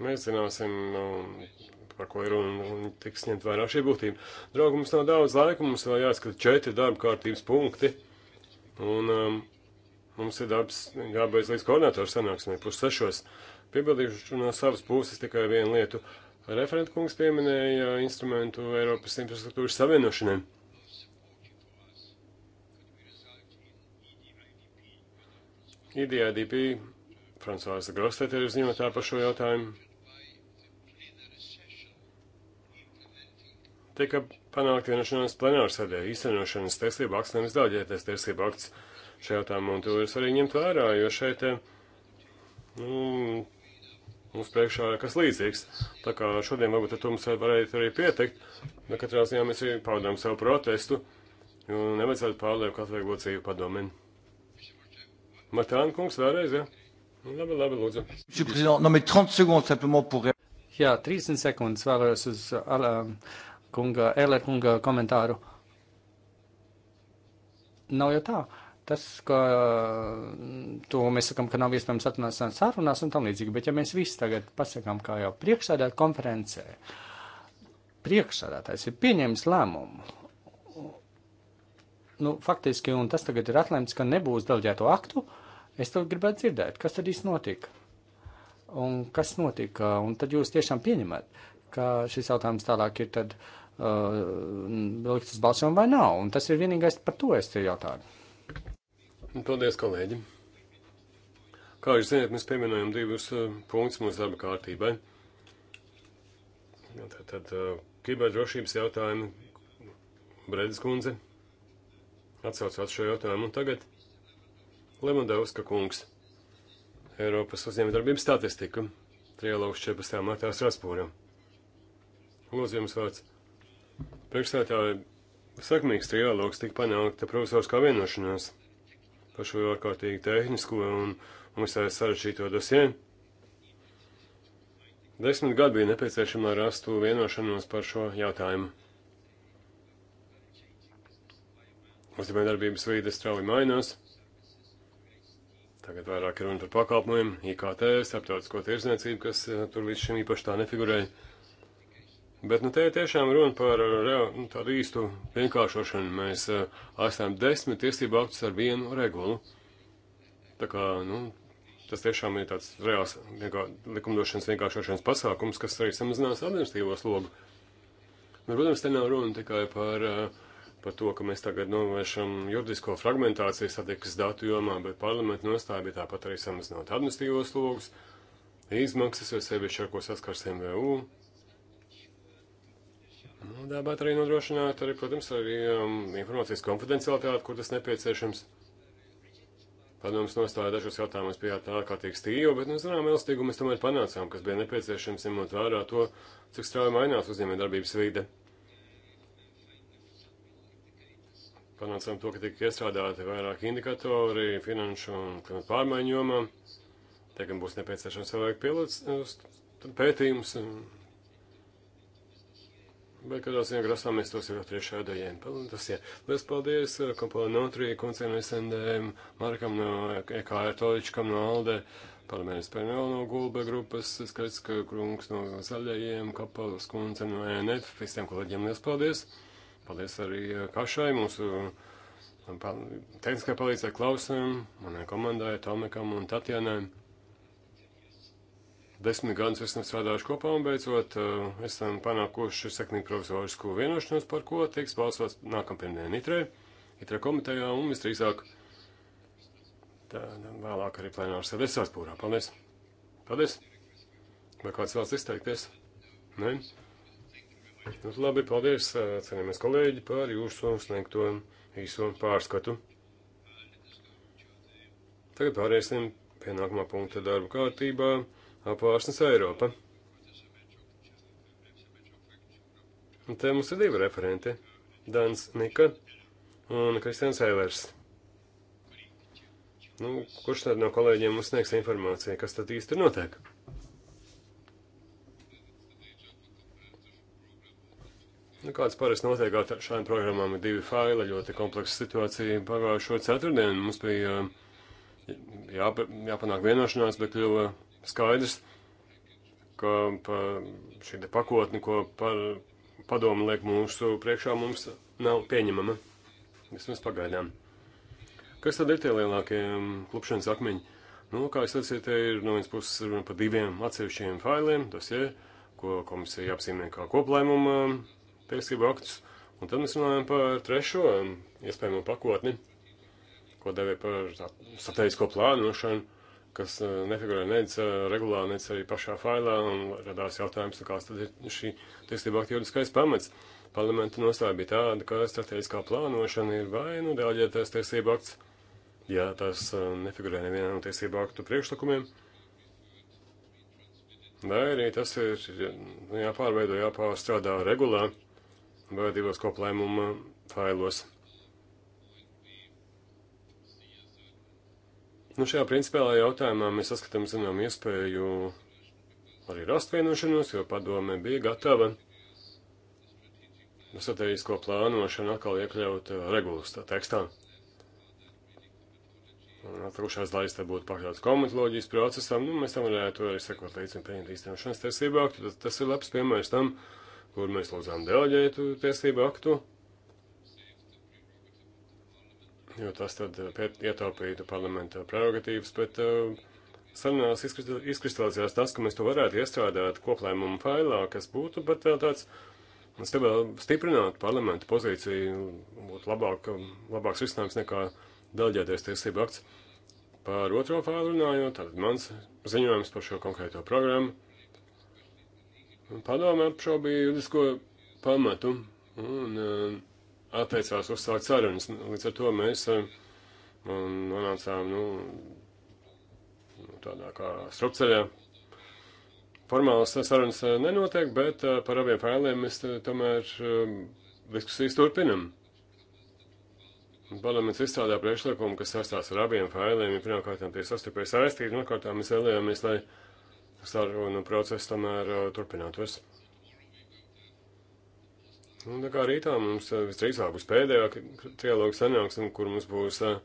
mēs zināsim nu, par ko ir runa, un, un tiks ņemt vērā šī būtība. Draugi, mums nav daudz laika, mums vēl jāskata četri darba kārtības punkti, un um, mums ir darbs jābeidz līdz koordinātoru sanāksmē pussešos. Piebildīšu no savas puses tikai vienu lietu. Referenta kungs pieminēja instrumentu Eiropas infrastruktūras savienošanai. IDIDP Francāza Grostete ir ziņotā par šo jautājumu. tika panākt vienošanās plenārsēdē īstenošanas tiesību akts, nevis daudzieties tiesību akts šajā jautājumā, un to es arī ņemt vērā, jo šeit, eh, nu, mums priekšā ir kas līdzīgs. Tā kā šodien varbūt ar to mums varētu arī pietikt, bet katrā ziņā mēs arī paudām savu protestu, jo nevajadzētu pārlieku atvieglot dzīvi padomēm. Martāna kungs vēlreiz, jā? Ja? Nu, labi, labi, lūdzu. Monsieur le Président, non mais 30 secondes simplement pour... Jā, 30 sekundes vēlējos uz uh, kunga, Eler kunga komentāru. Nav jau tā. Tas, ka mm, to mēs sakam, ka nav iespējams atrunāt sarunās un tam līdzīgi, bet ja mēs visi tagad pasakām, kā jau priekšsēdēt konferencē, priekšsēdētājs ir pieņēmis lēmumu nu, faktiski, un tas tagad ir atlēmts, ka nebūs delģēto aktu, es to gribētu dzirdēt, kas tad īsti notika. Un kas notika, un tad jūs tiešām pieņemat, ka šis jautājums tālāk ir tad Uh, likt uz balsojumu vai nav. Un tas ir vienīgais par to es te jautāju. Paldies, kolēģi! Kā jūs zināt, mēs pieminējam divus uh, punktus mūsu darba kārtībai. Tad, tad uh, kiberdrošības jautājumi, Bredes kundze, atsaucot šo jautājumu. Un tagad Lemondauska kungs, Eiropas uzņēmējdarbības statistika, trialogs 14. martā Strasbūrā. Lūdzu, jums vārds. Priekšstādātāji, sekmīgs trialogs tika panākta profesorskā vienošanās par šo ārkārtīgi tehnisko un, un visai sarežģīto dosē. Desmit gadi bija nepieciešama rastu vienošanos par šo jautājumu. Uzņēmējdarbības vīde strauji mainās. Tagad vairāk ir runa par pakalpojumiem, IKT, starptautisko tirzniecību, kas eh, tur līdz šim īpaši tā nefigurēja. Bet nu, te ir tiešām runa par eh, nu, tādu īstu vienkāršošanu. Mēs uh, aizstājam desmit tiesību aktus ar vienu regulu. Tā kā nu, tas tiešām ir tāds reāls vienkār, likumdošanas vienkāršošanas pasākums, kas arī samazinās administratīvo slogu. Nu, protams, te nav runa tikai par, uh, par to, ka mēs tagad novēršam juridisko fragmentāciju satikas datu jomā, bet parlamenta nostāja bija tāpat arī samazināt administratīvos slogus, izmaksas, jo sevišķi ar ko saskars MVU Nu, Tāpat arī nodrošināt, arī, protams, arī um, informācijas konfidencialitāti, kur tas nepieciešams. Padoms nostāja dažos jautājumus pie tā ārkārtīgi stīva, bet, nu, zinām, elastīgumu mēs tomēr panācām, kas bija nepieciešams, ņemot vērā to, cik strauji mainās uzņēmē darbības vīde. Panācām to, ka tika iestrādāti vairāki indikatori finanšu un klimatu pārmaiņu jomā. Te gan būs nepieciešams vēl vajag pilots pētījums. Un, Bet kādā ziņā grasāmies tos jau priekšā dējiem. Paldies. Lielas eh, paldies kompānijai Notri, koncernu SNDM, Markam no EKR Toličkam no Alde, parlaments PNL no Gulbe grupas, skaits, ka Krungs no Zaļajiem, Kapalas kundze no ENF, visiem kolēģiem lielas paldies. Paldies arī eh, Kašai, mūsu tehniskai palīdzēja Klausam, manai komandai, Tomekam un Tatjanai desmit gadus esam strādājuši kopā un beidzot uh, esam panākuši sekmīgu provizorisku vienošanos, par ko tiks balsots nākampiemdien itrē, itrē komitejā un visdrīzāk tā, vēlāk arī plenāru sēdē Strasbūrā. Paldies! Paldies! Vai kāds vēlas izteikties? Nē? Nu, labi, paldies, eh, cenamies kolēģi, par jūsu sniegto īso pārskatu. Tagad pāriesim pie nākamā punkta darba kārtībā apvāršanas Eiropa. Un te mums ir divi referenti - Dans Nika un Kristians Eilers. Nu, kurš tad no kolēģiem mums sniegs informāciju, kas tad īsti notiek? Nu, kāds parasti notiek ar šādām programmām, ir divi faili, ļoti kompleksa situācija. Pagājušo ceturtdienu mums bija jā, jāpanāk vienošanās, bet kļuva skaidrs, ka pa šī pakotne, ko pa, padomu liek mūsu priekšā, mums nav pieņemama. Vismaz pagaidām. Kas tad ir tie lielākie mm, klupšanas akmeņi? Nu, kā jūs redzat, te ir no vienas puses runa par diviem atsevišķiem failiem, tas ir, ko komisija apzīmē kā koplēmuma mm, tiesību aktus, un tad mēs runājam par trešo mm, iespējamo pakotni, ko devē par strateģisko plānošanu kas eh, nefigurē nec eh, regulā, nec arī pašā failā, un radās jautājums, nu, kāds tad ir šī tiesība aktīviskais pamats. Parlamenta nostāja bija tāda, ka strateģiskā plānošana ir vai nu dēļietais tiesība akts, ja tas eh, nefigurē nevienā no tiesību aktu priekšlikumiem, vai arī tas ir jāpārveido, jāpārstrādā regulā vai divos koplēmuma failos. Nu, šajā principālajā jautājumā mēs saskatām, zinām, iespēju arī rast vienošanos, jo padome bija gatava strateģisko plānošanu atkal iekļaut uh, regulas tekstā. Atrūšās daļas te būtu pakļauts komitoloģijas procesam, nu, mēs tam varētu arī sekot līdz un pieņemt īstenošanas tiesību aktu, tad tas ir labs piemērs tam, kur mēs lūdzām deleģētu tiesību aktu, jo tas tad eh, ietaupītu parlamenta prerogatīvas, bet eh, sarunās izkristalizējās tas, ka mēs to varētu iestrādāt koplēmumu failā, kas būtu, bet eh, tāds stiprināt parlamenta pozīciju būtu labāk, labāks risinājums nekā daļģēties tiesību akts. Par otro fāzi runājot, tad mans ziņojums par šo konkrēto programmu. Padomē ap šo bija juridisko pamatu. Un, uh, atteicās uzsākt sarunas. Līdz ar to mēs eh, nonācām nu, nu, tādā kā strupceļā. Formālas sarunas eh, nenotiek, bet eh, par abiem failiem mēs tomēr diskusijas turpinam. Parlaments izstrādā priekšlikumu, kas saistās ar abiem failiem. Ja pirmkārt, tie sastapēja saistīti, un otrkārt, mēs vēlējāmies, lai sarunu procesu tomēr turpinātos. Un nu, tā kā rītā mums eh, visdrīzāk būs pēdējā trialoga sanāksme, kur mums būs eh,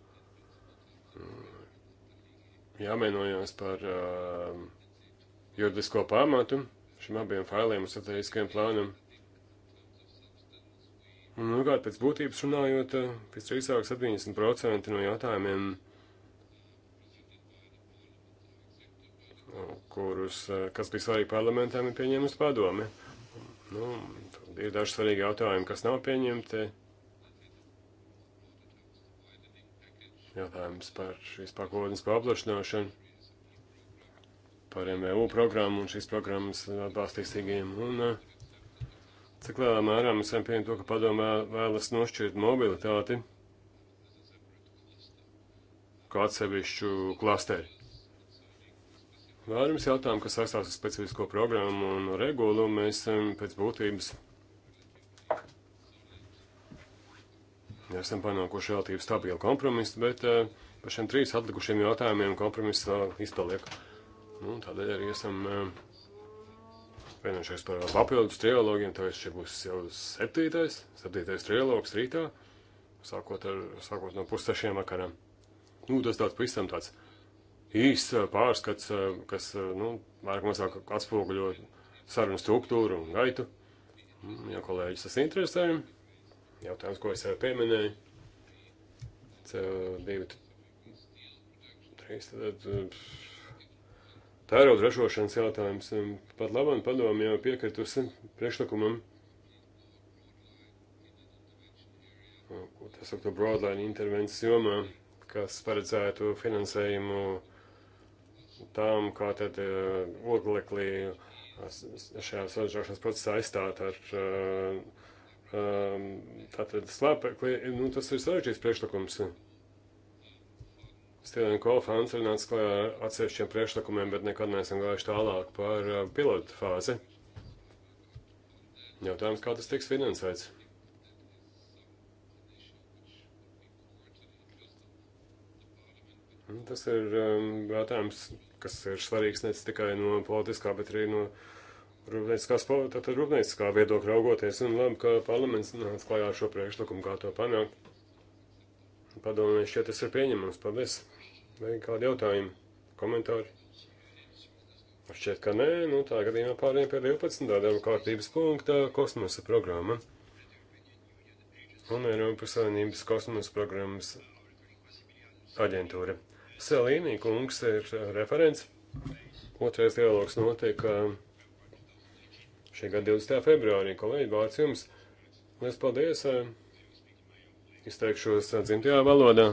mm, jāmēnojās par eh, juridisko pamatu šim abiem failiem un strateģiskajiem plānam. Un, nu, kā pēc būtības runājot, visdrīzāk 70% no jautājumiem, kurus, kas bija svarīgi parlamentām, ir pieņēmusi padome. Nu, ir daži svarīgi jautājumi, kas nav pieņemti. Jautājums par šīs pakotnes paplašināšanu, par MVU programmu un šīs programmas atbalstīstīgiem. Un eh, cik lielā mērā mēs varam pieņemt to, ka padomē vēlas nošķirt mobilitāti kā atsevišķu klasteri. Vērums jautājumu, kas saistās ar specifisko programmu un regulu, mēs eh, pēc būtības esam panākuši relatīvi stabilu kompromisu, bet eh, par šiem trīs atlikušiem jautājumiem kompromiss vēl eh, izpaliek. Nu, tādēļ arī esam eh, vienojušies par papildus trilogiem, tāpēc šī būs jau septītais, septītais trilogs rītā, sākot, ar, sākot no pussešiem vakarā. Nu, tas tāds pavisam tāds īsts pārskats, kas, nu, vairāk mazāk atspoguļo sarunu struktūru un gaitu. Mm, ja kolēģis tas interesē, jautājums, ko es jau pieminēju. CO2, 3, tad tērauda ražošanas jautājums. Pat labam padomu jau piekritusi priekšlikumam, ko tā sauktu broadline intervences jomā, kas paredzētu finansējumu tām, kā tad eh, ogleklī eh, šajā saražošanas procesā aizstāt ar uh, Ehm, tātad slēpekli, nu, tas ir sarežģīts priekšlikums. Stīlēna Kolfāns ir nācis klajā ar atsevišķiem priekšlikumiem, bet nekad neesam gājuši tālāk par ehm, pilotu fāzi. Jautājums, kā tas tiks finansēts? Nu, tas ir um, jautājums, kas ir svarīgs ne tikai no politiskā, bet arī no uh, rūpnieciskās, tātad rūpnieciskā viedokļa raugoties, un labi, ka parlaments nāca klājā ar šo priekšlikumu, kā to panākt. Padomājiet, šķiet, tas ir pieņemams. Paldies. Vai kādi jautājumi, komentāri? Nu, šķiet, ka nē, nu tā gadījumā pārējiem pie 12. darba kārtības punkta kosmosa programma. Un Eiropas Savienības kosmosa programmas aģentūra. Selīnī kungs ir referents. Otrais dialogs notiek. Uh, šī gada 20. februārī. Kolēģi, vārds jums! Liels paldies! Eh, izteikšos eh, dzimtajā valodā.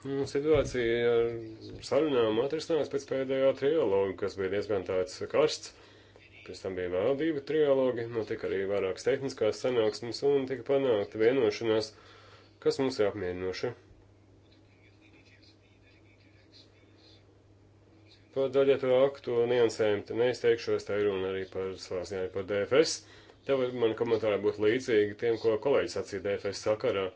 Nu, situācija ar sarunām atrisinājās pēc pēdējā trialoga, kas bija diezgan tāds karsts. Pēc tam bija vēl divi trialogi, notika arī vairākas tehniskās sanāksmes un tika panākta vienošanās, kas mums ir apmierinoši. Par daļieto aktu niansēm te neizteikšos, tā ir runa arī par savās ziņā par DFS. Tev man komentāri būtu līdzīgi tiem, ko kolēģis sacīja DFS sakarā.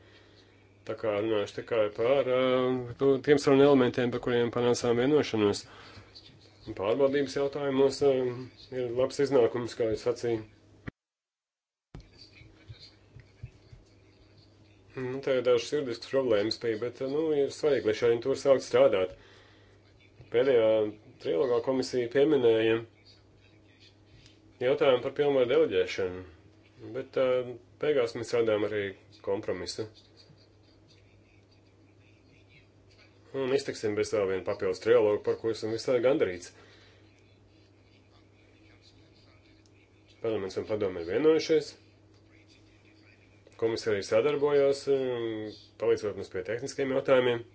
Tā kā runāšu tikai par uh, tiem sarunu elementiem, par kuriem panācām vienošanos. Pārvaldības jautājumos uh, ir labs iznākums, kā jūs sacījāt. Nu, tā ir dažas sirdiskas problēmas, bija, bet eh, nu, ir svarīgi, lai šodien tur sāktu strādāt. Pēdējā Trilogā komisija pieminēja jautājumu par pilnvaru deleģēšanu, bet uh, beigās mēs radām arī kompromisu. Un iztiksim bez vēl vienu papildus trilogu, par ko esam visai gandarīts. Parlaments un padomi ir vienojušies. Komisija arī sadarbojās, um, palīdzot mums pie tehniskiem jautājumiem.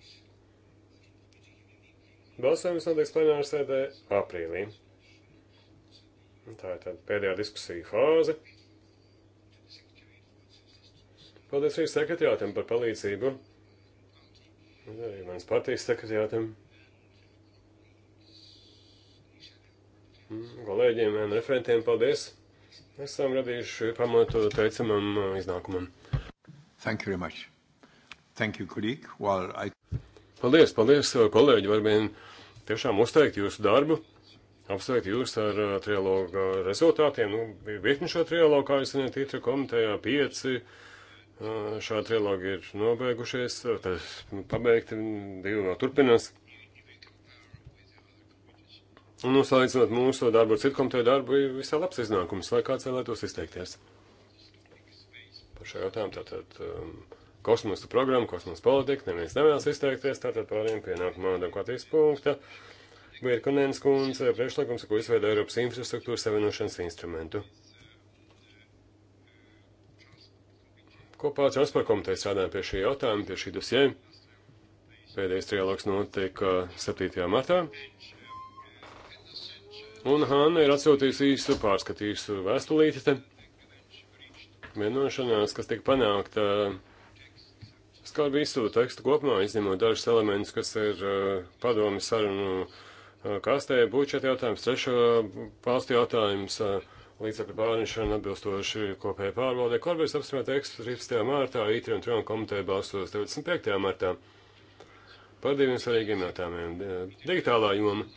Balsojums notiks plenāra sēdē aprīlī. Tā ir tad pēdējā diskusija fāze. Paldies arī sekretārātam par palīdzību. Arī mans partijas sekretārātam. Kolēģiem un referentiem paldies. Esam radījuši pamatu teicamam iznākumam. Thank you very much. Thank you, colleague. While I... Paldies, paldies, eh, kolēģi, varbūt tiešām uzteikt jūsu darbu, apsveikt jūs ar uh, trialoga rezultātiem. Nu, bija virkni šo trialogu, kā jūs zināt, itra komitejā pieci. Uh, eh, šādi trialogi ir nobeigušies, tad nu, pabeigti, divi vēl turpinās. Un, nu, salīdzinot mūsu darbu ar citu komiteju darbu, ir visā labs iznākums. Vai kāds vēlētos izteikties par šo jautājumu? Tātad um, kosmosa programmu, kosmosa politiku, neviens nevēlas izteikties, tātad pārējiem pie nākamā debatīs punkta. Virkunēns kundze priekšlikums, ko izveida Eiropas infrastruktūras savienošanas instrumentu. Kopā transporta komiteja strādājām pie šī jautājuma, pie šī dosie. Pēdējais trialogs notika 7. martā. Un Hanna ir atsūtījusi īsu pārskatījusi vēstulīti te. Vienošanās, kas tika panākta uh, skar visu tekstu kopumā, izņemot dažus elementus, kas ir uh, padomi sarunu uh, kastē, budžeta jautājums, trešo valstu jautājums, uh, līdzekļu pārnišana atbilstoši kopējai pārvaldē. Korbērs apstrādā tekstu 13. mārtā, ITRI un Trump komiteja balstos 25. martā. Par diviem svarīgiem jautājumiem. Digitālā joma.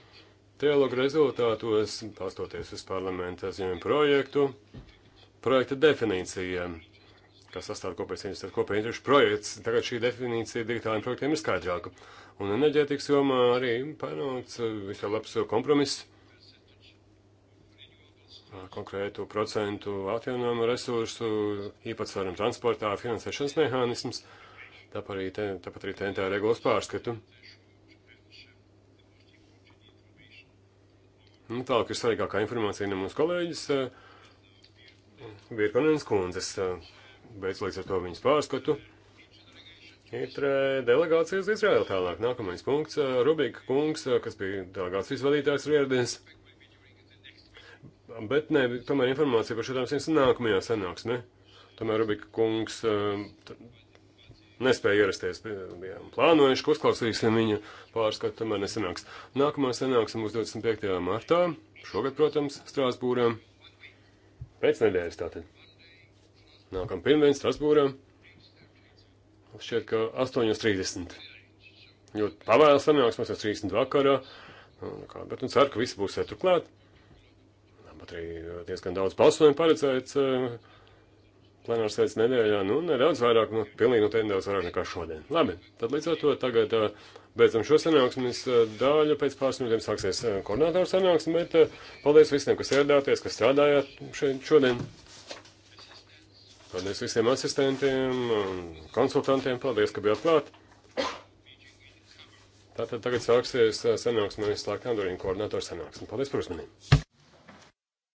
Trialoga rezultātos, pastoties uz parlamenta ziņojumu projektu, projekta definīcijām kas sastāv kopējas intereses ar kopēju interešu projekts. Tagad šī definīcija digitāliem projektiem ir skaidrāka. Un enerģētikas jomā arī panākts uh, visai labs uh, kompromiss konkrētu procentu atjaunojumu resursu, īpatsvaram transportā, finansēšanas mehānisms, tāpat arī, te, tāpat arī TNT regulas pārskatu. Nu, tālāk ir svarīgākā informācija no mūsu kolēģis Virkonens uh, kundzes. Uh, veic līdz ar to viņas pārskatu. Ir delegācija uz Izraēlu tālāk. Nākamais punkts - Rubika kungs, kas bija delegācijas vadītājs Rierdins. Bet nē, tomēr informācija par šādām simts nākamajā sanāksmē. Tomēr Rubika kungs nespēja ierasties. Bijām plānojuši, ka uzklausīsim viņa pārskatu, tomēr nesanāks. Nākamā sanāksim uz 25. martā, šogad, protams, Strāsbūrā. Pēc nedēļas tātad. Nākam pirmdien Strasbūrā. Šķiet, ka 8.30. Ļoti pavēlas sanāksmēs 30 vakarā. Kā, bet nu ceru, ka visi būs eh, turklāt. Pat arī eh, diezgan daudz balsojumu paredzēts eh, plenārs sēdes nedēļā. Nu, nedaudz vairāk, nu, pilnīgi noteikti nu, nedaudz vairāk nekā šodien. Labi, tad līdz ar to tagad beidzam šo sanāksmes daļu. Pēc pāris minūtēm sāksies koordinātoru sanāksme, bet paldies visiem, kas ieradāties, kas strādājāt šeit šodien. Paldies visiem asistentiem un konsultantiem. Paldies, ka bijāt klāt. Tātad tagad sāksies eh, sanāksme, mēs slēgtām durvīm koordinatoru sanāksmi. Paldies par uzmanību.